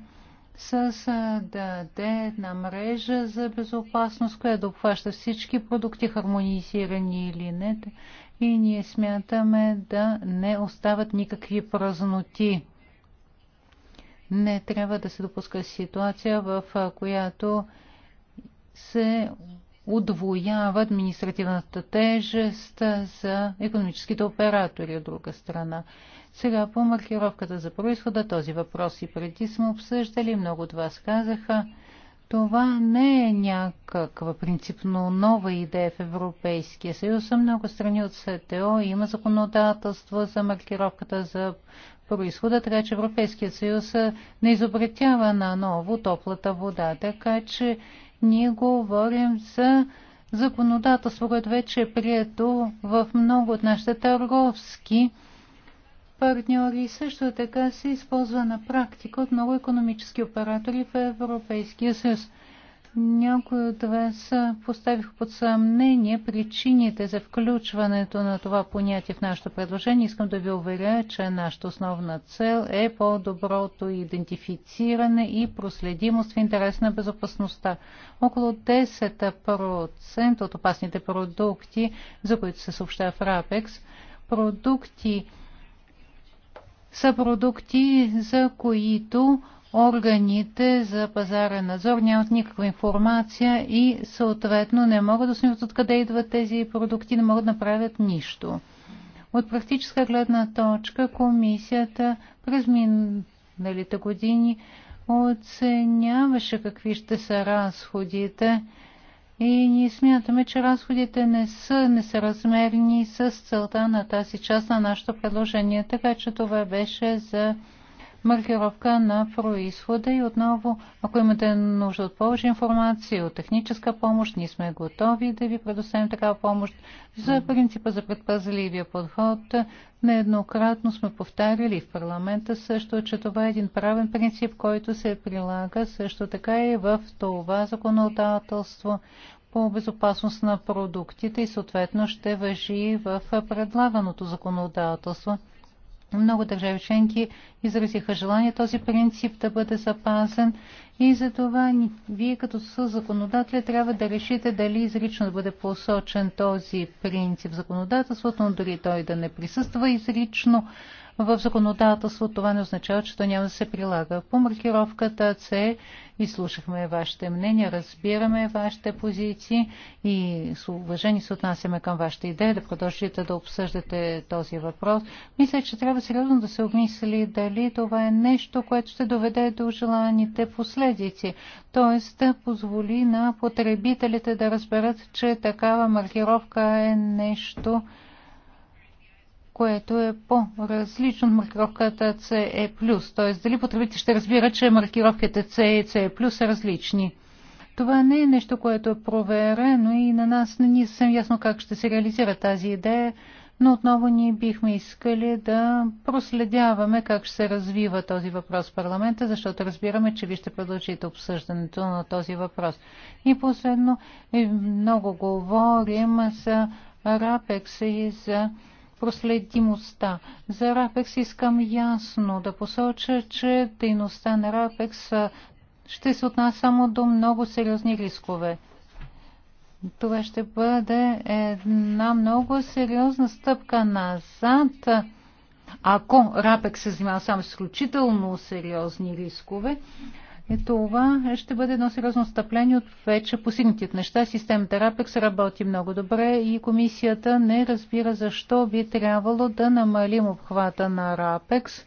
S2: даде една мрежа за безопасност, която да обхваща всички продукти, хармонизирани или не. И ние смятаме да не остават никакви празноти. Не трябва да се допуска ситуация, в която се удвоява административната тежест за економическите оператори от друга страна. Сега по маркировката за происхода този въпрос и преди сме обсъждали, много от вас казаха, това не е някаква принципно нова идея в Европейския съюз. Много страни от СТО има законодателство за маркировката за происхода, така че Европейският съюз не изобретява на ново топлата вода. Така че ние говорим за законодателство, което вече е прието в много от нашите търговски партньори. Също така се използва на практика от много економически оператори в Европейския съюз. Някои от вас поставих под съмнение причините за включването на това понятие в нашето предложение. Искам да ви уверя, че нашата основна цел е по-доброто идентифициране и проследимост в интерес на безопасността. Около 10% от опасните продукти, за които се съобщава в РАПЕКС, продукти, са продукти, за които органите за пазарен надзор нямат никаква информация и съответно не могат да снимат откъде идват тези продукти, не могат да направят нищо. От практическа гледна точка комисията през миналите години оценяваше какви ще са разходите и ние смятаме, че разходите не са несъразмерни с целта на тази част на нашето предложение. Така че това беше за маркировка на происхода и отново, ако имате нужда от повече информация, от техническа помощ, ние сме готови да ви предоставим такава помощ. За принципа за предпазливия подход нееднократно сме повтаряли в парламента също, че това е един правен принцип, който се прилага също така и в това законодателство по безопасност на продуктите и съответно ще въжи в предлаганото законодателство. Много държави членки изразиха желание този принцип да бъде запазен и за това вие като законодатели трябва да решите дали изрично да бъде посочен този принцип законодателството, но дори той да не присъства изрично в законодателство, това не означава, че то няма да се прилага. По маркировката С изслушахме вашите мнения, разбираме вашите позиции и с уважение се отнасяме към вашата идея да продължите да обсъждате този въпрос. Мисля, че трябва сериозно да се обмисли дали това е нещо, което ще доведе до желаните последици, т.е. да позволи на потребителите да разберат, че такава маркировка е нещо, което е по-различно от маркировката CE+. Т.е. дали потребителите ще разбират, че маркировките CE и CE+, са различни. Това не е нещо, което е проверено и на нас не ни е съвсем ясно как ще се реализира тази идея, но отново ние бихме искали да проследяваме как ще се развива този въпрос в парламента, защото разбираме, че ви ще продължите обсъждането на този въпрос. И последно, е, много говорим за РАПЕКС и за проследимостта. За РАПЕКС искам ясно да посоча, че дейността на РАПЕКС ще се отнася само до много сериозни рискове. Това ще бъде една много сериозна стъпка назад, ако РАПЕК се занимава само с изключително сериозни рискове е, това ще бъде едно сериозно стъпление от вече постигнатите неща. Системата РАПЕКС работи много добре и комисията не разбира защо би трябвало да намалим обхвата на РАПЕКС.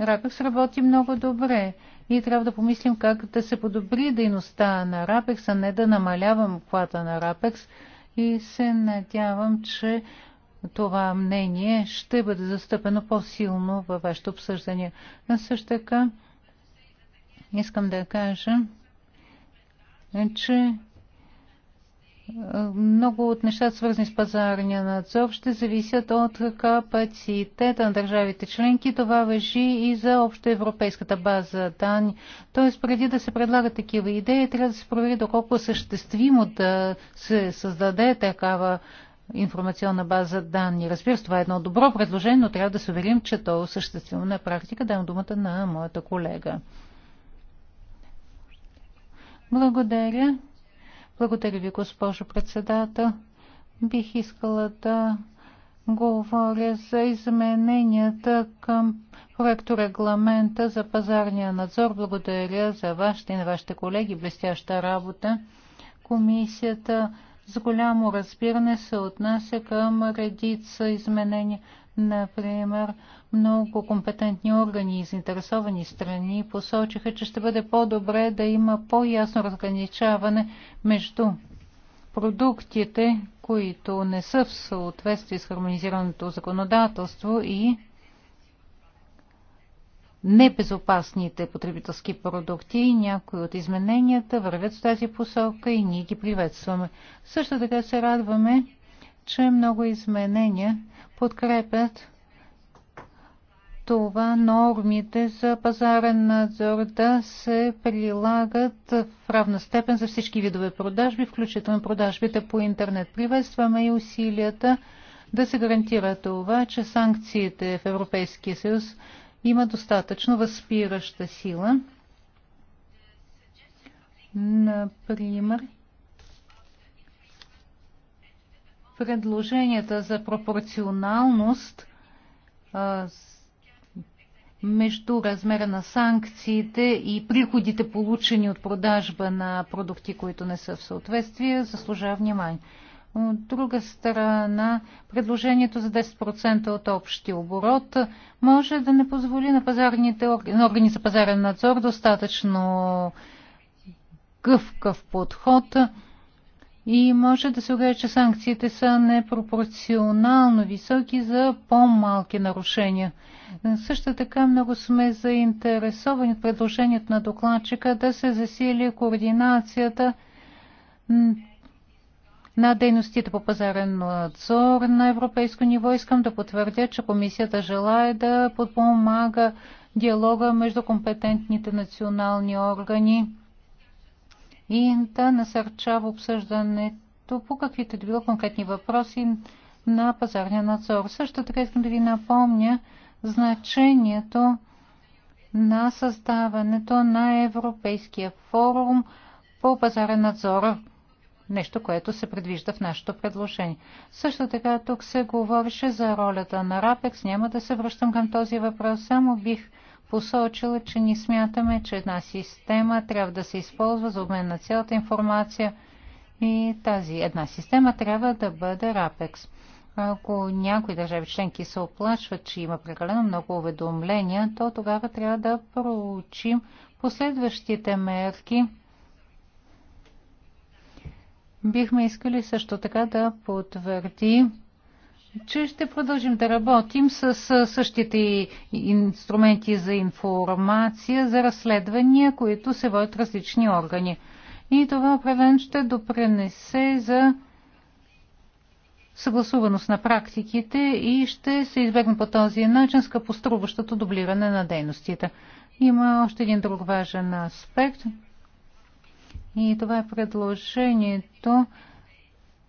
S2: РАПЕКС работи много добре и трябва да помислим как да се подобри дейността на РАПЕКС, а не да намалявам обхвата на РАПЕКС. И се надявам, че това мнение ще бъде застъпено по-силно във вашето обсъждане. А също така, искам да кажа, че много от нещата, свързани с пазарния надзор, ще зависят от капацитета на държавите членки. Това въжи и за общоевропейската база данни. Тоест, преди да се предлагат такива идеи, трябва да се провери доколко съществимо да се създаде такава информационна база данни. Разбира се, това е едно добро предложение, но трябва да се уверим, че то е осъществимо на практика. Дам думата на моята колега. Благодаря. Благодаря ви, госпожо председател. Бих искала да говоря за измененията към проекто регламента за пазарния надзор. Благодаря за вашите и на вашите колеги блестяща работа. Комисията с голямо разбиране се отнася към редица изменения. Например, много компетентни органи и заинтересовани страни посочиха, че ще бъде по-добре да има по-ясно разграничаване между продуктите, които не са в съответствие с хармонизираното законодателство и небезопасните потребителски продукти. Някои от измененията вървят в тази посока и ние ги приветстваме. Също така се радваме, че много изменения подкрепят това нормите за пазарен надзор да се прилагат в равна степен за всички видове продажби, включително продажбите по интернет. Приветстваме и усилията да се гарантира това, че санкциите в Европейския съюз има достатъчно възпираща сила. Например, предложенията за пропорционалност а, между размера на санкциите и приходите, получени от продажба на продукти, които не са в съответствие, заслужава внимание. От друга страна, предложението за 10% от общия оборот може да не позволи на пазарните органи, органи за пазарен надзор достатъчно гъвкав подход, и може да се окаже, че санкциите са непропорционално високи за по-малки нарушения. Също така много сме заинтересовани от предложението на докладчика да се засили координацията на дейностите по пазарен надзор на европейско ниво. Искам да потвърдя, че комисията желая да подпомага диалога между компетентните национални органи и да насърчава обсъждането по каквито да било конкретни въпроси на пазарния надзор. Също така искам да ви напомня значението на създаването на Европейския форум по пазарен надзор. Нещо, което се предвижда в нашето предложение. Също така тук се говореше за ролята на РАПЕКС. Няма да се връщам към този въпрос. Само бих посочила, че ни смятаме, че една система трябва да се използва за обмен на цялата информация и тази една система трябва да бъде RAPEX. Ако някои държави членки се оплашват, че има прекалено много уведомления, то тогава трябва да проучим последващите мерки. Бихме искали също така да потвърди че ще продължим да работим с същите инструменти за информация, за разследвания, които се водят различни органи. И това определено ще допренесе за съгласуваност на практиките и ще се избегне по този начин скъпоструващото дублиране на дейностите. Има още един друг важен аспект и това е предложението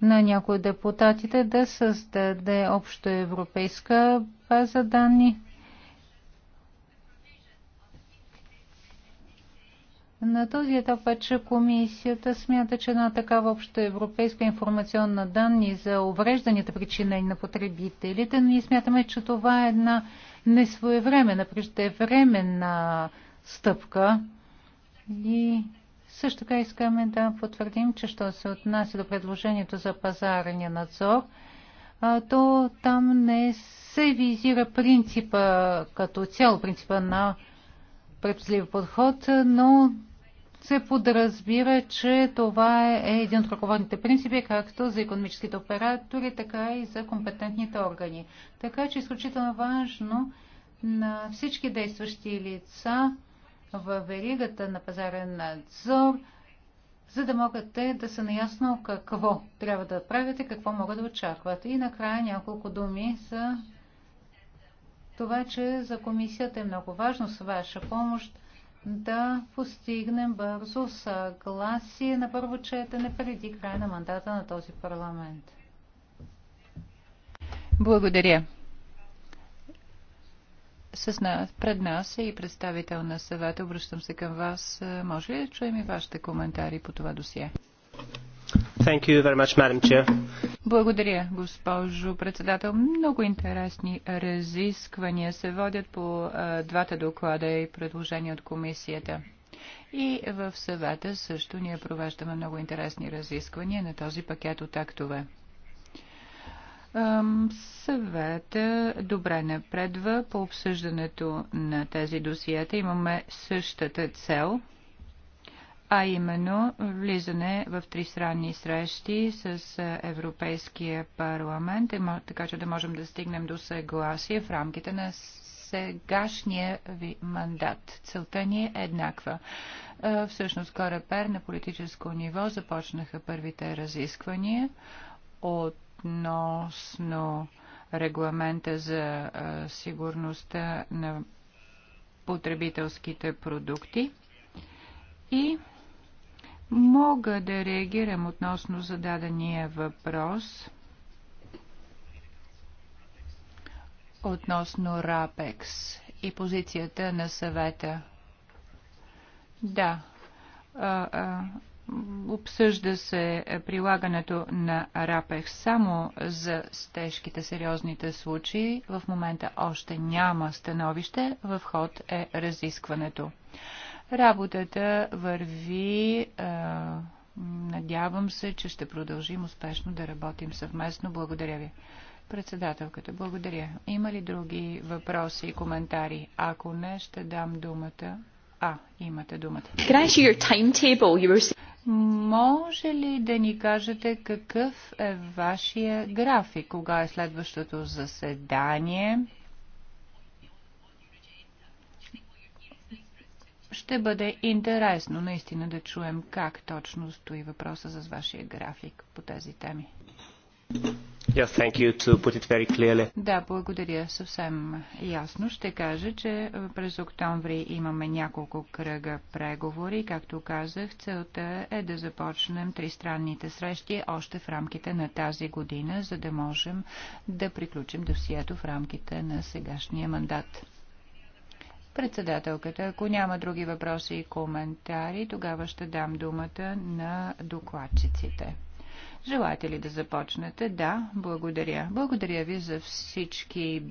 S2: на някои депутатите да създаде общо европейска база данни. На този етап вече комисията смята, че една такава обща европейска информационна данни за уврежданията и на потребителите, но ние смятаме, че това е една несвоевременна, преждевременна стъпка и също така искаме да потвърдим, че що се отнася до предложението за пазарния надзор, то там не се визира принципа като цяло, принципа на предпазлив подход, но се подразбира, че това е един от ръководните принципи, както за економическите оператори, така и за компетентните органи. Така че е изключително важно на всички действащи лица в веригата на пазарен надзор, за да могат те да са наясно какво трябва да правят и какво могат да очакват. И накрая няколко думи за това, че за комисията е много важно с ваша помощ да постигнем бързо съгласие на първо четене преди края на мандата на този парламент.
S1: Благодаря с нас, пред нас е и представител на съвета. Обръщам се към вас. Е, може ли да чуем и вашите коментари по това досие?
S3: Thank you very much, Madam Chair.
S1: Благодаря, госпожо председател. Много интересни разисквания се водят по а, е, двата доклада и предложения от комисията. И в съвета също ние провеждаме много интересни разисквания на този пакет от актове. Съвета добре напредва по обсъждането на тези досиета. Имаме същата цел, а именно влизане в тристранни срещи с Европейския парламент, е, така че да можем да стигнем до съгласие в рамките на сегашния ви мандат. Целта ни е еднаква. Всъщност Корепер на политическо ниво започнаха първите разисквания от относно регламента за сигурността на потребителските продукти и мога да реагирам относно зададения въпрос относно РАПЕКС и позицията на съвета. Да, Обсъжда се прилагането на РАПЕХ само за тежките сериозните случаи. В момента още няма становище. В ход е разискването. Работата върви. Надявам се, че ще продължим успешно да работим съвместно. Благодаря ви. Председателката, благодаря. Има ли други въпроси и коментари? Ако не, ще дам думата. А, имате думата. Може ли да ни кажете какъв е вашия график? Кога е следващото заседание? Ще бъде интересно наистина да чуем как точно стои въпроса за вашия график по тези теми да, благодаря. Съвсем ясно ще кажа, че през октомври имаме няколко кръга преговори. Както казах, целта е да започнем тристранните срещи още в рамките на тази година, за да можем да приключим досието в рамките на сегашния мандат. Председателката, ако няма други въпроси и коментари, тогава ще дам думата на докладчиците. Желаете ли да започнете? Да, благодаря. Благодаря ви за всички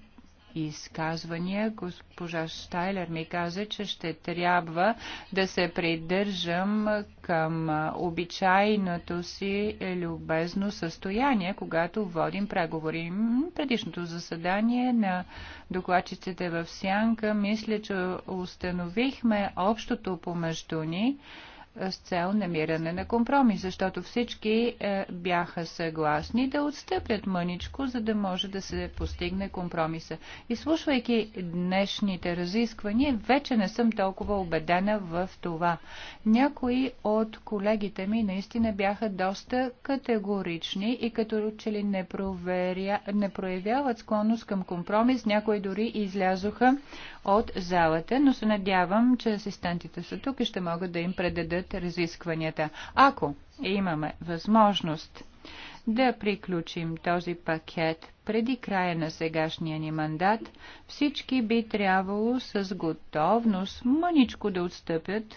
S1: изказвания. Госпожа Штайлер ми каза, че ще трябва да се придържам към обичайното си любезно състояние, когато водим преговори. Предишното заседание на докладчиците в Сянка, мисля, че установихме общото помежду ни с цел намиране на компромис, защото всички е, бяха съгласни да отстъпят мъничко, за да може да се постигне компромиса. И слушвайки днешните разисквания, вече не съм толкова убедена в това. Някои от колегите ми наистина бяха доста категорични и като че ли не, проверя, не проявяват склонност към компромис, някои дори излязоха от залата, но се надявам, че асистентите са тук и ще могат да им предадат разискванията. Ако имаме възможност да приключим този пакет преди края на сегашния ни мандат, всички би трябвало с готовност мъничко да отстъпят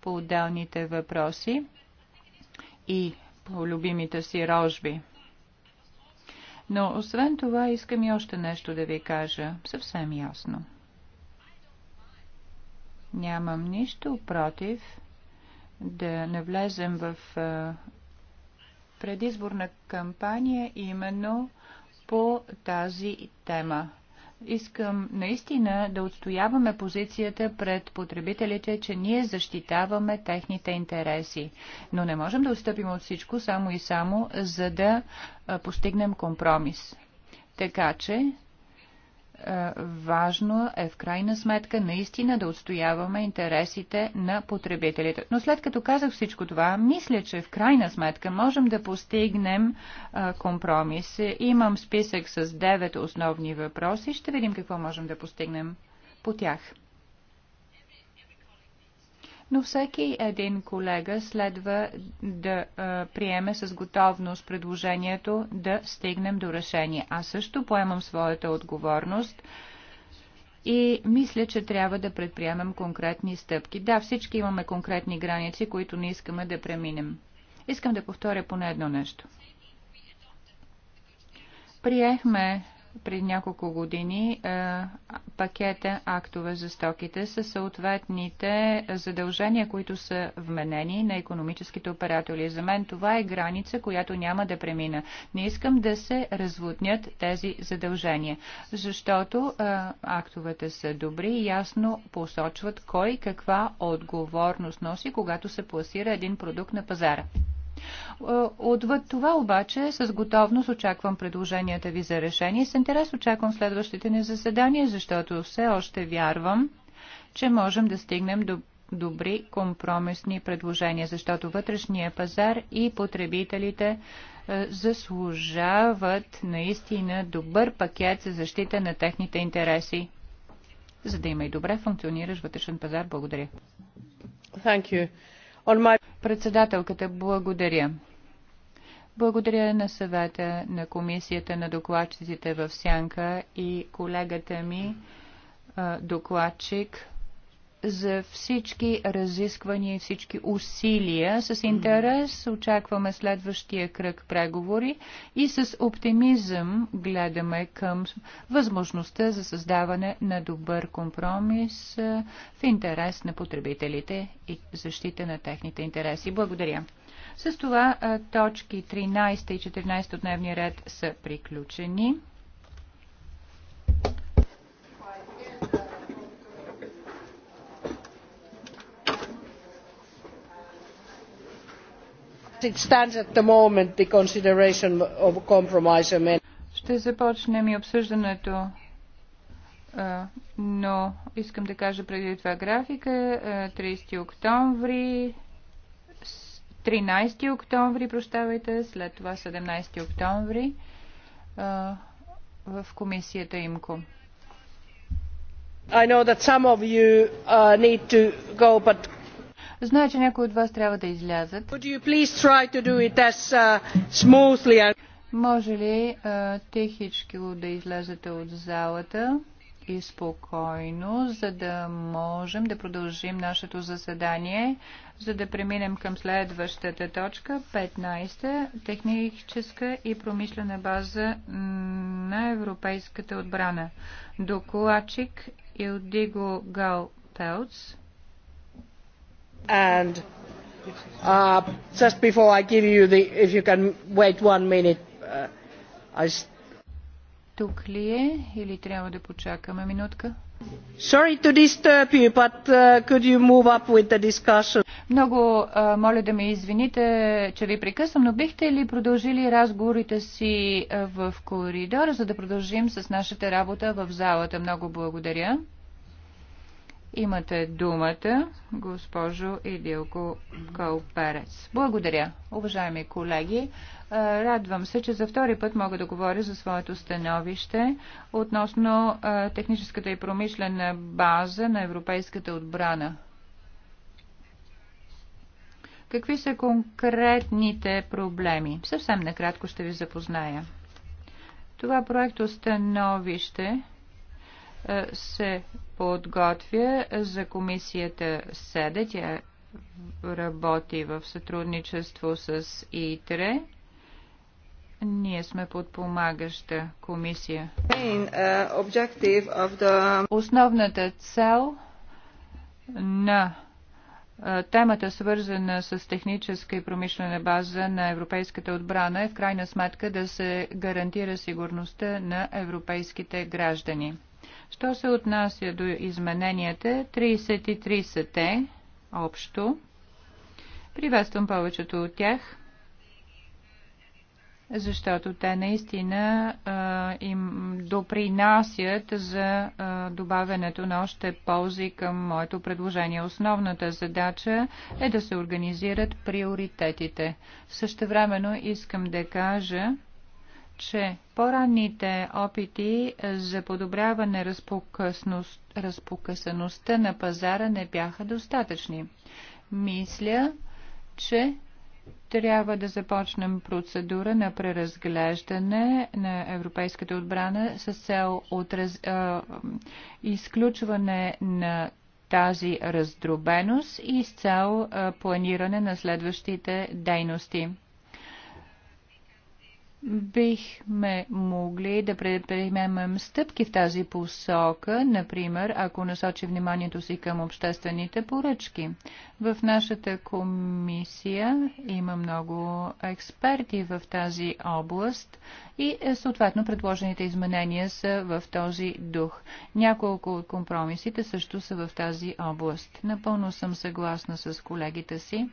S1: по отдалните въпроси и по любимите си рожби. Но освен това искам и още нещо да ви кажа съвсем ясно. Нямам нищо против да навлезем в предизборна кампания именно по тази тема. Искам наистина да отстояваме позицията пред потребителите, че ние защитаваме техните интереси. Но не можем да отстъпим от всичко само и само, за да постигнем компромис. Така че е, важно е в крайна сметка наистина да отстояваме интересите на потребителите. Но след като казах всичко това, мисля, че в крайна сметка можем да постигнем е, компромис. Имам списък с 9 основни въпроси. Ще видим какво можем да постигнем по тях но всеки един колега следва да а, приеме с готовност предложението да стигнем до решение. Аз също поемам своята отговорност и мисля, че трябва да предприемем конкретни стъпки. Да, всички имаме конкретни граници, които не искаме да преминем. Искам да повторя поне едно нещо. Приехме при няколко години е, пакета актове за стоките са съответните задължения, които са вменени на економическите оператори. За мен това е граница, която няма да премина. Не искам да се разводнят тези задължения, защото е, актовете са добри и ясно посочват кой каква отговорност носи, когато се пласира един продукт на пазара. Е, отвъд това обаче с готовност очаквам предложенията ви за решение и с интерес очаквам следващите ни заседания, защото все още вярвам, че можем да стигнем до добри компромисни предложения, защото вътрешния пазар и потребителите е, заслужават наистина добър пакет за защита на техните интереси, за да има и добре функциониращ вътрешен пазар. Благодаря. Thank you. Председателката, благодаря. Благодаря на съвета на комисията на докладчиците в Сянка и колегата ми, докладчик за всички разисквания и всички усилия. С интерес очакваме следващия кръг преговори и с оптимизъм гледаме към възможността за създаване на добър компромис в интерес на потребителите и защита на техните интереси. Благодаря. С това точки 13 и 14 от дневния ред са приключени. Ще започнем и обсъждането, но искам да кажа преди това графика. 30 октомври, 13 октомври, прощавайте, след това 17 октомври в комисията ИМКО. I know that some of you uh, need to go, but Знае, че някои от вас трябва да излязат. Uh, Може ли а, да излязате от залата и спокойно, за да можем да продължим нашето заседание, за да преминем към следващата точка, 15, техническа и промишлена база на европейската отбрана. Докладчик Илдиго Гал Пелц and uh, just before I give you the, if you can wait one minute, uh, I. Тук ли е или трябва да почакаме минутка? Sorry to disturb you, but uh, could you move up with the discussion? Много uh, моля да ме извините, че ви прекъсвам, но бихте ли продължили разговорите си в коридора, за да продължим с нашата работа в залата? Много благодаря. Имате думата, госпожо Идилко Калперец. Благодаря, уважаеми колеги. Радвам се, че за втори път мога да говоря за своето становище относно техническата и промишлена база на европейската отбрана. Какви са конкретните проблеми? Съвсем накратко ще ви запозная. Това проекто становище се подготвя за комисията СЕДЕ. Тя работи в сътрудничество с ИТРЕ. Ние сме подпомагаща комисия. Uh, Основната цел на темата, свързана с техническа и промишлена база на европейската отбрана, е в крайна сметка да се гарантира сигурността на европейските граждани. Що се отнася до измененията, 33 са те общо. Приветствам повечето от тях, защото те наистина а, им допринасят за а, добавянето на още ползи към моето предложение. Основната задача е да се организират приоритетите. Същевременно искам да кажа, че по-ранните опити за подобряване разпокъсаността на пазара не бяха достатъчни. Мисля, че трябва да започнем процедура на преразглеждане на европейската отбрана с цел отраз... изключване на тази раздробеност и с цел планиране на следващите дейности бихме могли да предприемем стъпки в тази посока, например, ако насочи вниманието си към обществените поръчки. В нашата комисия има много експерти в тази област и е, съответно предложените изменения са в този дух. Няколко от компромисите също са в тази област. Напълно съм съгласна с колегите си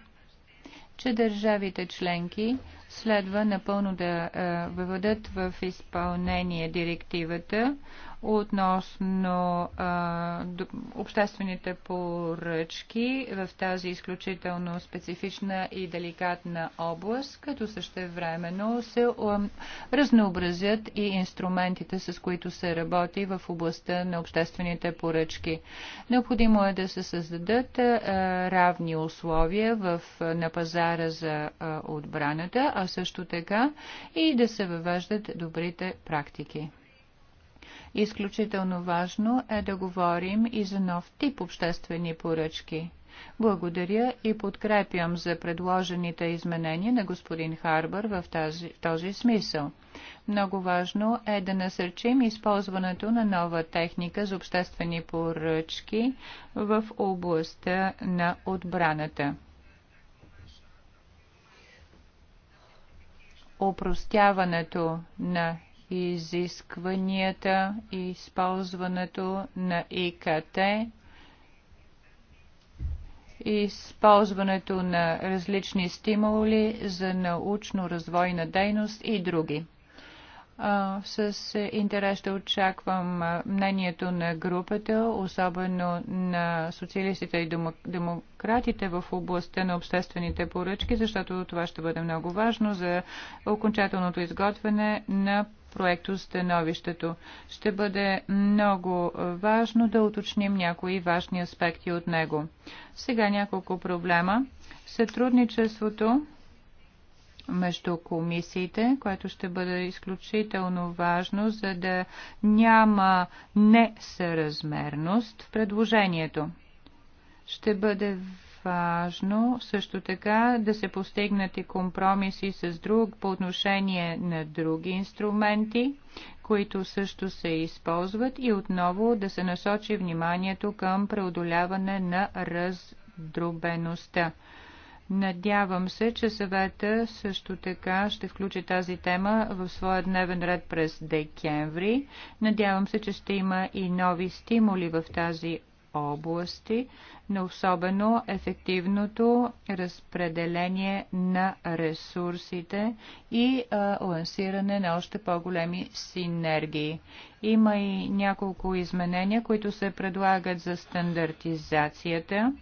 S1: че държавите членки следва напълно да е, въведат в изпълнение директивата относно а, обществените поръчки в тази изключително специфична и деликатна област, като същевременно се разнообразят и инструментите, с които се работи в областта на обществените поръчки. Необходимо е да се създадат а, равни условия в, на пазара за а, отбраната, а също така и да се въвеждат добрите практики. Изключително важно е да говорим и за нов тип обществени поръчки. Благодаря и подкрепям за предложените изменения на господин Харбър в тази, този смисъл. Много важно е да насърчим използването на нова техника за обществени поръчки в областта на отбраната. Опростяването на изискванията и използването на ИКТ, използването на различни стимули за научно-развойна дейност и други. С интерес ще очаквам мнението на групата, особено на социалистите и демократите в областта на обществените поръчки, защото това ще бъде много важно за окончателното изготвяне на проекто становището. Ще бъде много важно да уточним някои важни аспекти от него. Сега няколко проблема. Сътрудничеството между комисиите, което ще бъде изключително важно, за да няма несъразмерност в предложението. Ще бъде важно също така да се постигнат и компромиси с друг по отношение на други инструменти, които също се използват и отново да се насочи вниманието към преодоляване на раздробеността. Надявам се, че съвета също така ще включи тази тема в своя дневен ред през декември. Надявам се, че ще има и нови стимули в тази области, но особено ефективното разпределение на ресурсите и а, лансиране на още по-големи синергии. Има и няколко изменения, които се предлагат за стандартизацията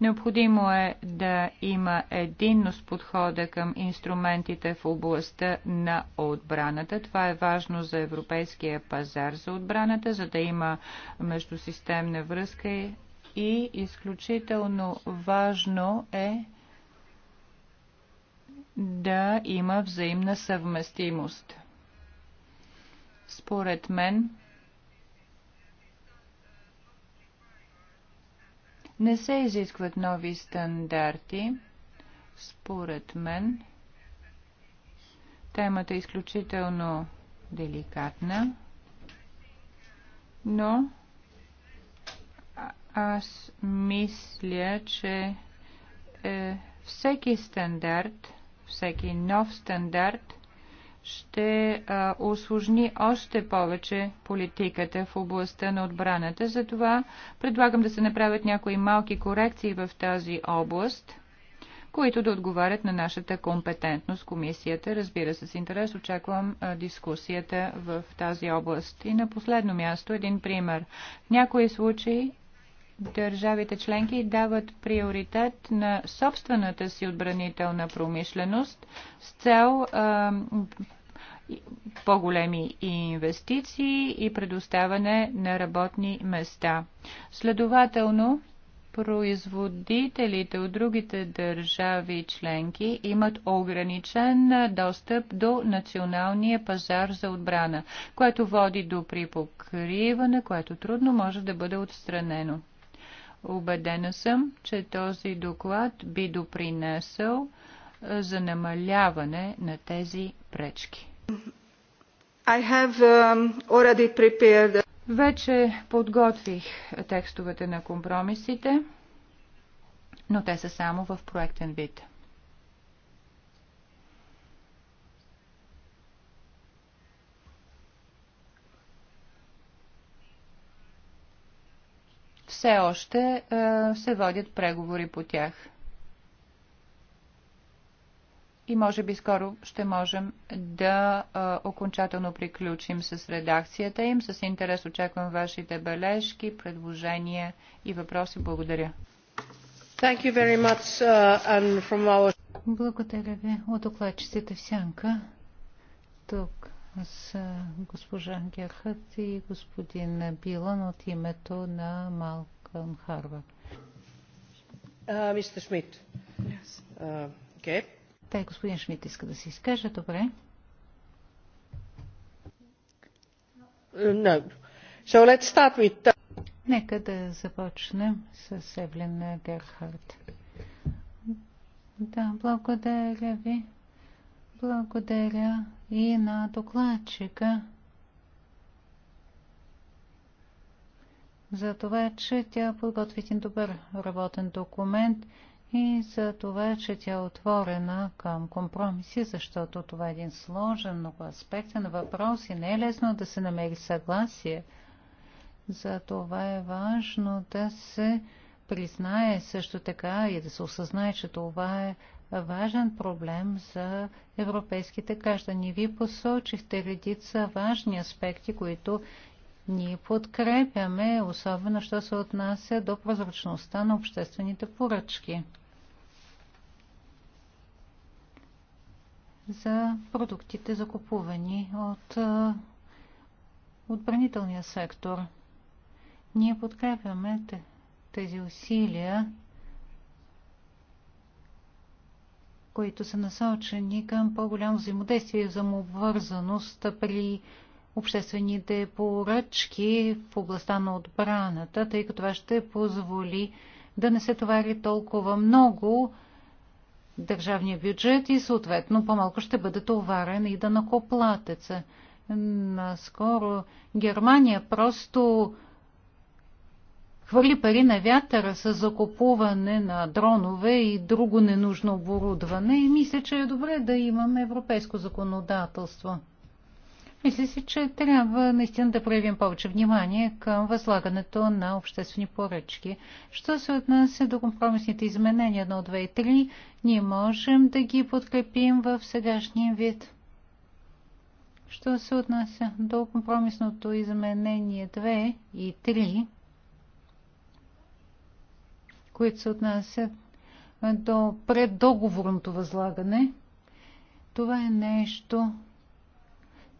S1: Необходимо е да има единност подхода към инструментите в областта на отбраната. Това е важно за европейския пазар за отбраната, за да има междусистемна връзка и изключително важно е да има взаимна съвместимост. Според мен, Не се изискват нови стандарти, според мен. Темата е изключително деликатна, но аз мисля, че е, всеки стандарт, всеки нов стандарт ще а, осложни още повече политиката в областта на отбраната. Затова предлагам да се направят някои малки корекции в тази област, които да отговарят на нашата компетентност. Комисията, разбира се, с интерес очаквам а, дискусията в тази област. И на последно място един пример. В някои случаи държавите членки дават приоритет на собствената си отбранителна промишленост с цел по-големи инвестиции и предоставяне на работни места. Следователно, производителите от другите държави членки имат ограничен достъп до националния пазар за отбрана, което води до припокриване, което трудно може да бъде отстранено. Убедена съм, че този доклад би допринесъл за намаляване на тези пречки. I have, um, prepared... Вече подготвих текстовете на компромисите, но те са само в проектен вид. все още е, се водят преговори по тях. И може би скоро ще можем да е, окончателно приключим с редакцията им. С интерес очаквам вашите бележки, предложения и въпроси. Благодаря.
S2: Thank you very much, uh, and from our... Благодаря ви от окладчиците в Сянка. Тук с госпожа Герхът и господин Билан от името на Малко Мистер Шмидт. Окей. господин Шмидт иска да се изкаже. Добре. So let's start with... Нека да започнем с Евлин Герхард. Да, благодаря ви. Благодаря и на докладчика за това, че тя подготви един добър работен документ и за това, че тя е отворена към компромиси, защото това е един сложен, много аспектен въпрос и не е лесно да се намери съгласие. За това е важно да се признае също така и да се осъзнае, че това е важен проблем за европейските граждани. Вие посочихте редица важни аспекти, които ние подкрепяме, особено що се отнася до прозрачността на обществените поръчки. за продуктите, закупувани от отбранителния сектор. Ние подкрепяме тези усилия, които са насочени към по-голямо взаимодействие и взаимообвързаност при обществените поръчки в областта на отбраната, тъй като това ще позволи да не се товари толкова много държавния бюджет и съответно по-малко ще бъде товарен и да накоплатеца. Наскоро Германия просто хвърли пари на вятъра с закупуване на дронове и друго ненужно оборудване и мисля, че е добре да имаме европейско законодателство. Мисля си, че трябва наистина да проявим повече внимание към възлагането на обществени поръчки. Що се отнася до компромисните изменения на 2 и 3, ние можем да ги подкрепим в сегашния вид. Що се отнася до компромисното изменение 2 и 3, които се отнасят до преддоговорното възлагане, това е нещо,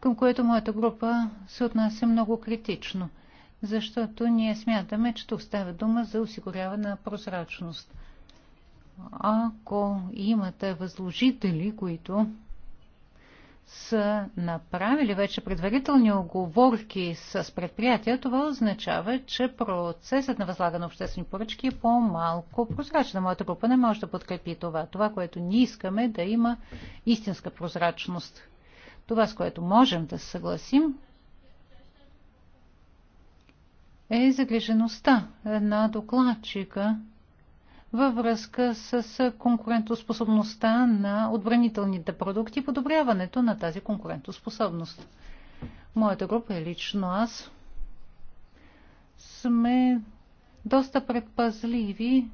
S2: към което моята група се отнася много критично, защото ние смятаме, че тук става дума за осигуряване на прозрачност. Ако имате възложители, които са направили вече предварителни оговорки с предприятия, това означава, че процесът на възлагане на обществени поръчки е по-малко прозрачен. Моята група не може да подкрепи това. Това, което ние искаме, е да има истинска прозрачност. Това, с което можем да се съгласим, е загрижеността на докладчика във връзка с конкурентоспособността на отбранителните продукти и подобряването на тази конкурентоспособност. Моята група е лично аз сме доста предпазливи,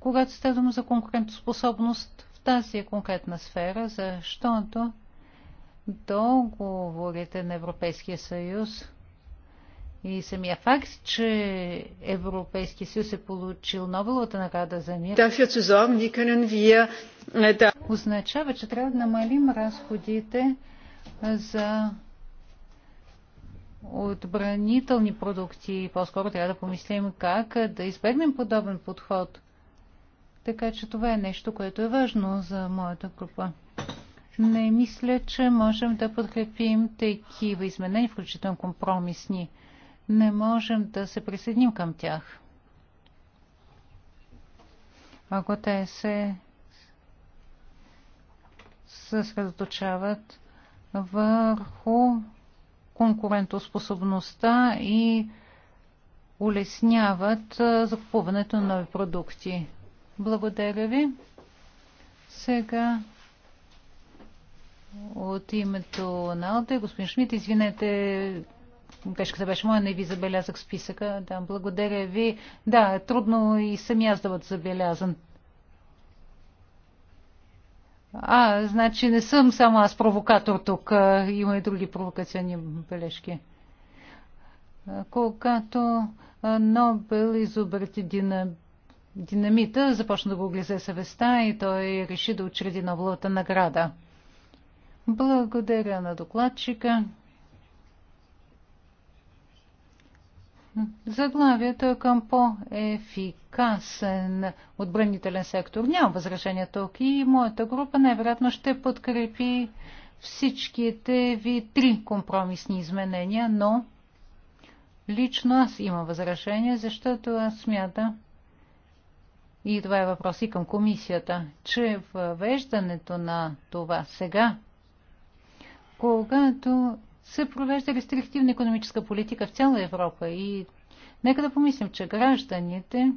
S2: когато става дума за конкурентоспособност в тази конкретна сфера, защото договорите на Европейския съюз и самия факт, че Европейския съюз е получил Нобеловата награда за мир, äh, означава, че трябва да намалим разходите за отбранителни продукти. По-скоро трябва да помислим как да избегнем подобен подход. Така че това е нещо, което е важно за моята група не мисля, че можем да подкрепим такива изменения, включително компромисни. Не можем да се присъединим към тях. Ако те се съсредоточават върху конкурентоспособността и улесняват закупуването на нови продукти. Благодаря ви. Сега от името на Алта, господин Шмидт, извинете, грешката беше моя, не ви забелязах списъка. Да, благодаря ви. Да, е трудно и самия аз да бъда забелязан. А, значи не съм само аз провокатор тук. Има и други провокационни бележки. Когато Нобел изобрети дина... динамита, започна да го оглезе съвестта и той реши да учреди Нобеловата награда. Благодаря на докладчика. Заглавието е към по-ефикасен отбранителен сектор. Няма възражения тук и моята група най-вероятно ще подкрепи всичките ви три компромисни изменения, но лично аз имам възражение, защото аз смятам, и това е въпрос и към комисията, че въвеждането на това сега когато се провежда рестриктивна економическа политика в цяла Европа. И нека да помислим, че гражданите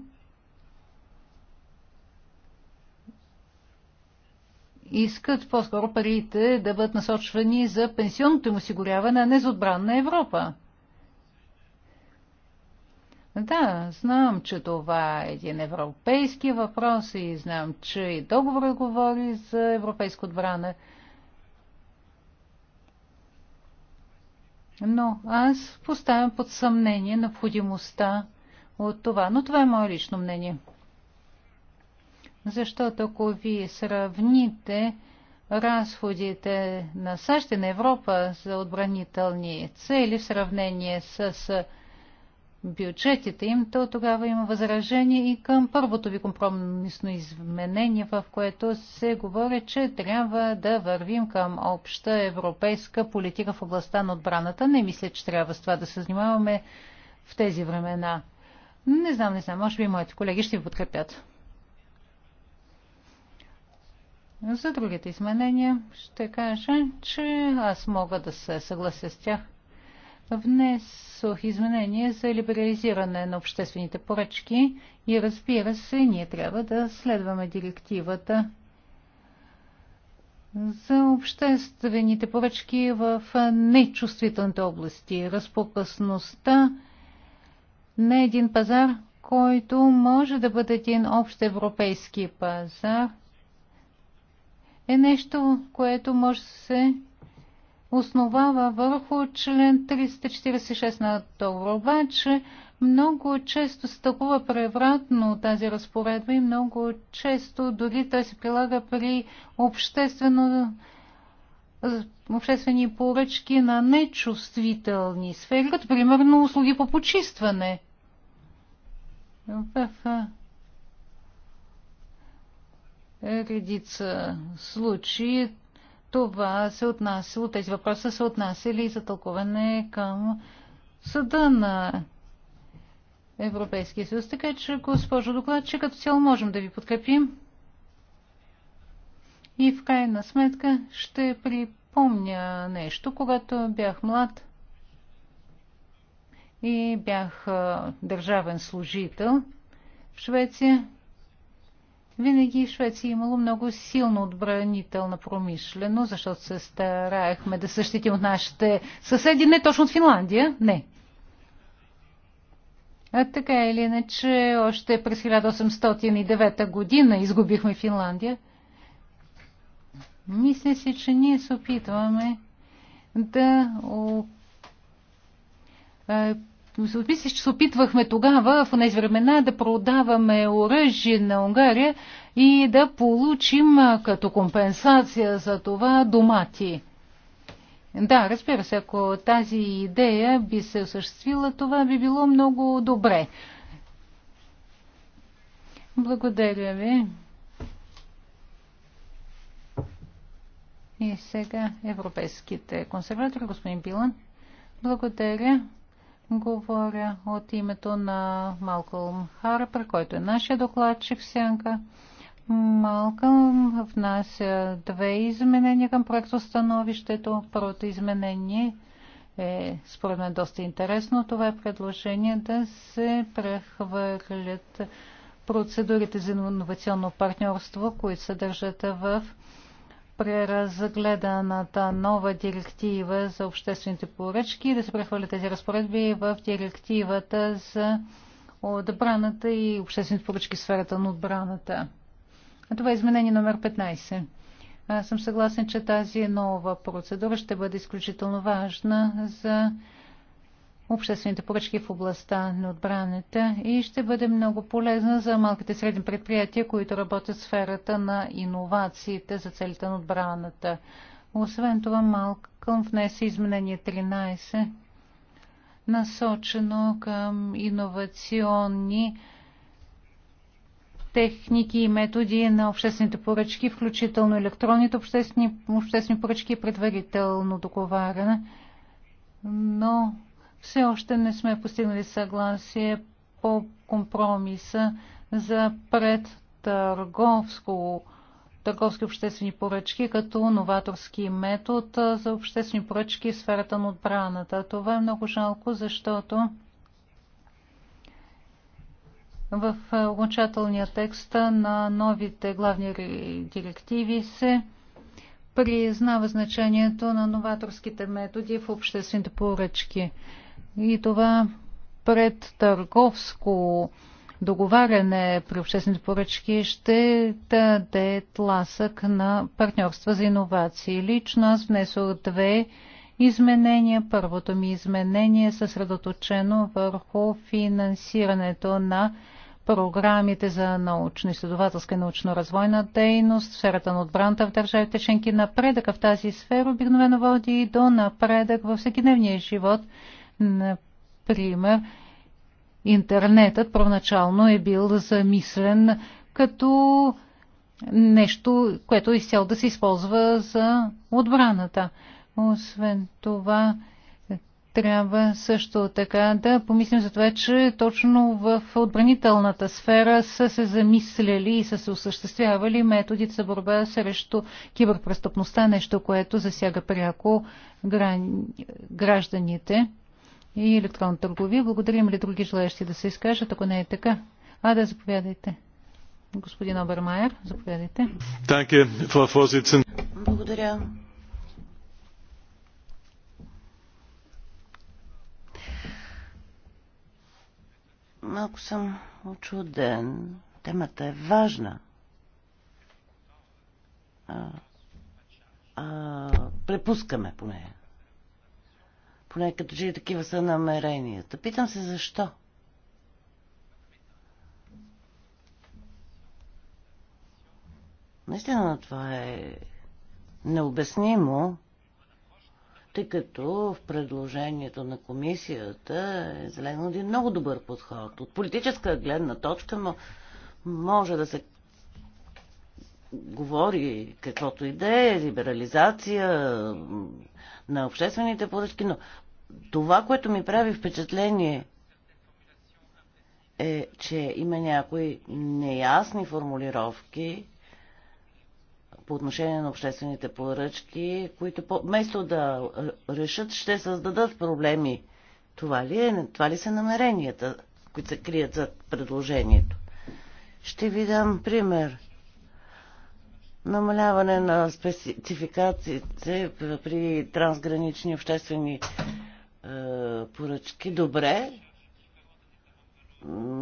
S2: искат по-скоро парите да бъдат насочвани за пенсионното им осигуряване, а не за на Европа. Да, знам, че това е един европейски въпрос и знам, че и договорът говори за европейско отбрана – Но аз поставям под съмнение необходимостта от това. Но това е мое лично мнение. Защото ако ви сравните разходите на САЩ и на Европа за отбранителни цели в сравнение с бюджетите им, то тогава има възражение и към първото ви компромисно изменение, в което се говори, че трябва да вървим към обща европейска политика в областта на отбраната. Не мисля, че трябва с това да се занимаваме в тези времена. Не знам, не знам, може би моите колеги ще ви подкрепят. За другите изменения ще кажа, че аз мога да се съглася с тях – внесох изменения за либерализиране на обществените поръчки и разбира се, ние трябва да следваме директивата за обществените поръчки в нечувствителните области. Разпокъсността на един пазар, който може да бъде един общ европейски пазар, е нещо, което може да се основава върху член 346 на Тора. Обаче много често се тълкува превратно тази разпоредба и много често дори той се прилага при обществено обществени поръчки на нечувствителни сфери, като примерно услуги по почистване. В редица случаи това се отнасяло, тези въпроси са се отнасяли и за тълкуване към съда на Европейския съюз. Така че, госпожо докладче, като цяло можем да ви подкрепим. И в крайна сметка ще припомня нещо. Когато бях млад и бях държавен служител в Швеция, винаги Швеция е имало много силно отбранителна промишлено, защото се стараехме да защитим от нашите съседи, не точно от Финландия, не. А така или иначе, още през 1809 година изгубихме Финландия. Мисля си, че ние се опитваме да мисля, че се опитвахме тогава, в тези времена, да продаваме оръжие на Унгария и да получим като компенсация за това домати. Да, разбира се, ако тази идея би се осъществила, това би било много добре. Благодаря ви. И сега европейските консерватори, господин Билан. Благодаря. Говоря от името на Малкълм Харпер, който е нашия докладчик в Сянка. Малкълм внася две изменения към проектостановището. Първото изменение е според мен доста интересно. Това е предложение да се прехвърлят процедурите за инновационно партньорство, които съдържат в преразгледаната нова директива за обществените поръчки да се прехвърлят тези разпоредби в директивата за отбраната и обществените поръчки в сферата на отбраната. А това е изменение номер 15. Аз съм съгласен, че тази нова процедура ще бъде изключително важна за обществените поръчки в областта на отбраната и ще бъде много полезна за малките и средни предприятия, които работят в сферата на иновациите за целите на отбраната. Освен това, Малкъм внесе изменение 13, насочено към иновационни техники и методи на обществените поръчки, включително електронните обществени, обществени поръчки и предварително договаряне. Но все още не сме постигнали съгласие по компромиса за предтърговско търговски обществени поръчки като новаторски метод за обществени поръчки в сферата на отбраната. Това е много жалко, защото в окончателния текст на новите главни директиви се признава значението на новаторските методи в обществените поръчки. И това пред търговско договаряне при обществените поръчки ще даде тласък на партньорства за иновации. Лично аз внесох две изменения. Първото ми изменение е съсредоточено върху финансирането на програмите за научно-изследователска и научно-развойна дейност, сферата на отбраната в държавите членки. Напредъка в тази сфера обикновено води и до напредък във всекидневния живот – Например, интернетът първоначално е бил замислен като нещо, което е изцяло да се използва за отбраната. Освен това, трябва също така да помислим за това, че точно в отбранителната сфера са се замисляли и са се осъществявали методите за борба срещу киберпрестъпността, нещо, което засяга пряко гражданите и електронна търговия. Благодарим ли други желаящи да се изкажат, ако не е така? А да заповядайте. Господин Обермайер, заповядайте.
S3: Благодаря. Малко съм очуден. Темата е важна. А, а, препускаме по нея. Поне като че такива са намеренията. Питам се защо. Наистина това е необяснимо, тъй като в предложението на комисията е залегнал един много добър подход. От политическа гледна точка, но може да се говори каквото и да е, либерализация, на обществените поръчки, но това, което ми прави впечатление е, че има някои неясни формулировки по отношение на обществените поръчки, които по, вместо да решат, ще създадат проблеми. Това ли, е, това ли са намеренията, които се крият за предложението? Ще ви дам пример намаляване на спецификациите при трансгранични обществени е, поръчки. Добре.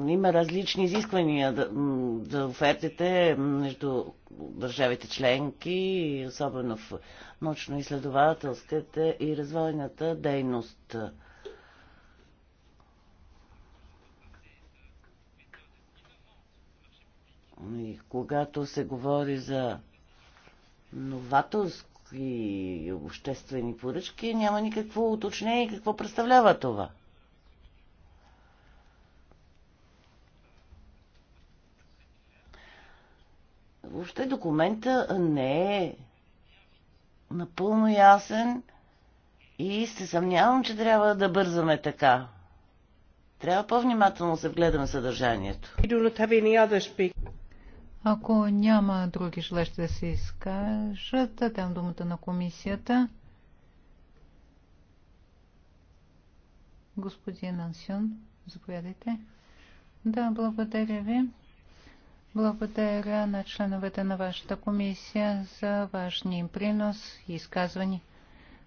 S3: Има различни изисквания за да, да офертите между държавите членки, особено в научно-изследователската и развойната дейност. И когато се говори за новаторски обществени поръчки, няма никакво уточнение какво представлява това. Въобще документа не е напълно ясен и се съмнявам, че трябва да бързаме така. Трябва по-внимателно се вгледаме съдържанието.
S2: Ако няма други желащи да се изкажат, дам думата на комисията. Господин Ансюн, заповядайте. Да, благодаря ви. Благодаря на членовете на вашата комисия за важния им принос и изказвания.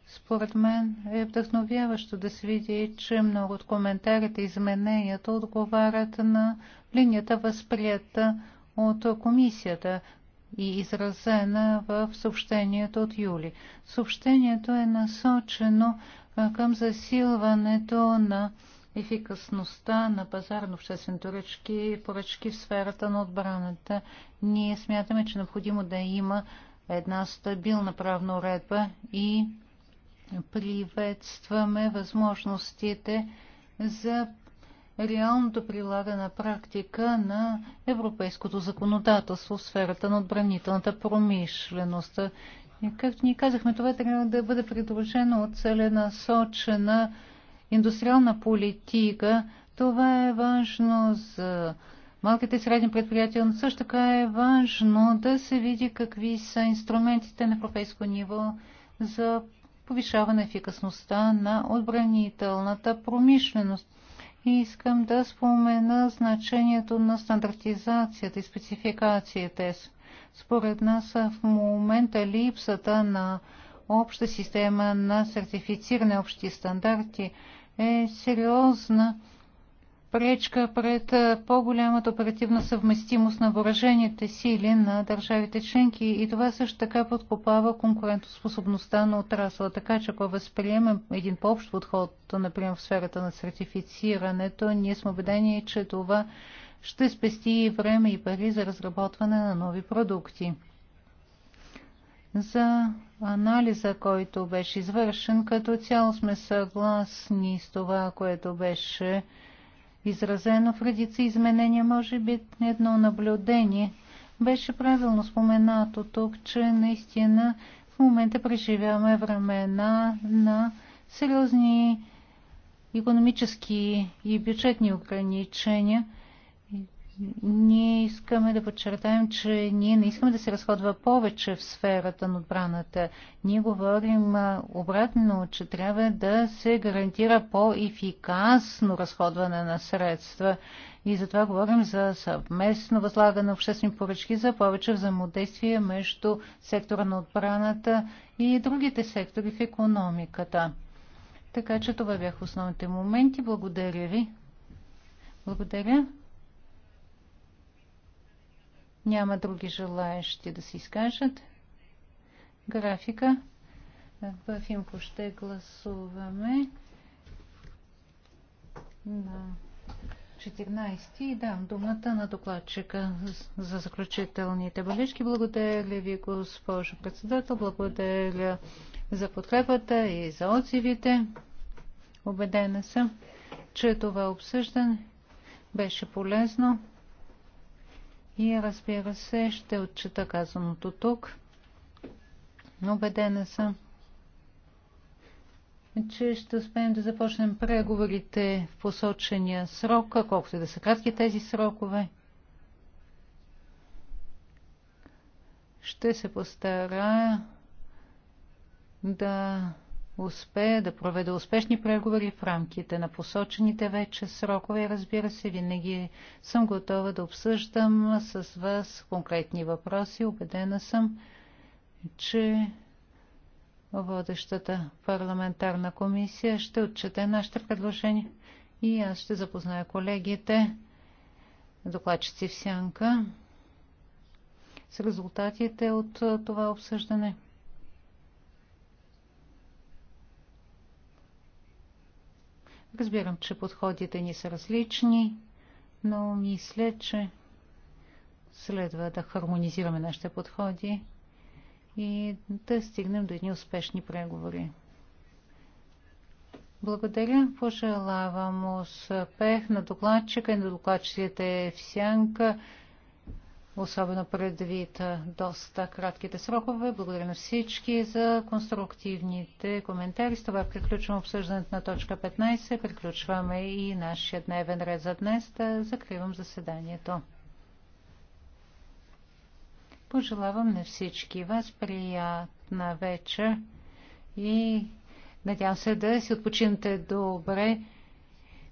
S2: Според мен е вдъхновяващо да се види, че много от коментарите и измененията отговарят на линията възприята от комисията и изразена в съобщението от юли. Съобщението е насочено към засилването на ефикасността на пазар на обществени поръчки, поръчки в сферата на отбраната. Ние смятаме, че е необходимо да има една стабилна правна уредба и приветстваме възможностите за реалното прилагана на практика на европейското законодателство в сферата на отбранителната промишленост. И както ни казахме, това трябва да бъде придружено от целенасочена индустриална политика. Това е важно за малките и средни предприятия, но също така е важно да се види какви са инструментите на европейско ниво за повишаване ефикасността на отбранителната промишленост искам да спомена значението на стандартизацията и спецификациите. Според нас в момента липсата на обща система на сертифициране общи стандарти е сериозна пречка пред по-голямата оперативна съвместимост на въоръжените сили на държавите членки и това също така подкопава конкурентоспособността на отрасла. Така че ако възприемем един по-общ подход, например в сферата на сертифицирането, ние сме убедени, че това ще спести и време и пари за разработване на нови продукти. За анализа, който беше извършен, като цяло сме съгласни с това, което беше изразено в редица изменения, може би едно наблюдение. Беше правилно споменато тук, че наистина в момента преживяваме времена на сериозни економически и бюджетни ограничения – ние искаме да подчертаем, че ние не искаме да се разходва повече в сферата на отбраната. Ние говорим обратно, че трябва да се гарантира по-ефикасно разходване на средства. И затова говорим за съвместно възлагане на обществени поръчки, за повече взаимодействие между сектора на отбраната и другите сектори в економиката. Така че това бяха основните моменти. Благодаря ви. Благодаря. Няма други желаящи да се изкажат. Графика. В имко ще гласуваме на 14 и дам думата на докладчика за заключителните бележки. Благодаря ви, госпожо председател. Благодаря за подкрепата и за отзивите. Обедена съм, че това обсъждане беше полезно. И разбира се, ще отчита казаното тук. убедена съм, че ще успеем да започнем преговорите в посочения срок, колкото и да са кратки тези срокове. Ще се постарая да Успея да проведа успешни преговори в рамките на посочените вече срокове. Разбира се, винаги съм готова да обсъждам с вас конкретни въпроси. Обедена съм, че водещата парламентарна комисия ще отчете нашите предложения и аз ще запозная колегите, докладчици в сянка, с резултатите от това обсъждане. Разбирам, че подходите ни са различни, но мисля, че следва да хармонизираме нашите подходи и да стигнем до едни успешни преговори. Благодаря. Пожелавам успех на докладчика и на докладчиците в Сянка особено предвид доста кратките срокове. Благодаря на всички за конструктивните коментари. С това приключвам обсъждането на точка 15. Приключваме и нашия дневен ред за днес. Да закривам заседанието. Пожелавам на всички вас приятна вечер и надявам се да си отпочинете добре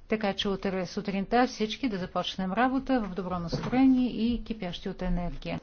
S2: така че утре сутринта всички да започнем работа в добро настроение и кипящи от енергия.